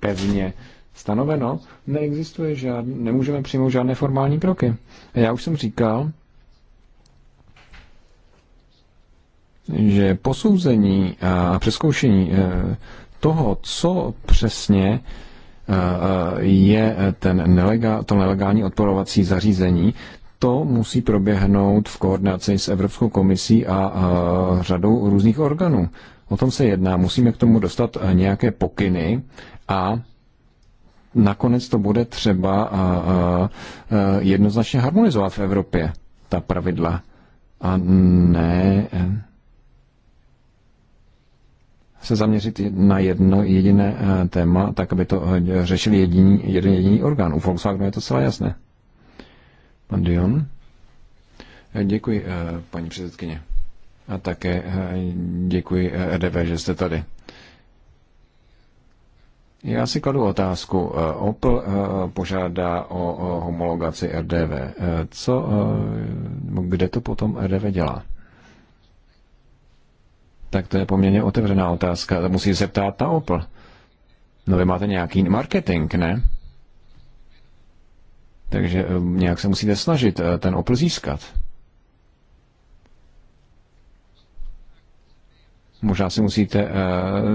pevně stanoveno, neexistuje žádný, nemůžeme přijmout žádné formální kroky. A já už jsem říkal, že posouzení a přeskoušení e, toho, co přesně e, e, je ten nelegál, to nelegální odporovací zařízení, to musí proběhnout v koordinaci s Evropskou komisí a řadou různých orgánů. O tom se jedná. Musíme k tomu dostat nějaké pokyny a nakonec to bude třeba jednoznačně harmonizovat v Evropě, ta pravidla. A ne eh, se zaměřit na jedno jediné eh, téma, tak aby to eh, řešil jediný, jeden jediný orgán. U Volkswagenu je to celé jasné. Pan Dion? Děkuji, paní předsedkyně. A také děkuji RDV, že jste tady. Já si kladu otázku. Eh, Opel eh, požádá o homologaci RDV. Eh, co, kde to potom RDV dělá? Tak to je poměrně otevřená otázka. Musí se ptát na Opel. No vy máte nějaký marketing, ne? Takže nějak se musíte snažit ten Opel získat. Možná si musíte uh,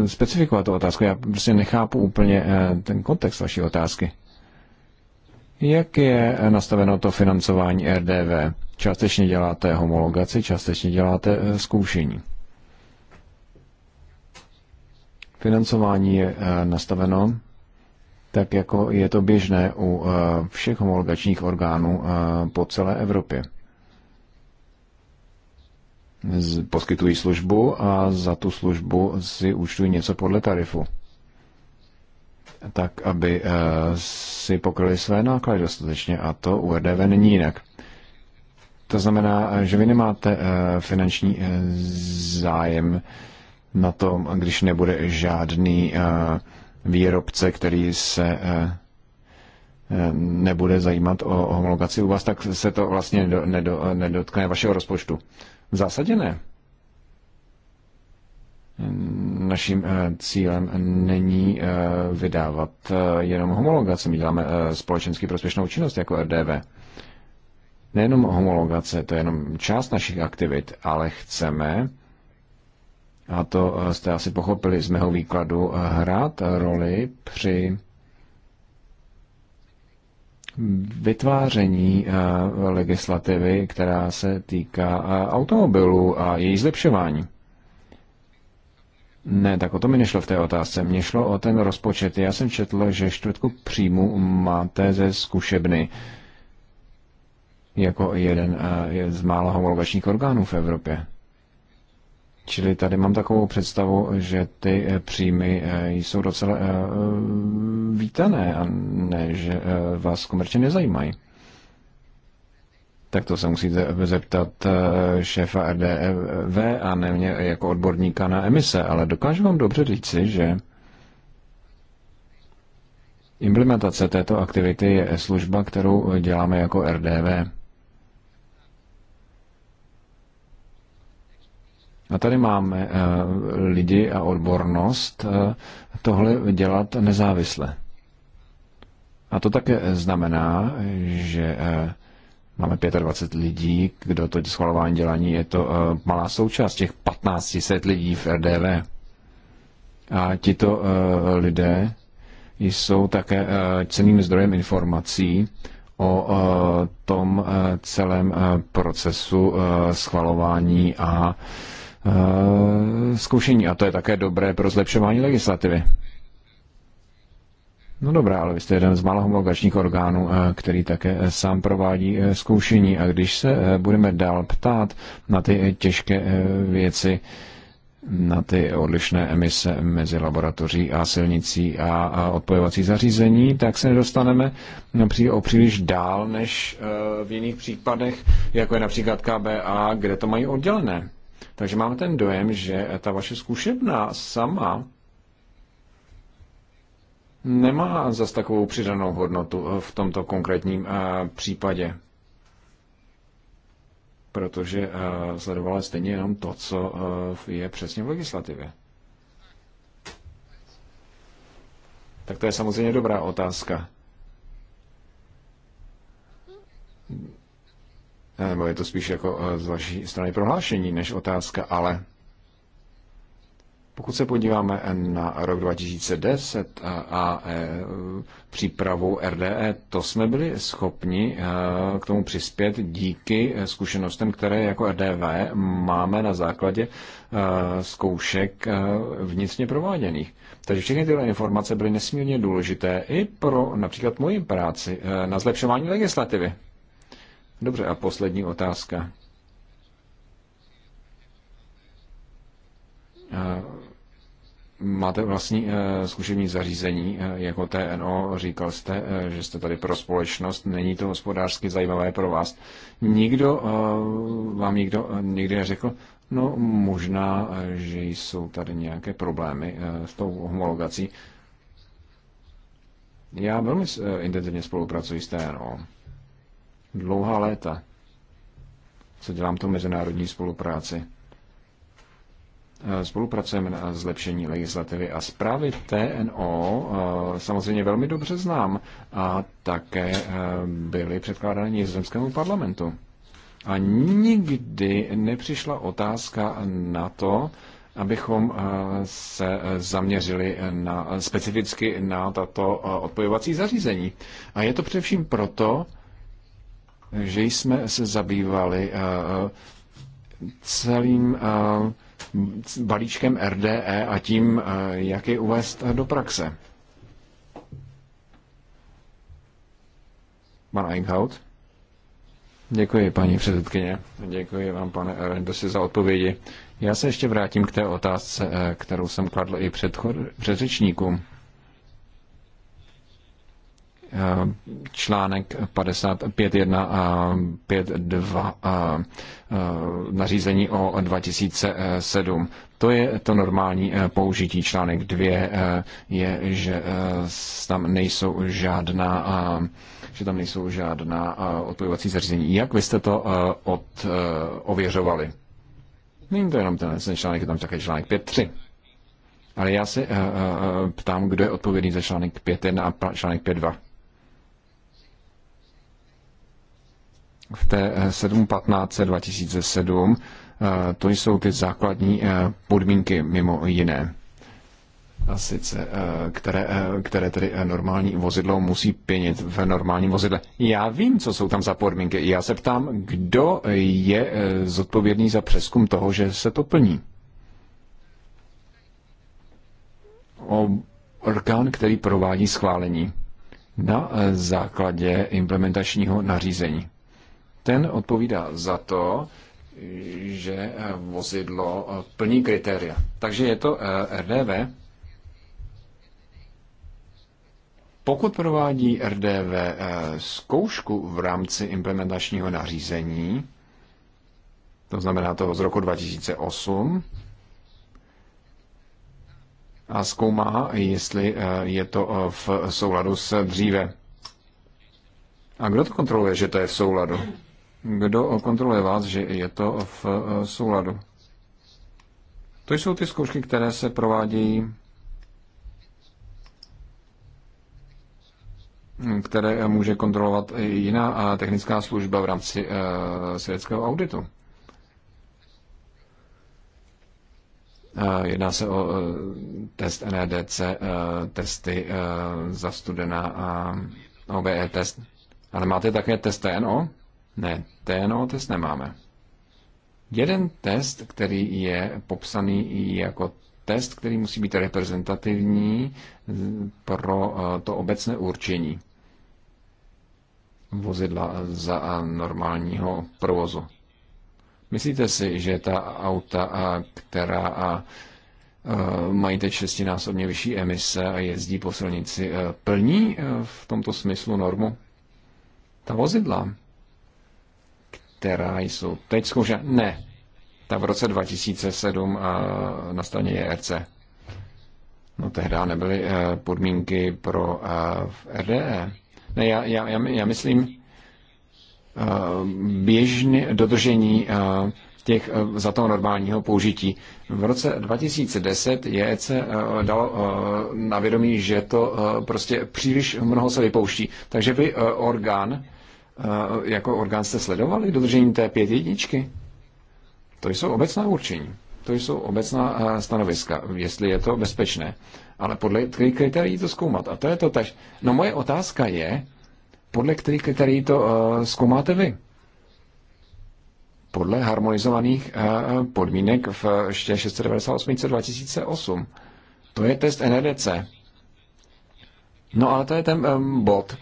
specifikovat tu otázku. Já prostě nechápu úplně uh, ten kontext vaší otázky. Jak je eh, nastaveno to financování RDV? Částečně děláte homologaci, částečně děláte uh, zkoušení. Financování je uh, nastaveno tak, jako je to běžné u uh, všech homologačních orgánů uh, po celé Evropě poskytují službu a za tu službu si účtují něco podle tarifu. Tak, aby eh, si pokryli své náklady dostatečně a to u RDV není jinak. To znamená, eh, že vy nemáte eh, finanční zájem na tom, když nebude žádný výrobce, který se nebude zajímat o homologaci u vás, tak se to vlastně nedotkne vašeho rozpočtu. V zásadě ne. Naším eh, cílem není eh, vydávat eh, jenom homologace. My děláme společensky prospěšnou činnost jako RDV. Nejenom homologace, to je jenom část našich aktivit, ale chceme, a to jste asi pochopili z mého výkladu, hrát roli při vytváření eh, legislativy, která se týká eh, automobilů a její zlepšování. Ne, tak o to mi nešlo v té otázce. Mně šlo o ten rozpočet. Já jsem četl, že čtvrtku příjmu máte ze zkušebny jako jeden eh, z mála homologačních orgánů v Evropě. Čili tady mám takovou představu, že ty eh, příjmy eh, jsou docela eh, vítané a ne, že vás komerčně nezajímají. Tak to se musíte zeptat šéfa RDV e a ne mě jako odborníka na emise, ale dokážu vám dobře říci, že implementace této aktivity je služba, kterou děláme jako RDV. E A tady máme eh, lidi a odbornost eh, tohle dělat nezávisle. A to také znamená, že eh, máme 25 lidí, kdo to schvalování dělání, je to malá součást těch 1500 lidí v RDV. A tito lidé jsou také ceným zdrojem informací o tom celém procesu schvalování a Eh, zkoušení a to je také dobré pro zlepšování legislativy. No dobrá, ale vy jste jeden z mála homologačních orgánů, eh, který také eh, sám provádí zkoušení. A když se budeme dál ptát na ty těžké věci, na ty odlišné emise mezi laboratoří a silnicí a, a odpojovací zařízení, tak se nedostaneme no, o příliš dál než v jiných případech, jako je například KBA, kde to mají oddělené. Takže mám ten dojem, že ta vaše zkušebná sama nemá zas takovou přidanou hodnotu v tomto konkrétním eh, případě. Protože eh, sledovala stejně jenom to, co eh, je přesně v legislativě. Tak to je samozřejmě dobrá otázka. Eh, nebo je to spíš jako eh, z vaší strany prohlášení než otázka, ale pokud se podíváme eh, na rok 2010 a přípravu RDE, to jsme byli schopni k tomu přispět díky zkušenostem, které jako RDV máme na základě zkoušek vnitřně prováděných. Takže všechny tyhle informace byly nesmírně důležité i pro například moji práci na zlepšování legislativy. Dobře, a poslední otázka. Máte vlastní e, zkušební zařízení e, jako TNO, říkal jste, e, že jste tady pro společnost, není to hospodářsky zajímavé pro vás. Nikdo, vám nikdo nikdy neřekl, no možná, že jsou tady nějaké problémy s tou homologací. Já velmi intenzivně spolupracuji s TNO dlouhá léta, co dělám tu mezinárodní spolupráci. E, spolupracujeme na zlepšení legislativy a zprávy TNO e, samozřejmě velmi dobře znám a také e, byly předkládány nizozemskému parlamentu. A nikdy nepřišla otázka na to, abychom se zaměřili na, specificky na tato odpojovací zařízení. A je to především proto, že jsme se zabývali eh, celým eh, balíčkem RDE a tím, eh, jak je uvést do praxe. Pan Eichhout. Děkuji, paní předsedkyně. Děkuji vám, pane Rendosi, za odpovědi. Já se ještě vrátím k té otázce, kterou jsem kladl i před řečníkům článek 55.1 nařízení o 2007. To je to normální e, použití. Článek 2 e, je, e, že tam nejsou žádná že tam nejsou žádná odpojovací zařízení. Jak vy jste to od, ověřovali? Není to jenom ten, ten článek, je tam také článek 5.3. Ale já se uh, uh, ptám, kdo je odpovědný za článek 5.1 a článek v té 7.15.2007. Eh, eh, to jsou ty základní eh, podmínky mimo jiné. A sice, které, které tedy normální vozidlo musí pěnit v normálním vozidle. Já vím, co jsou tam za podmínky. Já se ptám, kdo je zodpovědný za přeskum toho, že se to plní. O orgán, který provádí schválení na základě implementačního nařízení. Ten odpovídá za to, že vozidlo plní kritéria. Takže je to eh, RDV. Pokud provádí RDV eh, zkoušku v rámci implementačního nařízení, to znamená toho z roku 2008, a zkoumá, jestli eh, je to v souladu s dříve. A kdo to kontroluje, že to je v souladu? kdo kontroluje vás, že je to v eh, souladu. To jsou ty zkoušky, které se provádějí, které může kontrolovat i jiná eh, technická služba v rámci eh, světského auditu. Jedná se o test NEDC, testy za studena a OBE test. Ale máte také test TNO? Ne, TNO test nemáme. Jeden test, který je popsaný jako test, který musí být reprezentativní pro eh, to obecné určení vozidla za eh, normálního provozu. Myslíte si, že ta auta, eh, která mají teď šestinásobně vyšší emise a jezdí po silnici, plní v tomto smyslu normu? Ta vozidla, která jsou teď zkoušena? Ne. Ta v roce 2007 eh, na straně JRC. E no tehdy nebyly eh, podmínky pro eh, RDE. Ne, já, já, já myslím běžné dodržení těch za toho normálního použití. V roce 2010 JEC dal na vědomí, že to prostě příliš mnoho se vypouští. Takže by orgán jako orgán jste sledovali dodržení té pět jedničky? To jsou obecná určení. To jsou obecná stanoviska, jestli je to bezpečné. Ale podle kterých kritérií to zkoumat? A to je to tež. No moje otázka je, podle kterých kritérií to uh, zkoumáte vy? Podle harmonizovaných uh, podmínek v 698 2008. To je test NRDC. E no ale to je ten um, bod,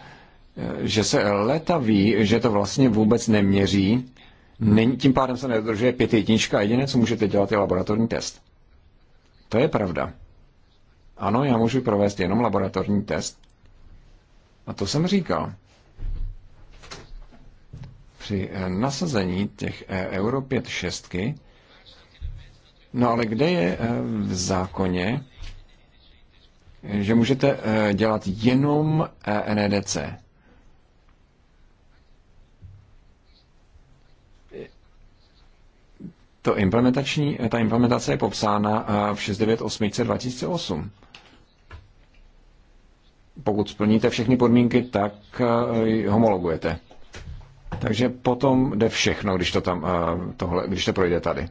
že se léta ví, že to vlastně vůbec neměří, není, tím pádem se nedodržuje pět jednička a jediné, co můžete dělat, je laboratorní test. To je pravda. Ano, já můžu provést jenom laboratorní test. A to jsem říkal. Při eh, nasazení těch eh, Euro 5 šestky, no ale kde je eh, v zákoně, že můžete dělat jenom NEDC? To implementační, ta implementace je popsána eh, v 698 2008. Pokud splníte všechny podmínky, tak eh, homologujete. Takže potom jde všechno, když to, tam, eh, tohle, když to projde tady.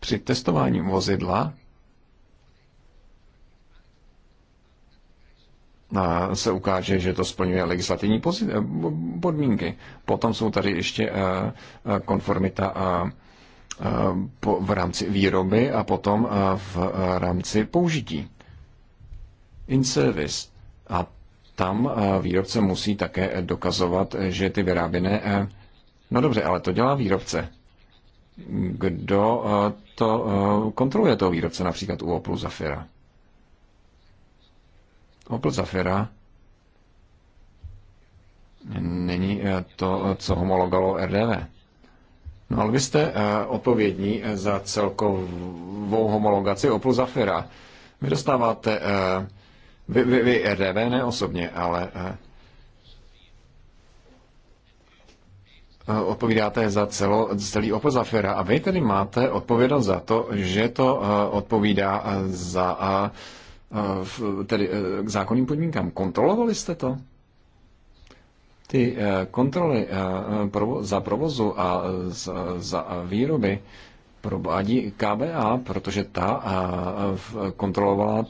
Při testování vozidla se ukáže, že to splňuje legislativní eh, podmínky. Potom jsou tady ještě eh, eh, konformita v rámci výroby a potom v rámci použití. In service. A tam výrobce musí také dokazovat, že ty vyráběné. No dobře, ale to dělá výrobce. Kdo to kontroluje toho výrobce, například u Oplu Zafira? Opel Zafira není eh, to, eh, co homologalo RDV. No ale vy jste eh, odpovědní za celkovou homologaci Opel Zafira. Vy dostáváte, vy, vy, vy RDV ne osobně, ale odpovídáte za celo, celý Opel Zafira a vy tedy máte odpovědnost za to, že to odpovídá za tedy e, k zákonným podmínkám. Kontrolovali jste to? Ty e, kontroly e, za provozu a za výroby provádí KBA, protože ta kontrolovala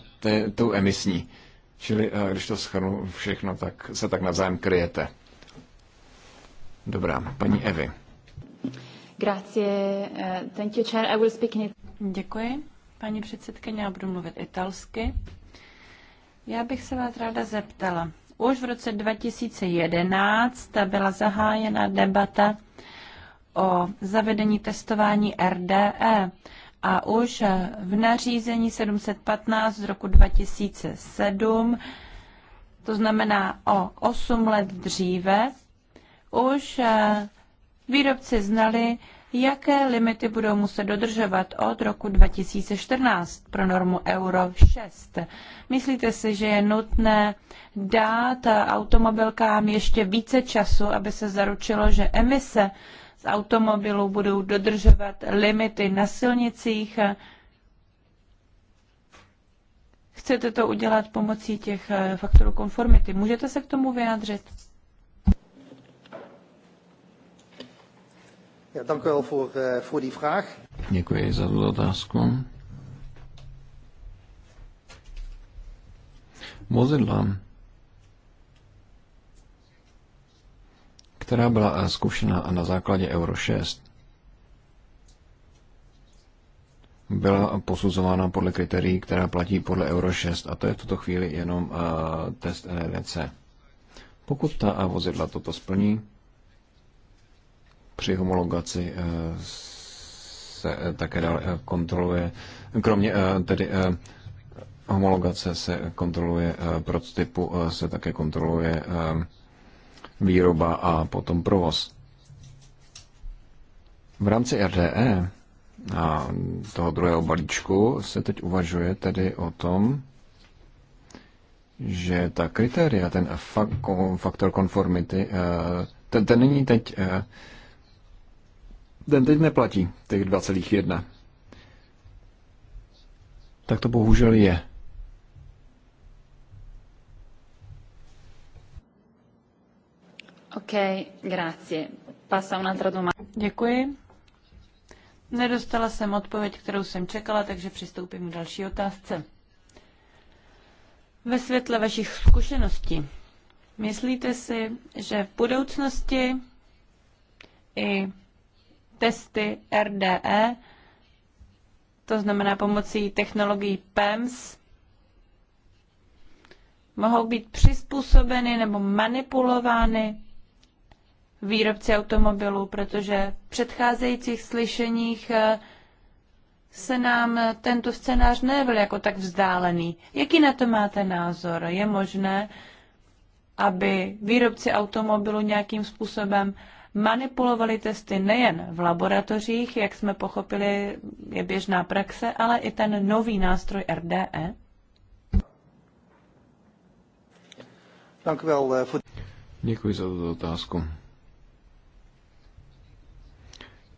tu emisní. Čili když to schrnu všechno, tak se tak navzájem kryjete. Dobrá, paní Evy. Grazie. Thank you, Chair. I will speak in Děkuji. Paní předsedkyně, já budu mluvit italsky. Já bych se vás ráda zeptala. Už v roce 2011 byla zahájena debata o zavedení testování RDE a už v nařízení 715 z roku 2007, to znamená o 8 let dříve, už výrobci znali, jaké limity budou muset dodržovat od roku 2014 pro normu Euro 6. Myslíte si, že je nutné dát automobilkám ještě více času, aby se zaručilo, že emise z automobilů budou dodržovat limity na silnicích? Chcete to udělat pomocí těch faktorů konformity? Můžete se k tomu vyjádřit? Ja, dank u wel voor, uh, voor die vraag. Děkuji za tu otázku. Vozidla, která byla eh, zkušena na základě Euro 6, byla posuzována podle kritérií, která platí podle Euro 6, a to je v tuto chvíli jenom uh, test NRC. E Pokud ta vozidla toto splní, při homologaci eh, se eh, také dále eh, kontroluje, kromě tedy homologace se kontroluje prototypu, se také kontroluje výroba a potom provoz. V rámci RDE a toho druhého balíčku se teď uvažuje tedy o tom, že ta kritéria, ten faktor konformity, ten, ten není teď ten teď neplatí, těch 2,1. Tak to bohužel je. Ok, grazie. Passa un'altra domanda. Děkuji. Nedostala jsem odpověď, kterou jsem čekala, takže přistoupím k další otázce. Ve světle vašich zkušeností, myslíte si, že v budoucnosti i testy RDE, to znamená pomocí technologií PEMS, mohou být přizpůsobeny nebo manipulovány výrobci automobilů, protože v předcházejících slyšeních eh, se nám tento scénář nebyl jako tak vzdálený. Jaký na to máte názor? Je možné, aby výrobci automobilů nějakým způsobem manipulovali testy nejen v laboratořích, jak jsme pochopili, je běžná praxe, ale i ten nový nástroj RDE? Eh, Děkuji za tuto otázku.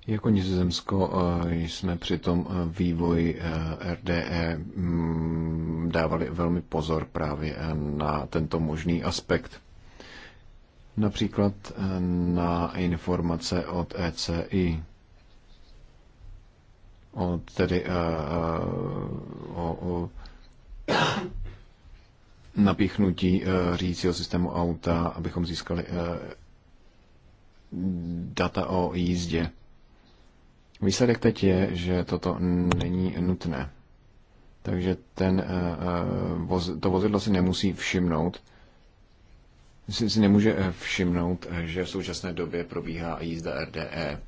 Jako Nizozemsko eh, jsme při tom eh, vývoji RDE mm, dávali velmi pozor právě na tento možný aspekt například eh, na informace od ECI, o, tedy eh, eh, o, o napíchnutí řídícího systému auta, abychom získali data o jízdě. Výsledek teď je, že toto není nutné. Takže ten, to vozidlo si nemusí všimnout, Myslím si nemůže eh, všimnout, eh, že v současné době probíhá jízda RDE,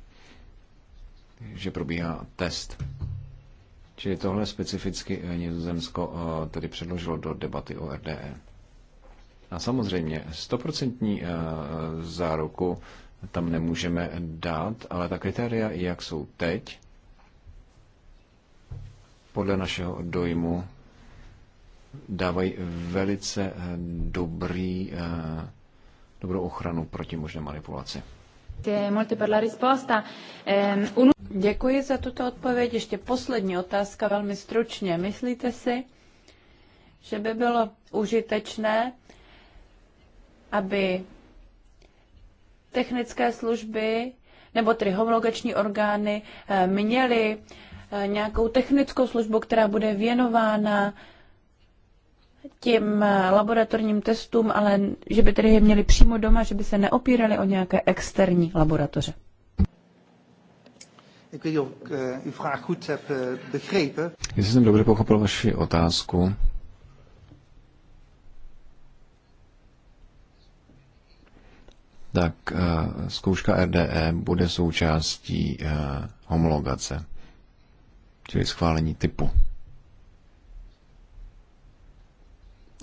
že probíhá test. Čili tohle specificky eh, Nizozemsko tedy předložilo do debaty o RDE. A samozřejmě stoprocentní záruku tam nemůžeme dát, ale ta kritéria, jak jsou teď, podle našeho dojmu dávají velice eh, dobrý, eh, dobrou ochranu proti možné manipulaci. Eh, Děkuji za tuto odpověď. Ještě poslední otázka, velmi stručně. Myslíte si, že by bylo užitečné, aby technické služby nebo tedy homologační orgány měly nějakou technickou službu, která bude věnována tím eh, laboratorním testům, ale že by tedy je měli přímo doma, že by se neopírali o nějaké externí laboratoře. Eh, eh, Jestli jsem dobře pochopil vaši otázku, tak zkouška RDE bude součástí homologace, čili schválení typu.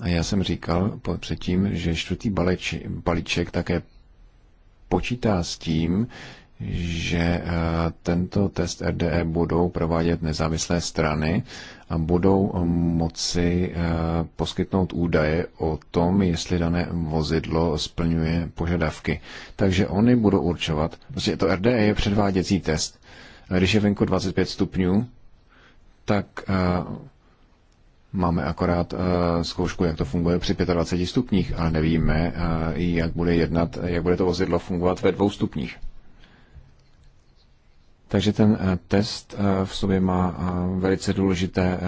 A já jsem říkal předtím, že čtvrtý baleč, balíček také počítá s tím, že eh, tento test RDE budou provádět nezávislé strany a budou eh, moci eh, poskytnout údaje o tom, jestli dané vozidlo splňuje požadavky. Takže oni budou určovat, prostě to RDE je předváděcí test. Když je venku 25 stupňů, tak Máme akorát eh, zkoušku, jak to funguje při 25 stupních, ale nevíme, eh, jak bude jednat, jak bude to vozidlo fungovat ve dvou stupních. Takže ten eh, test v sobě má velice důležité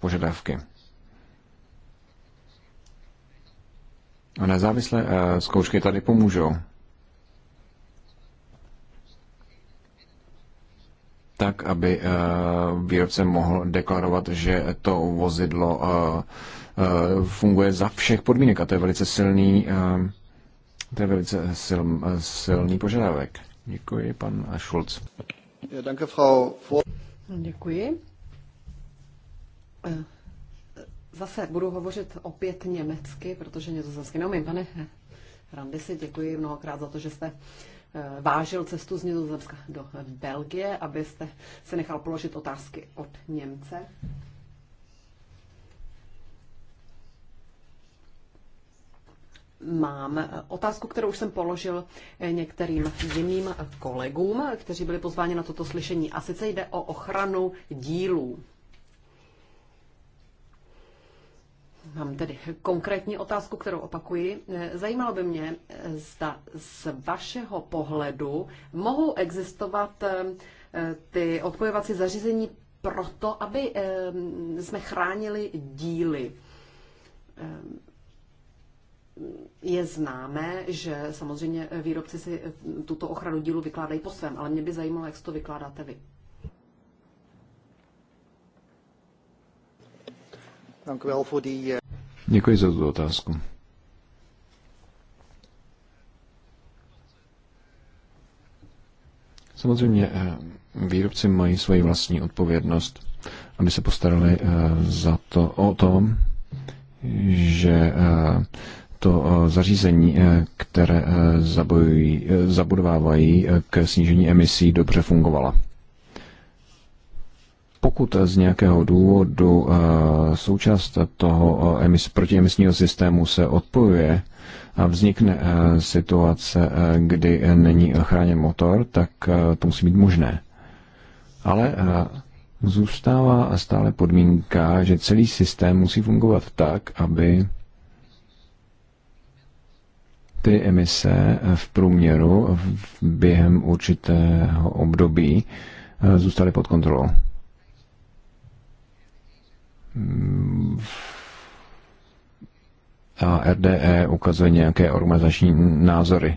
požadavky. A nezávislé zkoušky tady pomůžou. tak, aby eh, výrobce mohl deklarovat, že to vozidlo eh, eh, funguje za všech podmínek a to je velice silný, to je velice sil, silný požadavek. Děkuji, pan Schulz. Děkuji. Zase budu hovořit opět německy, protože něco zase neumím. Pane Randisi, děkuji mnohokrát za to, že jste Eh, vážil cestu z Nizozemska do Belgie, abyste se nechal položit otázky od Němce. Mám eh, otázku, kterou už jsem položil eh, některým jiným kolegům, kteří byli pozváni na toto slyšení. A sice jde o ochranu dílů. Mám tedy konkrétní otázku, kterou opakuji. Eh, zajímalo by mě, eh, zda z vašeho pohledu mohou existovat eh, ty odpojovací zařízení proto, aby jsme chránili díly. Je známé, že samozřejmě výrobci si tuto ochranu dílu vykládají po svém, ale mě by zajímalo, jak to vykládáte vy. Dank u wel voor die Děkuji za tu otázku. Samozřejmě eh, výrobci mají svoji vlastní odpovědnost, aby se postarali eh, za to, o tom, že eh, to zařízení, které zabojují, zabudovávají k snížení emisí, dobře fungovala. Pokud z nějakého důvodu eh, součást toho eh, emis, protiemisního systému se odpojuje a vznikne eh, situace, kdy není chráněn motor, tak to musí být možné. Ale zůstává stále podmínka, že celý systém musí fungovat tak, aby ty emise v průměru během určitého období zůstaly pod kontrolou. Mm, a RDE ukazuje nějaké organizační názory.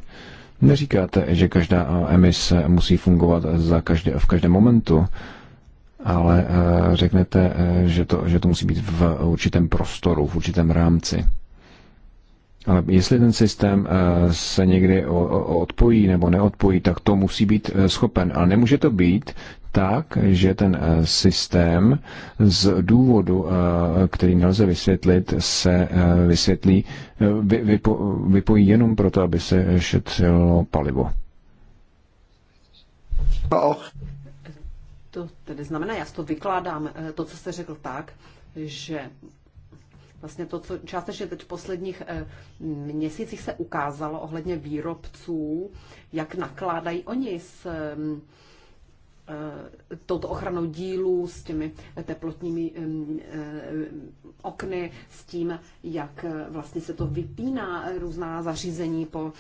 Neříkáte, že každá emise musí fungovat za každé, v každém momentu, ale eh, řeknete, eh, že to, že to musí být v určitém prostoru, v určitém rámci. Ale jestli ten systém eh, se někdy odpojí nebo neodpojí, tak to musí být eh, schopen. Ale nemůže to být tak, že ten eh, systém z důvodu, který nelze vysvětlit, se vysvětlí, vypojí jenom proto, aby se šetřilo palivo. To tedy znamená, já to vykládám, to, co jste řekl tak, že vlastně to, co částečně teď v posledních eh, měsících se ukázalo ohledně výrobců, jak nakládají oni s eh, touto ochranou dílů, s těmi teplotními eh, okny, s tím, jak vlastně se to vypíná různá zařízení po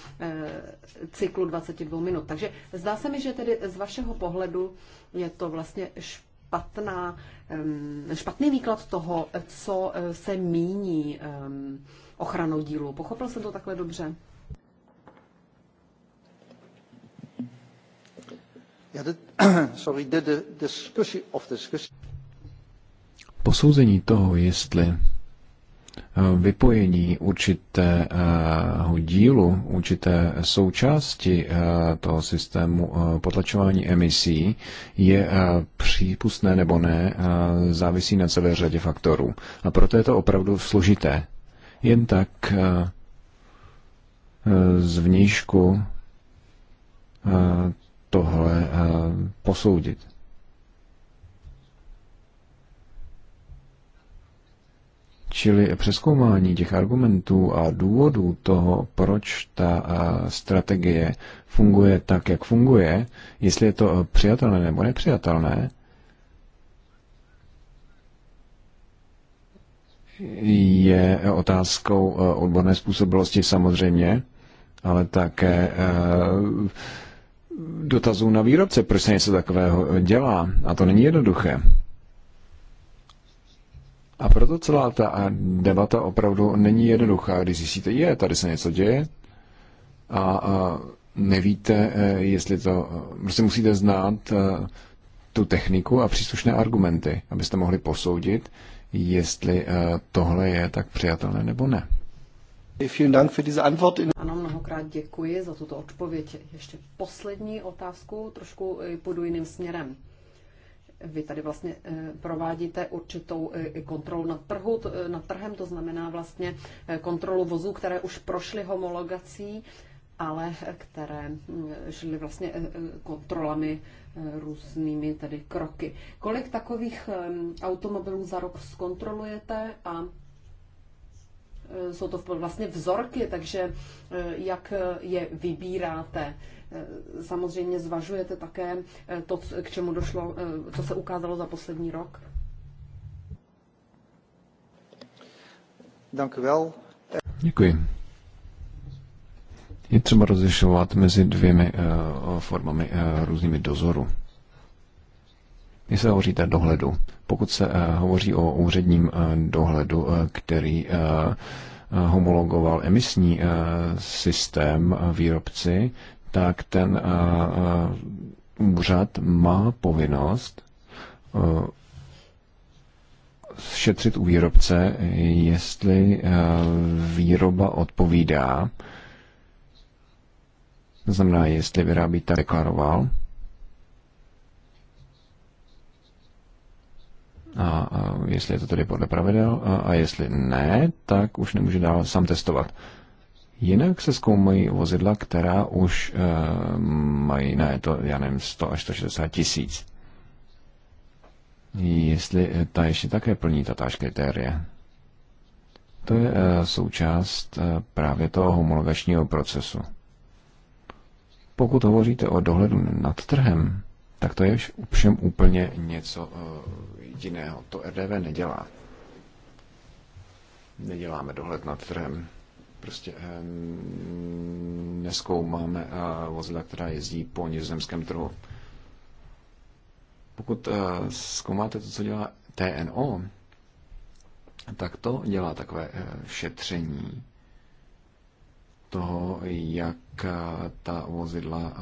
cyklu 22 minut. Takže zdá se mi, že tedy z vašeho pohledu je to vlastně špatné špatná, špatný výklad toho, co eh, se míní ochranou dílu. Pochopil jsem to takhle dobře? [CLEARS THROAT] sorry, of Posouzení toho, jestli Eh, vypojení určitého eh, dílu, určité součásti eh, toho systému potlačování emisí je přípustné nebo ne, závisí na celé řadě faktorů. A proto je to opravdu složité. Jen tak z vnějšku tohle posoudit. Čili přeskoumání těch argumentů a důvodů toho, proč ta eh, strategie funguje tak, jak funguje, jestli je to eh, přijatelné nebo nepřijatelné, je eh, otázkou odborné způsobilosti samozřejmě, ale také dotazů na výrobce, proč se něco takového dělá. A to není jednoduché. A proto celá ta debata opravdu není jednoduchá. Když zjistíte, je, tady se něco děje a, a nevíte, eh, jestli to... Prostě musíte znát eh, tu techniku a příslušné argumenty, abyste mohli posoudit, jestli eh, tohle je tak přijatelné nebo ne. Ano, mnohokrát děkuji za tuto odpověď. Ještě poslední otázku, trošku půjdu jiným směrem. Vy tady vlastně eh, provádíte určitou eh, kontrolu nad, trhu, eh, nad trhem, to znamená vlastně kontrolu vozů, které už prošly homologací, ale které žily hm, vlastně kontrolami různými tedy kroky. Kolik takových hm, automobilů za rok zkontrolujete a jsou to vlastně vzorky, takže jak je vybíráte? Eh, samozřejmě zvažujete také eh, to, k čemu došlo, eh, co se ukázalo za poslední rok? Děkuji. Je třeba rozlišovat mezi dvěmi uh, formami uh, různými dozoru. Když se hovoříte dohledu, pokud se uh, hovoří o úředním dohledu, který homologoval emisní systém výrobci, tak ten úřad má povinnost šetřit u výrobce, jestli výroba odpovídá, to znamená, jestli vyrábí tak deklaroval, a, a jestli je to tedy podle pravidel a, a jestli ne, tak už nemůže dál sám testovat. Jinak se zkoumají vozidla, která už e, mají, ne, to, já nevím, 100 až 160 tisíc. Jestli eh, ta ještě také plní tatáž kritéria. To je e, součást e, právě toho homologačního procesu. Pokud hovoříte o dohledu nad trhem, tak to je všem úplně něco e, jiného. To RDV nedělá. Neděláme dohled nad trhem prostě ehm, neskoumáme eh, vozidla, která jezdí po nizozemském trhu. Pokud eh, zkoumáte to, co dělá TNO, tak to dělá takové eh, šetření toho, jak ta vozidla,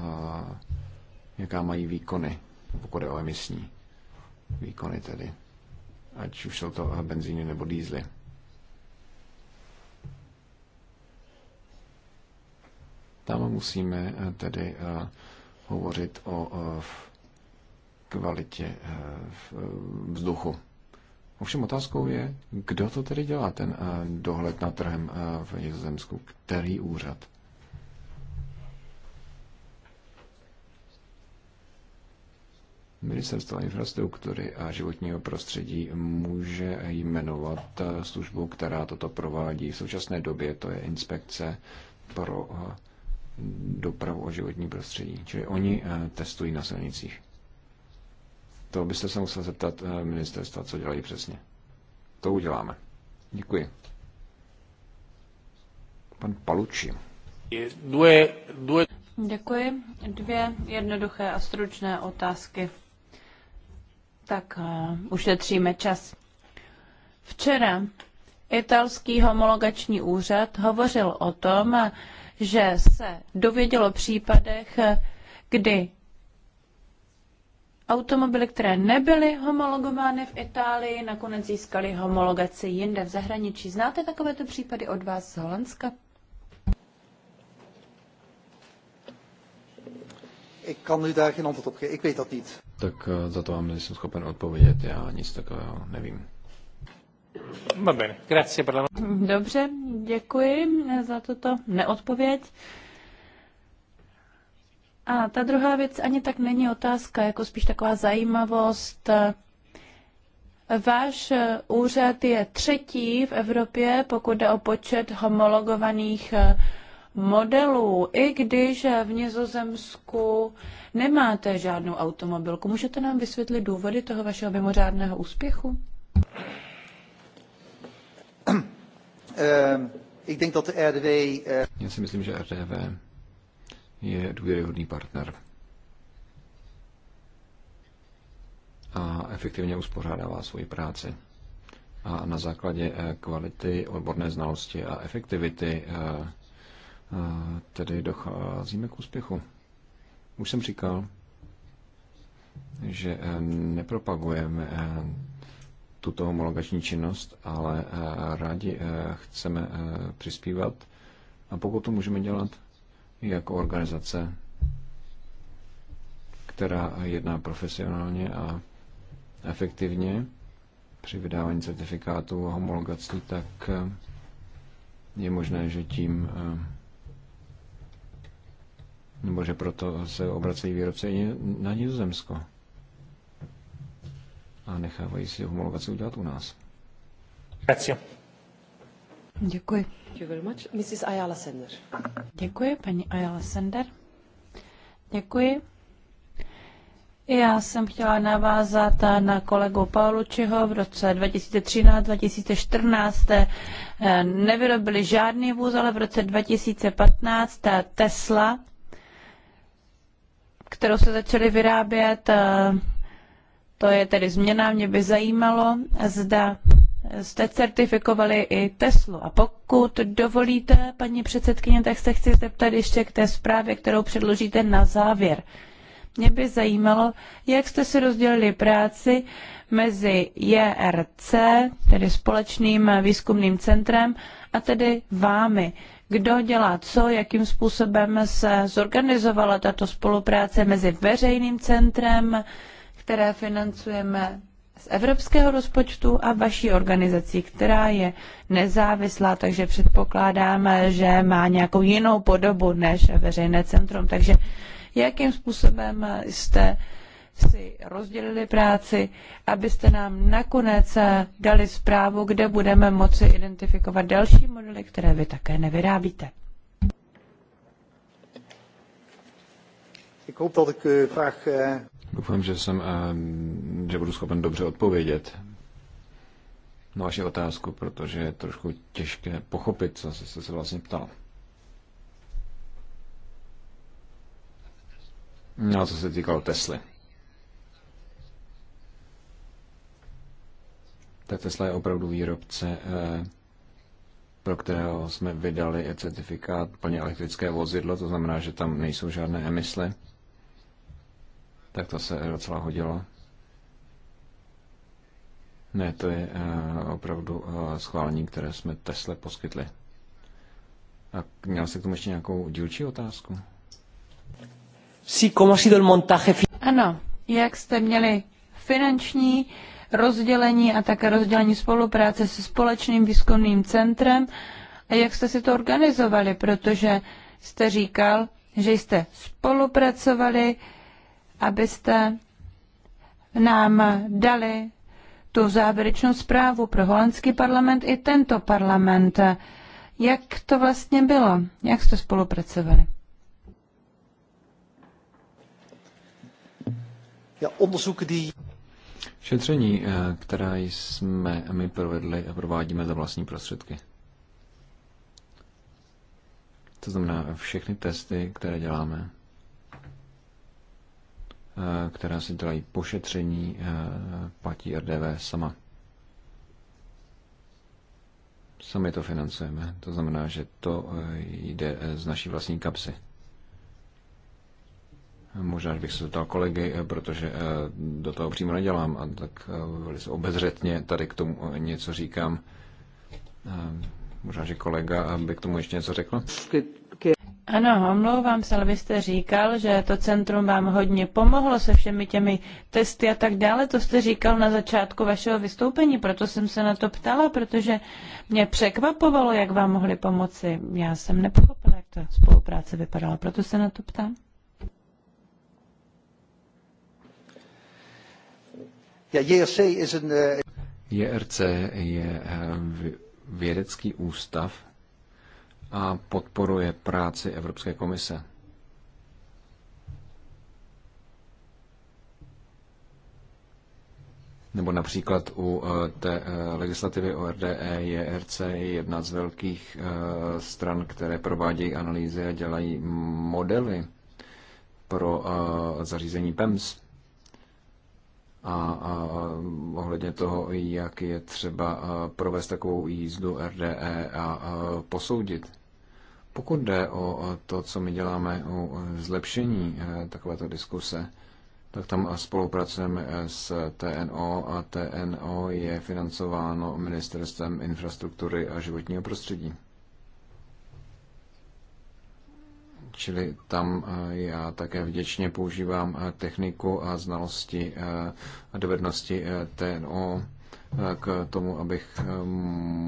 jaká mají výkony, pokud je o emisní výkony tedy, ať už jsou to benzíny nebo dýzly. Tam musíme eh, tedy eh, hovořit o eh, kvalitě vzduchu. Ovšem otázkou je, kdo to tedy dělá, ten dohled na trhem v Nizozemsku, který úřad? Ministerstvo infrastruktury a životního prostředí může jmenovat službu, která toto provádí. V současné době to je inspekce pro dopravu a životní prostředí. Čili oni eh, testují na silnicích. To byste se musel zeptat eh, ministerstva, co dělají přesně. To uděláme. Děkuji. Pan Paluči. Děkuji. Dvě jednoduché a stručné otázky. Tak uh, ušetříme čas. Včera italský homologační úřad hovořil o tom, že se dověděl o případech, kdy automobily, které nebyly homologovány v Itálii, nakonec získaly homologaci jinde v zahraničí. Znáte takovéto případy od vás z Holandska? Tak eh, za to vám nejsem schopen odpovědět, já nic takového nevím. No- Dobře, děkuji za tuto neodpověď. A ta druhá věc ani tak není otázka, jako spíš taková zajímavost. Váš úřad je třetí v Evropě, pokud jde o počet homologovaných modelů, i když v Nizozemsku nemáte žádnou automobilku. Můžete nám vysvětlit důvody toho vašeho mimořádného úspěchu? Eh, ik denk dat de RDW... Eh, Já si myslím, že RDW je důvěryhodný partner. A efektivně uspořádává svoji práci. A na základě eh, kvality, odborné znalosti a efektivity tedy docházíme k úspěchu. Už jsem říkal, že nepropagujeme tuto homologační činnost, ale eh, rádi eh, chceme eh, přispívat a pokud to můžeme dělat i jako organizace, která jedná profesionálně a efektivně při vydávání certifikátů a homologací, tak je možné, že tím nebo že proto se obracejí výrobce i na Nizozemsko a nechávají si homologaci udělat u nás. Grazie. Děkuji. Mrs. Ayala Sender. Děkuji, paní Ayala Sender. Děkuji. Já jsem chtěla navázat na kolegu Paulučiho. V roce 2013-2014 eh, nevyrobili žádný vůz, ale v roce 2015 eh, Tesla, kterou se začaly vyrábět, eh, to je tedy změna. Mě by zajímalo, zda jste certifikovali i Teslu. A pokud dovolíte, paní předsedkyně, tak se chci zeptat ještě k té zprávě, kterou předložíte na závěr. Mě by zajímalo, jak jste si rozdělili práci mezi JRC, tedy společným výzkumným centrem, a tedy vámi. Kdo dělá co, jakým způsobem se zorganizovala tato spolupráce mezi veřejným centrem, které financujeme z evropského rozpočtu a vaší organizací, která je nezávislá, takže předpokládáme, že má nějakou jinou podobu než veřejné centrum. Takže jakým způsobem jste si rozdělili práci, abyste nám nakonec dali zprávu, kde budeme moci identifikovat další modely, které vy také nevyrábíte. Ik hoop dat ik uw eh, vraag eh, Doufám, že, jsem, eh, že budu schopen dobře odpovědět na vaši otázku, protože je trošku těžké pochopit, co jste se vlastně ptal. No, co se týkalo Tesly. Tak Tesla je opravdu výrobce, eh, pro kterého jsme vydali certifikát plně elektrické vozidlo, to znamená, že tam nejsou žádné emisly tak to se docela hodilo. Ne, to je eh, opravdu eh, schválení, které jsme Tesle poskytli. A měl jsi k tomu ještě nějakou dílčí otázku? como ha sido el montaje... Ano, jak jste měli finanční rozdělení a také rozdělení spolupráce se společným výzkumným centrem a jak jste si to organizovali, protože jste říkal, že jste spolupracovali abyste nám dali tu závěrečnou zprávu pro holandský parlament i tento parlament. Jak to vlastně bylo? Jak jste spolupracovali? Šetření, eh, která jsme my provedli, provádíme za vlastní prostředky. To znamená všechny testy, které děláme, Eh, která si dělají pošetření, eh, platí RDV sama. Sami to financujeme. To znamená, že to eh, jde z naší vlastní kapsy. Možná, že bych se zeptal kolegy, protože do toho přímo nedělám a tak velice obezřetně tady k tomu něco říkám. Možná, že kolega by k tomu ještě něco řekl. Ano, omlouvám se, ale vy jste říkal, že to centrum vám hodně pomohlo se všemi těmi testy a tak dále. To jste říkal na začátku vašeho vystoupení, proto jsem se na to ptala, protože mě překvapovalo, jak vám mohli pomoci. Já jsem nepochopila, jak ta spolupráce vypadala, proto se na to ptám. JRC eh, je eh, vědecký ústav, a podporuje práci Evropské komise. Nebo například u eh, té eh, legislativy o RDE je RC jedna z velkých eh, stran, které provádějí analýzy a dělají modely pro zařízení PEMS a, ohledně toho, jak je třeba provést takovou jízdu RDE a posoudit. Pokud jde o to, co my děláme u zlepšení eh, takovéto diskuse, tak tam spolupracujeme eh, s TNO a TNO je financováno Ministerstvem infrastruktury a životního prostředí. Čili tam eh, já také vděčně používám techniku a znalosti a dovednosti TNO k tomu, abych eh,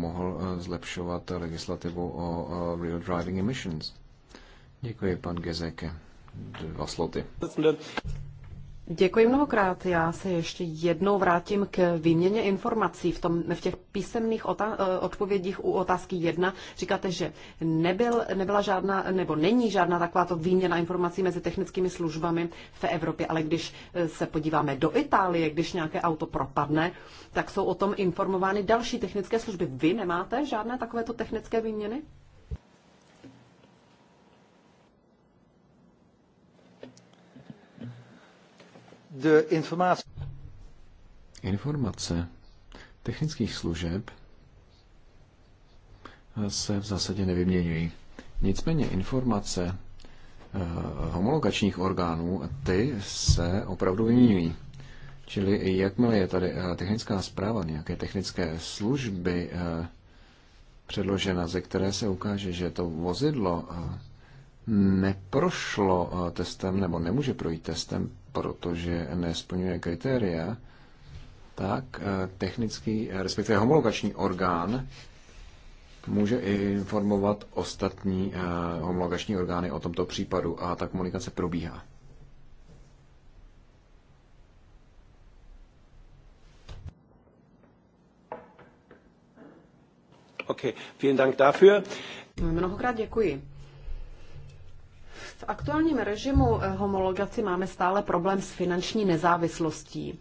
mohl eh, zlepšovat legislativu o real driving emissions. Děkuji, pan Gezeke. Dva sloty. Děkuji mnohokrát. Já se ještě jednou vrátím k výměně informací. V, tom, v těch písemných eh, odpovědích u otázky 1 říkáte, že nebyl, nebyla žádná, nebo není žádná takováto výměna informací mezi technickými službami v Evropě, ale když eh, se podíváme do Itálie, když nějaké auto propadne, tak jsou o tom informovány další technické služby. Vy nemáte žádné takovéto technické výměny? de informace. Informace technických služeb se v zásadě nevyměňují. Nicméně informace eh, homologačních orgánů, ty se opravdu vyměňují. Čili jakmile je tady eh, technická zpráva nějaké technické služby eh, předložena, ze které se ukáže, že to vozidlo neprošlo testem nebo nemůže projít testem protože nesplňuje kritéria, tak eh, technický, eh, respektive homologační orgán může informovat ostatní eh, homologační orgány o tomto případu a ta komunikace probíhá. Okay, vielen Dank dafür. Mnohokrát děkuji. V aktuálním režimu eh, homologaci máme stále problém s finanční nezávislostí.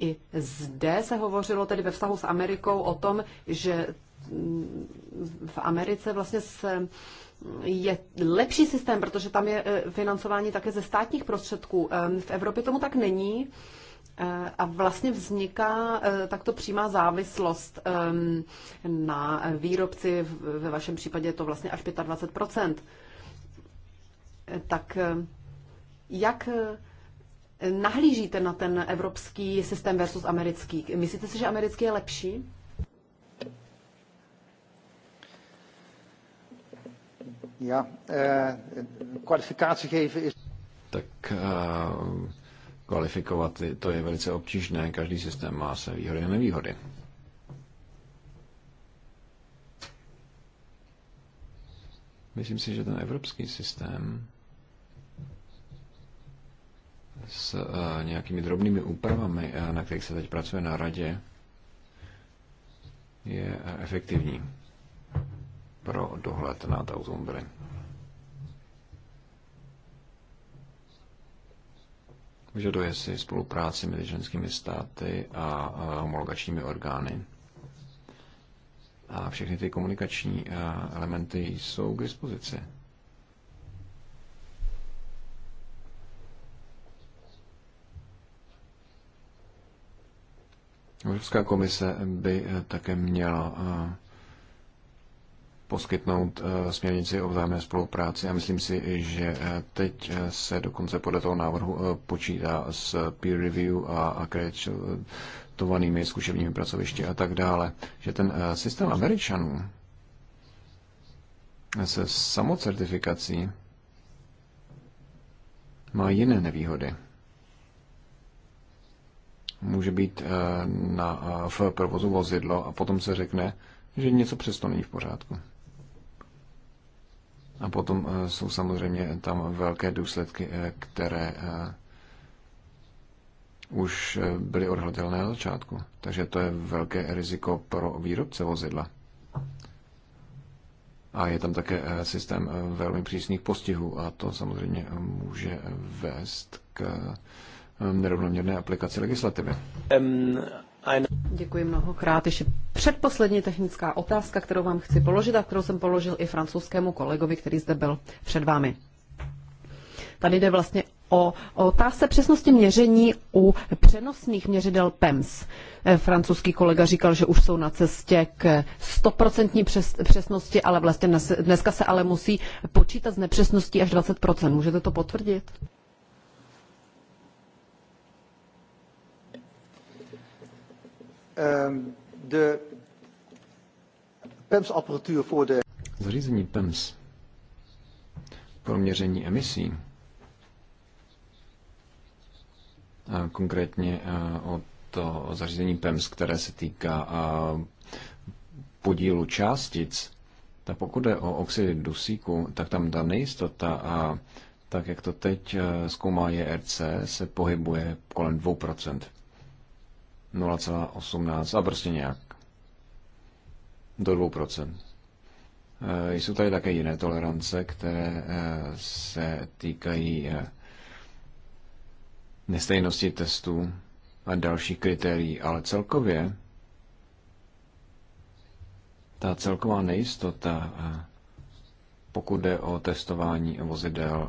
I zde se hovořilo tedy ve vztahu s Amerikou o tom, že mm, v Americe vlastně se mm, je lepší systém, protože tam je eh, financování také ze státních prostředků. V Evropě tomu tak není eh, a vlastně vzniká takto přímá závislost na výrobci, ve vašem případě je to vlastně až 25 tak eh, jak eh, nahlížíte na ten evropský systém versus americký? Myslíte si, že americký je lepší? Ja, eh, kwalificatie geven is. Tak eh, kvalifikovat to je velice obtížné. Každý systém má své výhody a nevýhody. Myslím si, že ten evropský systém s eh, nějakými drobnými úpravami, eh, na kterých se teď pracuje na radě, je eh, efektivní pro dohled nad automobily. Vyžaduje si spolupráci mezi ženskými státy a homologačními orgány. A všechny ty komunikační elementy jsou k dispozici. Evropská komise by eh, také měla eh, poskytnout eh, směrnici o vzájemné spolupráci a myslím si, že teď se dokonce podle toho návrhu počítá s peer review a akreditovanými zkušebními pracovišti a tak dále, že ten systém Američanů se samocertifikací má jiné nevýhody může být eh, na, eh, v provozu vozidlo a potom se řekne, že něco přesto není v pořádku. A potom eh, jsou samozřejmě tam velké důsledky, které už byly odhadatelné na začátku. Takže to je velké riziko pro výrobce vozidla. A je tam také systém velmi přísných postihů a to samozřejmě může vést k Um, nerovnoměrné aplikaci legislativy. Um, Děkuji mnohokrát. Ještě předposlední technická otázka, kterou vám chci položit a kterou jsem položil i francouzskému kolegovi, který zde byl před vámi. Tady jde vlastně o otázce přesnosti měření u přenosných měřidel PEMS. Eh, francouzský kolega říkal, že už jsou na cestě k 100% přes, přesnosti, ale vlastně dneska se ale musí počítat s nepřesností až 20%. Můžete to potvrdit? Ehm, de PEMS-apparatuur voor de... Zařízení PEMS pro měření emisí, a konkrétně eh, o to zařízení PEMS, které se týká eh, podílu částic, tak pokud jde o oxidy dusíku, tak tam ta nejistota a tak, jak to teď eh, zkoumá JRC, se pohybuje kolem 2%. 0,18 a prostě nějak do 2%. Eh, jsou tady také jiné tolerance, které eh, se týkají eh, nestejnosti testů a dalších kritérií, ale celkově ta celková nejistota, pokud jde o testování vozidel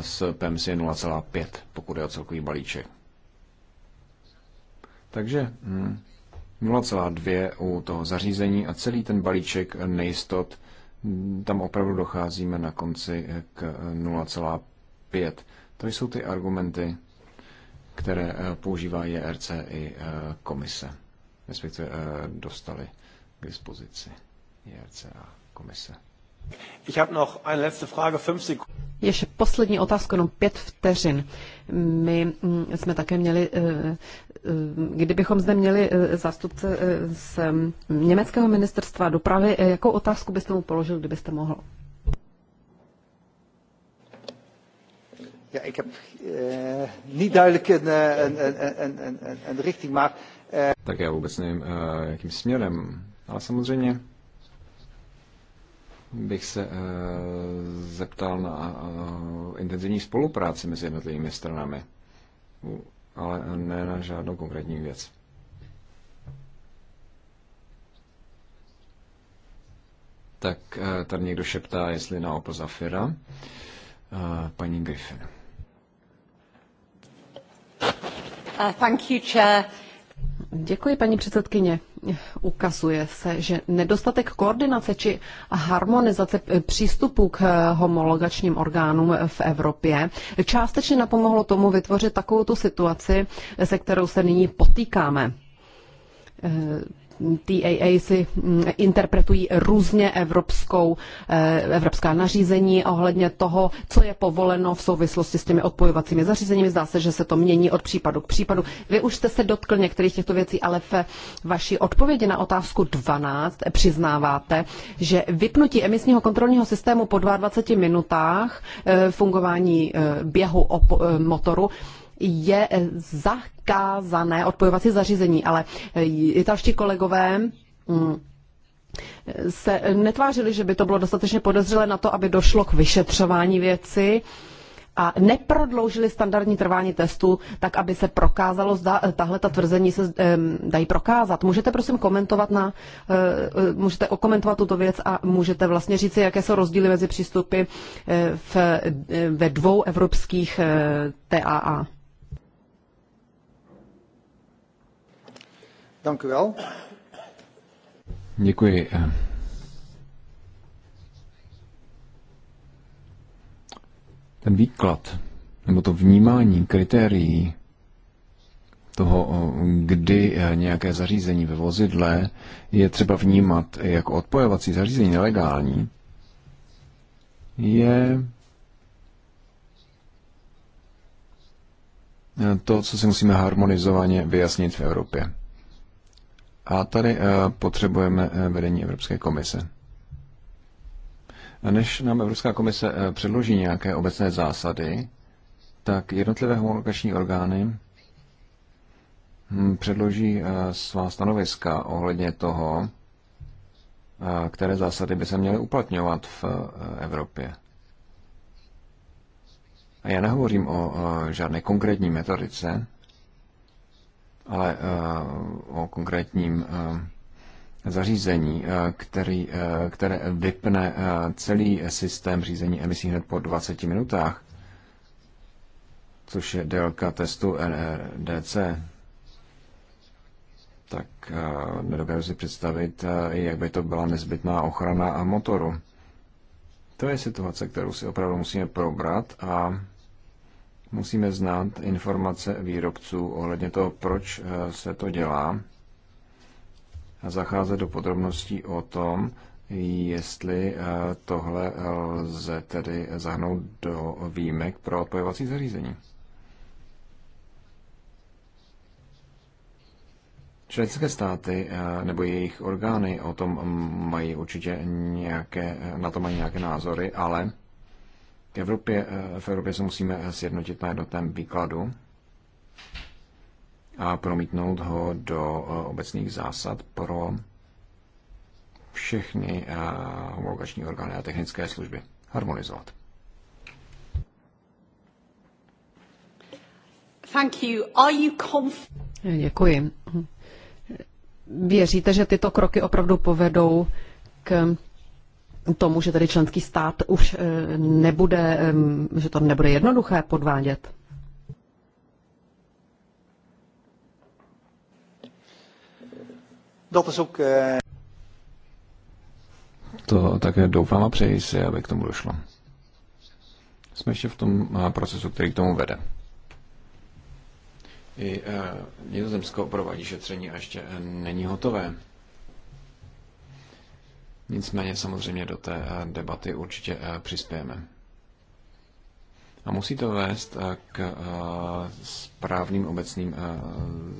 s PEMS je 0,5, pokud je o celkový balíček. Takže hm, 0,2 u toho zařízení a celý ten balíček nejistot, tam opravdu docházíme na konci k 0,5. To jsou ty argumenty, které eh, používá JRC i eh, komise, respektive eh, dostali k dispozici JRC a komise. Ich habe noch eine letzte Frage, fünf Sekunden. Ještě poslední otázka, jenom pět vteřin. My hm, jsme také měli Eh, kdybychom zde měli eh, zástupce eh, z německého ministerstva dopravy, jakou otázku byste mu položil, kdybyste mohl? Ja, ik heb eh, niet duidelijk een, een, een, een, een, een richting, maar... Eh... Tak já vůbec nevím, jakým směrem, ale samozřejmě bych se zeptal na eh, intenzivní spolupráci mezi jednotlivými stranami ale ne na žádnou konkrétní věc. Tak eh, tady někdo šeptá, jestli na Opel Zafira. Eh, paní Griffin. Eh, thank you, chair. Děkuji, paní předsedkyně ukazuje se, že nedostatek koordinace či harmonizace eh, přístupu k eh, homologačním orgánům v Evropě částečně napomohlo tomu vytvořit takovou tu situaci, se kterou se nyní potýkáme eh, TAA si mm, interpretují různě evropskou, eh, evropská nařízení ohledně toho, co je povoleno v souvislosti s těmi odpojovacími zařízeními. Zdá se, že se to mění od případu k případu. Vy už jste se dotkl některých těchto věcí, ale ve vaší odpovědi na otázku 12 přiznáváte, že vypnutí emisního kontrolního systému po 22 minutách eh, fungování eh, běhu motoru je zakázané odpojovací zařízení, ale eh, italští kolegové mm, se netvářili, že by to bylo dostatečně podezřelé na to, aby došlo k vyšetřování věci a neprodloužili standardní trvání testu, tak aby se prokázalo, zda eh, tahle ta tvrzení se dají prokázat. Můžete prosím komentovat na, eh, můžete okomentovat tuto věc a můžete vlastně říct, jaké jsou rozdíly mezi přístupy v, ve dvou evropských TAA. Dank u wel. Děkuji. Ten výklad, nebo to vnímání kritérií toho, kdy nějaké zařízení ve vozidle je třeba vnímat jako odpojovací zařízení nelegální, je to, co si musíme harmonizovaně vyjasnit v Evropě. A tady eh, potřebujeme eh, vedení Evropské komise. Než nám Evropská komise eh, předloží nějaké obecné zásady, tak jednotlivé homologační orgány hm, předloží svá stanoviska ohledně toho, které zásady by se měly uplatňovat v Evropě. A já nehovořím o žádné konkrétní metodice, ale eh, o konkrétním eh, zařízení, eh, který, které vypne celý systém řízení emisí hned po 20 minutách, což je délka testu NRDC, e tak nedokážu si představit, jak by to byla nezbytná ochrana a motoru. To je situace, kterou si opravdu musíme probrat a musíme znát informace výrobců ohledně toho, proč eh, se to dělá a zacházet do podrobností o tom, jestli eh, tohle lze tedy zahnout do výjimek pro odpojovací zařízení. Členské státy eh, nebo jejich orgány o tom mají určitě nějaké, na to mají nějaké názory, ale k Evropě, eh, v Evropě se musíme eh, sjednotit na jednotném výkladu a promítnout ho do eh, obecných zásad pro všechny homologační orgány a technické služby. Harmonizovat. Thank you. Are you conf- Děkuji. Věříte, že tyto kroky opravdu povedou k tomu, že tedy členský stát už eh, nebude, že to nebude jednoduché podvádět? Eh, to také doufám a přeji si, aby k tomu došlo. Jsme ještě v tom eh, procesu, který k tomu vede. I uh, Nizozemsko provádí šetření a ještě není hotové. Nicméně samozřejmě do té eh, debaty určitě eh, přispějeme. A musí to vést eh, k správným obecným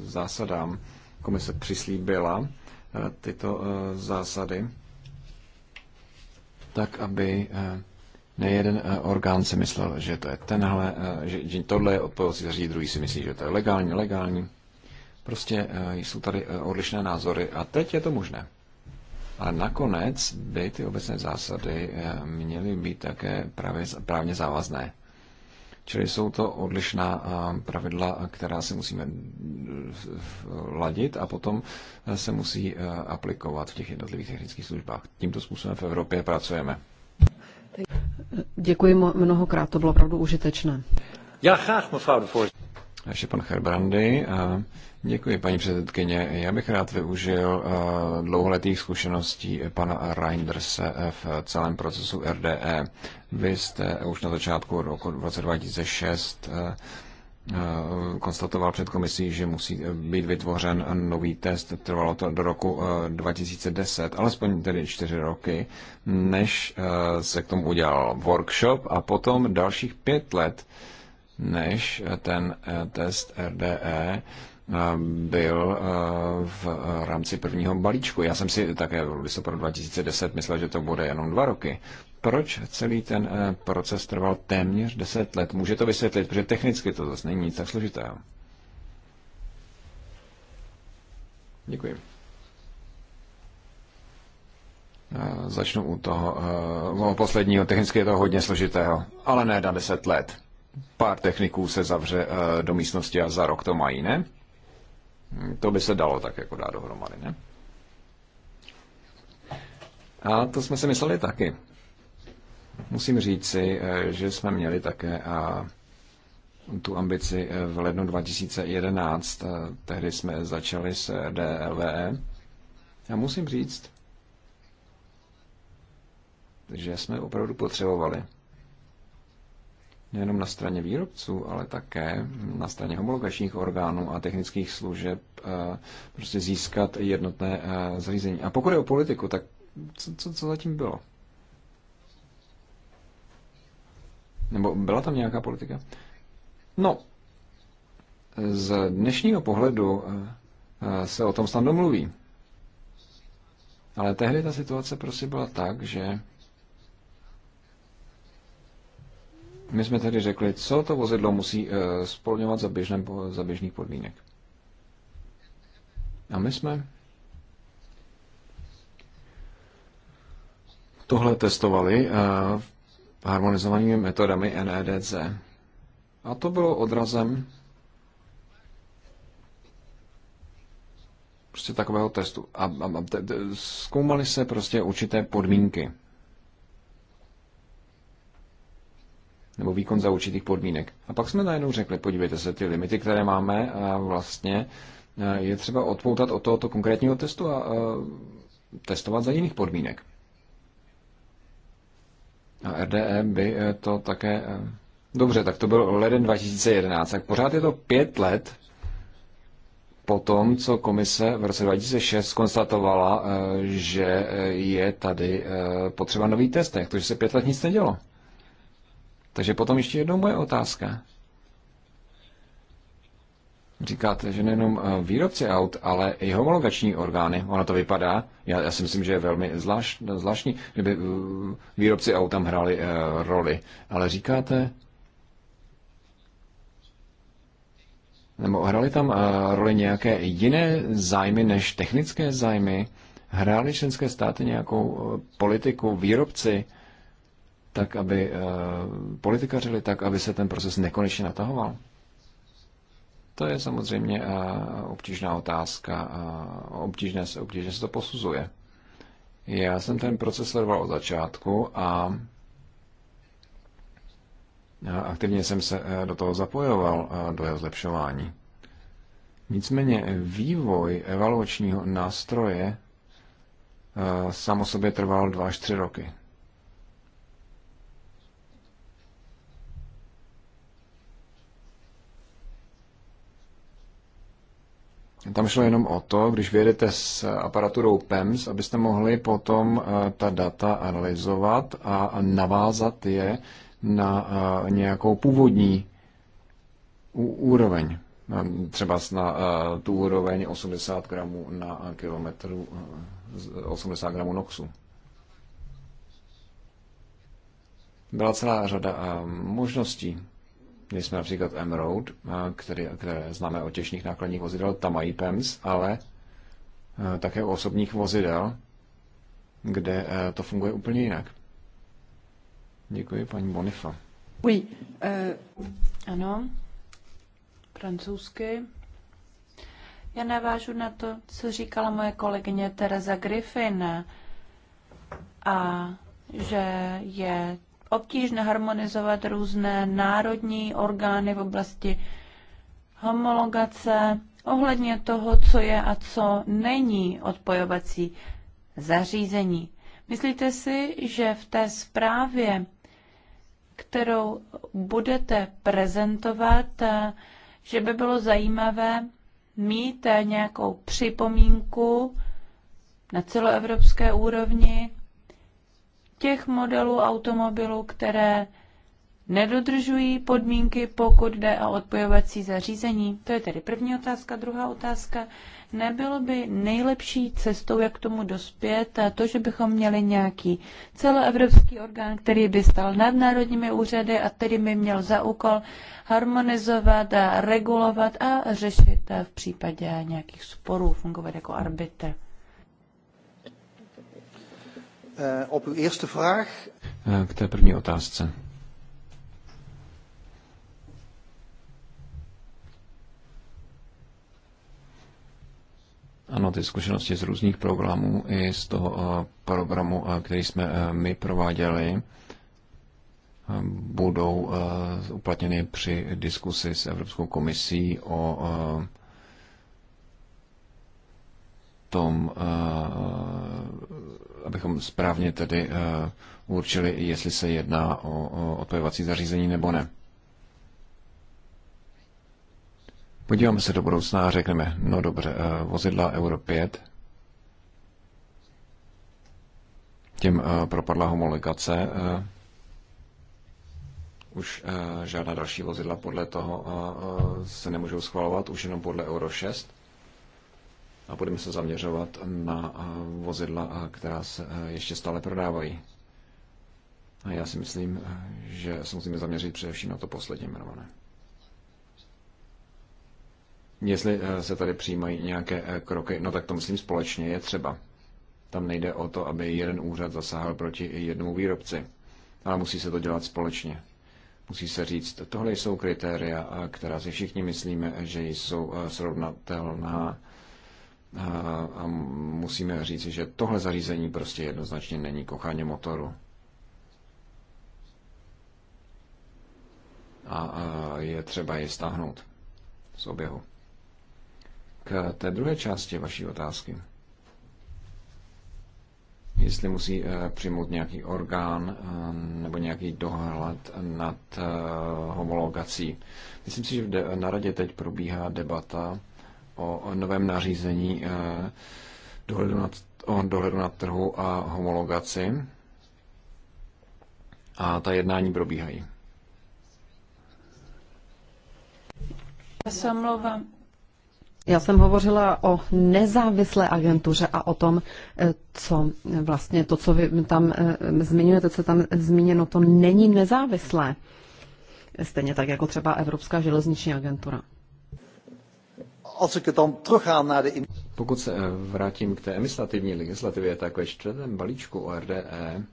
zásadám. Komise přislíbila tyto zásady tak, aby nejeden orgán si myslel, že to je tenhle, že tohle je odpovědnost zařídí, druhý si myslí, že to je legální, legální. Prostě jsou tady odlišné názory a teď je to možné. A nakonec by ty obecné zásady eh, měly být také právě, právně závazné. Čili jsou to odlišná eh, pravidla, která si musíme eh, ladit a potom se musí aplikovat v těch jednotlivých technických službách. Tímto způsobem v Evropě pracujeme. Děkuji mnohokrát, to bylo opravdu užitečné. Já chápu, mevrouw naše pan Herbrandy. Děkuji, paní předsedkyně. Já bych rád využil dlouholetých zkušeností pana Reindersa v celém procesu RDE. Vy jste už na začátku roku v roce 2006 konstatoval před komisí, že musí být vytvořen nový test. Trvalo to do roku 2010, alespoň tedy čtyři roky, než se k tomu udělal workshop a potom dalších pět let než ten eh, test RDE eh, byl eh, v rámci prvního balíčku. Já jsem si také v listopadu 2010 myslel, že to bude jenom dva roky. Proč celý ten proces trval téměř 10 let? Může to vysvětlit, protože technicky to zase není nic tak složitého. Děkuji. Začnu u toho, u posledního, technicky je to hodně složitého, ale ne na 10 let pár techniků se zavře eh, do místnosti a za rok to mají, ne? To by se dalo tak jako dát dohromady, ne? A to jsme si mysleli taky. Musím si, eh, že jsme měli také a eh, tu ambici v lednu 2011. Tehdy jsme začali s DLVE. A musím říct, že jsme opravdu potřebovali nejenom na straně výrobců, ale také na straně homologačních orgánů a technických služeb eh, prostě získat jednotné eh, zařízení. A pokud je o politiku, tak co, co, co zatím bylo? Nebo byla tam nějaká politika? No, z dnešního pohledu eh, se o tom snad domluví. Ale tehdy ta situace prostě byla tak, že My jsme tedy řekli, co to vozidlo musí eh, splňovat za, běžném, za běžných podmínek. A my jsme tohle testovali eh, harmonizovanými metodami NEDC. A to bylo odrazem prostě takového testu. A, a, a te, te, zkoumali se prostě určité podmínky. nebo výkon za určitých podmínek. A pak jsme najednou řekli, podívejte se, ty limity, které máme, a eh, vlastně eh, je třeba odpoutat od tohoto konkrétního testu a, a eh, testovat za jiných podmínek. A RDE by to také... Dobře, tak to byl leden 2011, tak pořád je to pět let po tom, co komise v roce 2006 konstatovala, že je tady potřeba nový test, takže se pět let nic nedělo. Takže potom ještě jednou moje otázka. Říkáte, že nejenom eh, výrobci aut, ale i homologační orgány. Ono to vypadá, já, já si myslím, že je velmi zvláštní, zvláštní, kdyby eh, výrobci aut tam hráli uh, roli. Ale říkáte, nebo hráli tam uh, roli nějaké jiné zájmy než technické zájmy? Hráli členské státy nějakou uh, politiku, výrobci? Uh, tak, aby eh, politikařili tak, aby se ten proces nekonečně natahoval? To je samozřejmě eh, obtížná otázka, eh, obtížně se, obtížně se to posuzuje. Já jsem ten proces sledoval od začátku a aktivně jsem se do toho zapojoval, do jeho zlepšování. Nicméně vývoj evaluačního nástroje samo sobě trval dva až tři roky. Tam šlo jenom o to, když vědete s aparaturou PEMS, abyste mohli potom eh, ta data analyzovat a navázat je na eh, nějakou původní úroveň. Třeba na eh, tu úroveň 80 gramů na kilometru, 80 gramů NOXu. Byla celá řada možností Měli jsme například M-Road, které, které známe o těžních nákladních vozidel, tam mají PEMS, ale e, také u osobních vozidel, kde e, to funguje úplně jinak. Děkuji, paní Bonifa. Oui, uh, ano, francouzsky. Já navážu na to, co říkala moje kolegyně Teresa Griffin a že je obtížné harmonizovat různé národní orgány v oblasti homologace ohledně toho, co je a co není odpojovací zařízení. Myslíte si, že v té zprávě, kterou budete prezentovat, že by bylo zajímavé mít nějakou připomínku na celoevropské úrovni těch modelů automobilů, které nedodržují podmínky, pokud jde o odpojovací zařízení? To je tedy první otázka. Druhá otázka. Nebylo by nejlepší cestou, jak tomu dospět, to, že bychom měli nějaký celoevropský orgán, který by stal nad národními úřady a který by měl za úkol harmonizovat a regulovat a řešit v případě nějakých sporů, fungovat jako arbitr? Eh, op uw eerste vraag. Eh, k té první otázce. Ano, ty zkušenosti z různých programů i z toho eh, programu, který jsme my prováděli, budou uplatněny při diskusi s Evropskou komisí o tom abychom správně tedy eh, určili, jestli se jedná o odpojovací zařízení nebo ne. Podíváme se do budoucna a řekneme, no dobře, eh, vozidla Euro 5, Tím eh, propadla homologace, už žádná další vozidla podle toho se nemůžou schvalovat, už jenom podle Euro 6 a budeme se zaměřovat na eh, vozidla, eh, která se eh, ještě stále prodávají. A já si myslím, že se musíme zaměřit především na to posledně jmenované. Jestli se tady přijímají nějaké kroky, no tak to myslím společně je třeba. Tam nejde o to, aby jeden úřad zasáhl proti jednomu výrobci, ale musí se to dělat společně. Musí se říct, tohle jsou kritéria, která si všichni myslíme, že jsou srovnatelná a musíme říci, že tohle zařízení prostě jednoznačně není kochání motoru. A je třeba je stáhnout z oběhu. K té druhé části vaší otázky. Jestli musí eh, přijmout nějaký orgán eh, nebo nějaký dohled nad eh, homologací. Myslím si, že na radě teď probíhá debata o novém nařízení eh, dohledu nad, o dohledu na trhu a homologaci. A ta jednání probíhají. Já se omlouvám. Já jsem hovořila o nezávislé agentuře a o tom, eh, co vlastně to, co vy tam eh, zmiňujete, co tam zmíněno, to není nezávislé. Stejně tak jako třeba Evropská železniční agentura. Pokud se eh, vrátím k té emislativní legislativě, tak ve čtvrtém balíčku o RDE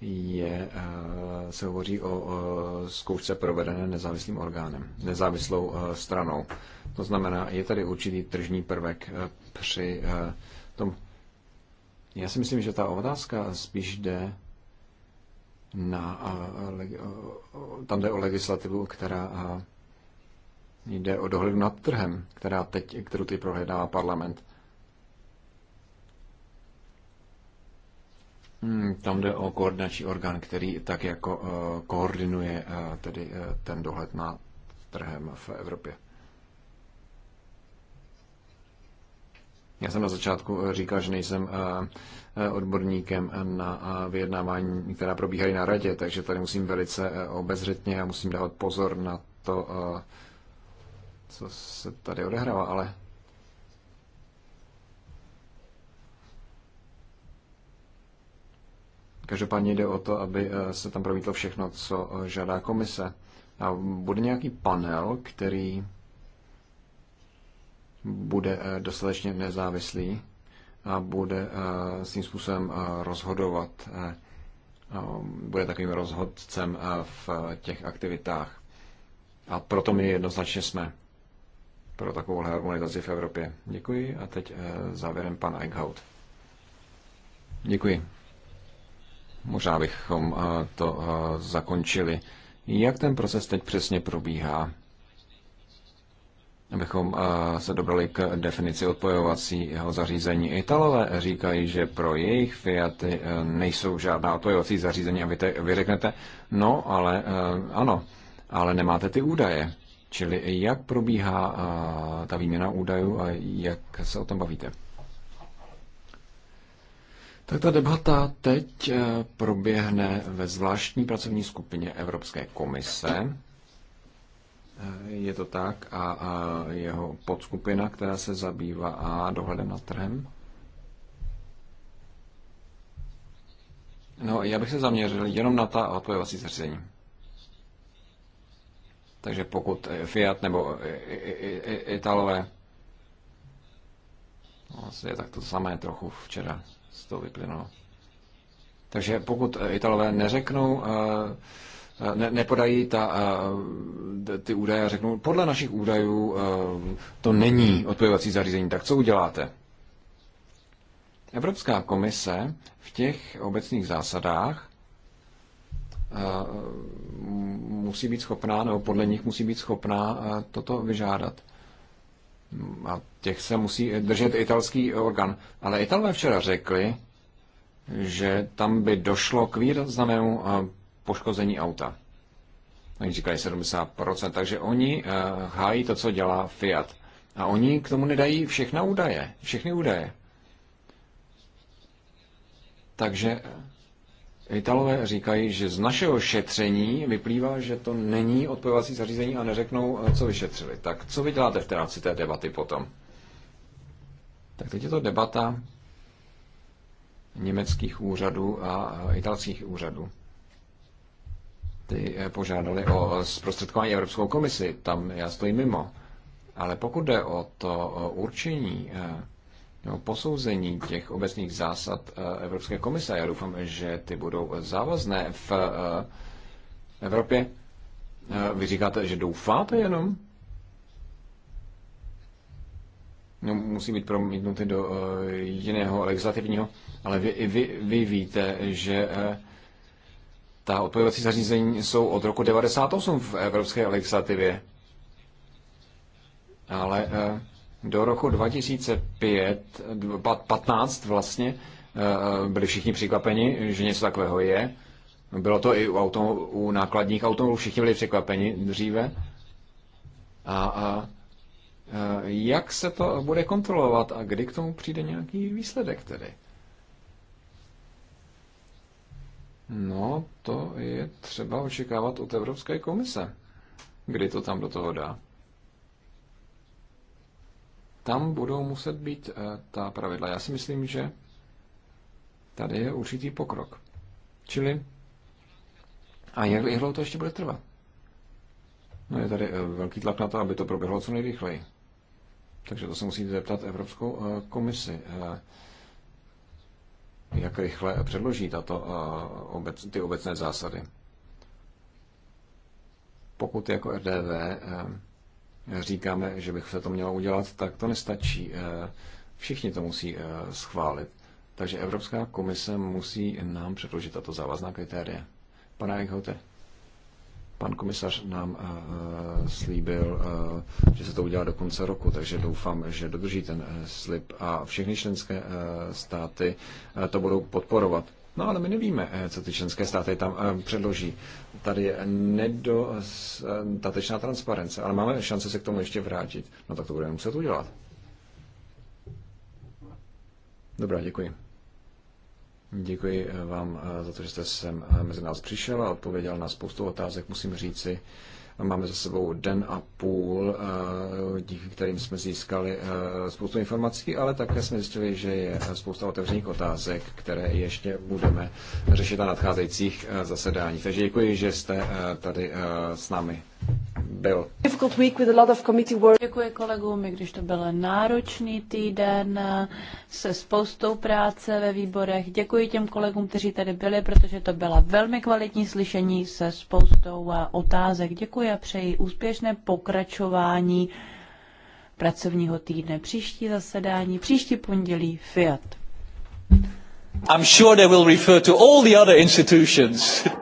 je, eh, se hovoří o zkoušce provedené nezávislým orgánem, nezávislou eh, stranou. To znamená, je tady určitý tržní prvek při tom. Já si myslím, že ta otázka spíš jde na, tam jde o legislativu, která Jde o dohled nad trhem, která teď, kterou ty prohledává parlament. Hmm, tam jde o koordinační orgán, který tak jako eh, koordinuje eh, tedy eh, ten dohled nad trhem v Evropě. Já jsem na začátku říkal, že nejsem odborníkem na vyjednávání, která probíhají na radě, takže tady musím velice obezřetně a musím dávat pozor na to, co se tady odehrává, ale Každopádně jde o to, aby eh, se tam promítlo všechno, co eh, žádá komise. A bude nějaký panel, který bude eh, dostatečně nezávislý a bude s tím způsobem rozhodovat, bude takovým rozhodcem v těch aktivitách. A proto my jednoznačně jsme pro takovou harmonizaci v Evropě. Děkuji a teď eh, závěrem pan Eichhout. Děkuji. Možná bychom eh, to eh, zakončili. Jak ten proces teď přesně probíhá? Abychom se dobrali k definici odpojovacího zařízení. Italové říkají, že pro jejich Fiaty nejsou žádná odpojovací zařízení a vy, te, vy řeknete, no ale ano, ale nemáte ty údaje. Čili jak probíhá ta výměna údajů a jak se o tom bavíte? Tak ta debata teď e, proběhne ve zvláštní pracovní skupině Evropské komise. E, je to tak a, jeho podskupina, která se zabývá a dohledem nad trhem. No, já bych se zaměřil jenom na ta odpojovací vlastně zařízení. Takže pokud eh, Fiat nebo eh, Italové, vlastně tak to samé trochu včera z toho vyplynulo. Takže pokud eh, Italové neřeknou, ne, nepodají ta, ty údaje a řeknou, podle našich údajů to není odpojovací zařízení, tak co uděláte? Evropská komise v těch obecných zásadách Eh, musí být schopná, nebo podle nich musí být schopná eh, toto vyžádat. A těch se musí držet italský orgán. Ale Italové včera řekli, že tam by došlo k výraznému eh, poškození auta. Oni říkají 70%, takže oni hájí to, co dělá Fiat. A oni k tomu nedají všechny údaje, všechny údaje. Takže Italové říkají, že z našeho šetření vyplývá, že to není odpojovací zařízení a neřeknou, eh, co vyšetřili. Tak co vy děláte v rámci té debaty potom? Tak teď je to debata německých úřadů a eh, italských úřadů. Ty eh, požádali o zprostředkování Evropskou komisi, tam já stojím mimo. Ale pokud jde o to určení No, posouzení těch obecných zásad eh, Evropské komise. Já doufám, že ty budou závazné v eh, Evropě. Eh, vy říkáte, že doufáte jenom? No, musí být promítnuty do jiného legislativního, ale vy, vy, vy víte, že ta odpojovací zařízení jsou od roku 98 v evropské legislativě. Ale uh, do roku 2005, 15 vlastně, eh, byli všichni překvapeni, že něco takového je. Bylo to i u, auto, u nákladních automobilů, všichni byli překvapeni dříve. A, a eh, jak se to bude kontrolovat a kdy k tomu přijde nějaký výsledek tedy? No, to je třeba očekávat od Evropské komise, kdy to tam do toho dá tam budou muset být eh, ta pravidla. Já si myslím, že tady je určitý pokrok. Čili, a jak dlouho to ještě bude trvat? No je tady eh, velký tlak na to, aby to proběhlo co nejrychleji. Takže to se musíte zeptat Evropskou eh, komisi. Jak rychle předloží tato, ty obecné zásady? Pokud jako RDV říkáme, že bych se to mělo udělat, tak to nestačí. Eh, všichni to musí eh, schválit. Takže Evropská komise musí nám předložit tato závazná kritéria. Pane Eichhote, pan komisař nám eh, slíbil, že se to udělá do konce roku, takže doufám, že dodrží ten slib a všechny členské státy to budou podporovat. No ale my nevíme, co ty členské státy tam předloží tady je nedostatečná transparence, ale máme šance se k tomu ještě vrátit. No tak to budeme muset udělat. Dobrá, děkuji. Děkuji eh, vám eh, za to, že jste sem eh, mezi nás přišel a odpověděl na spoustu otázek. Musím říci, Máme za sebou den a půl, eh, díky kterým jsme získali eh, spoustu informací, ale také jsme zjistili, že je spousta otevřených otázek, které ještě budeme řešit na nadcházejících eh, zasedáních. Takže děkuji, že jste tady s námi byl. Děkuji kolegům, i když to byl náročný týden se spoustou práce ve výborech. Děkuji těm kolegům, kteří tady byli, protože to byla velmi kvalitní slyšení se spoustou otázek. Děkuji a přeji úspěšné pokračování pracovního týdne. Příští zasedání, příští pondělí, Fiat. I'm sure they will refer to all the other institutions. [LAUGHS]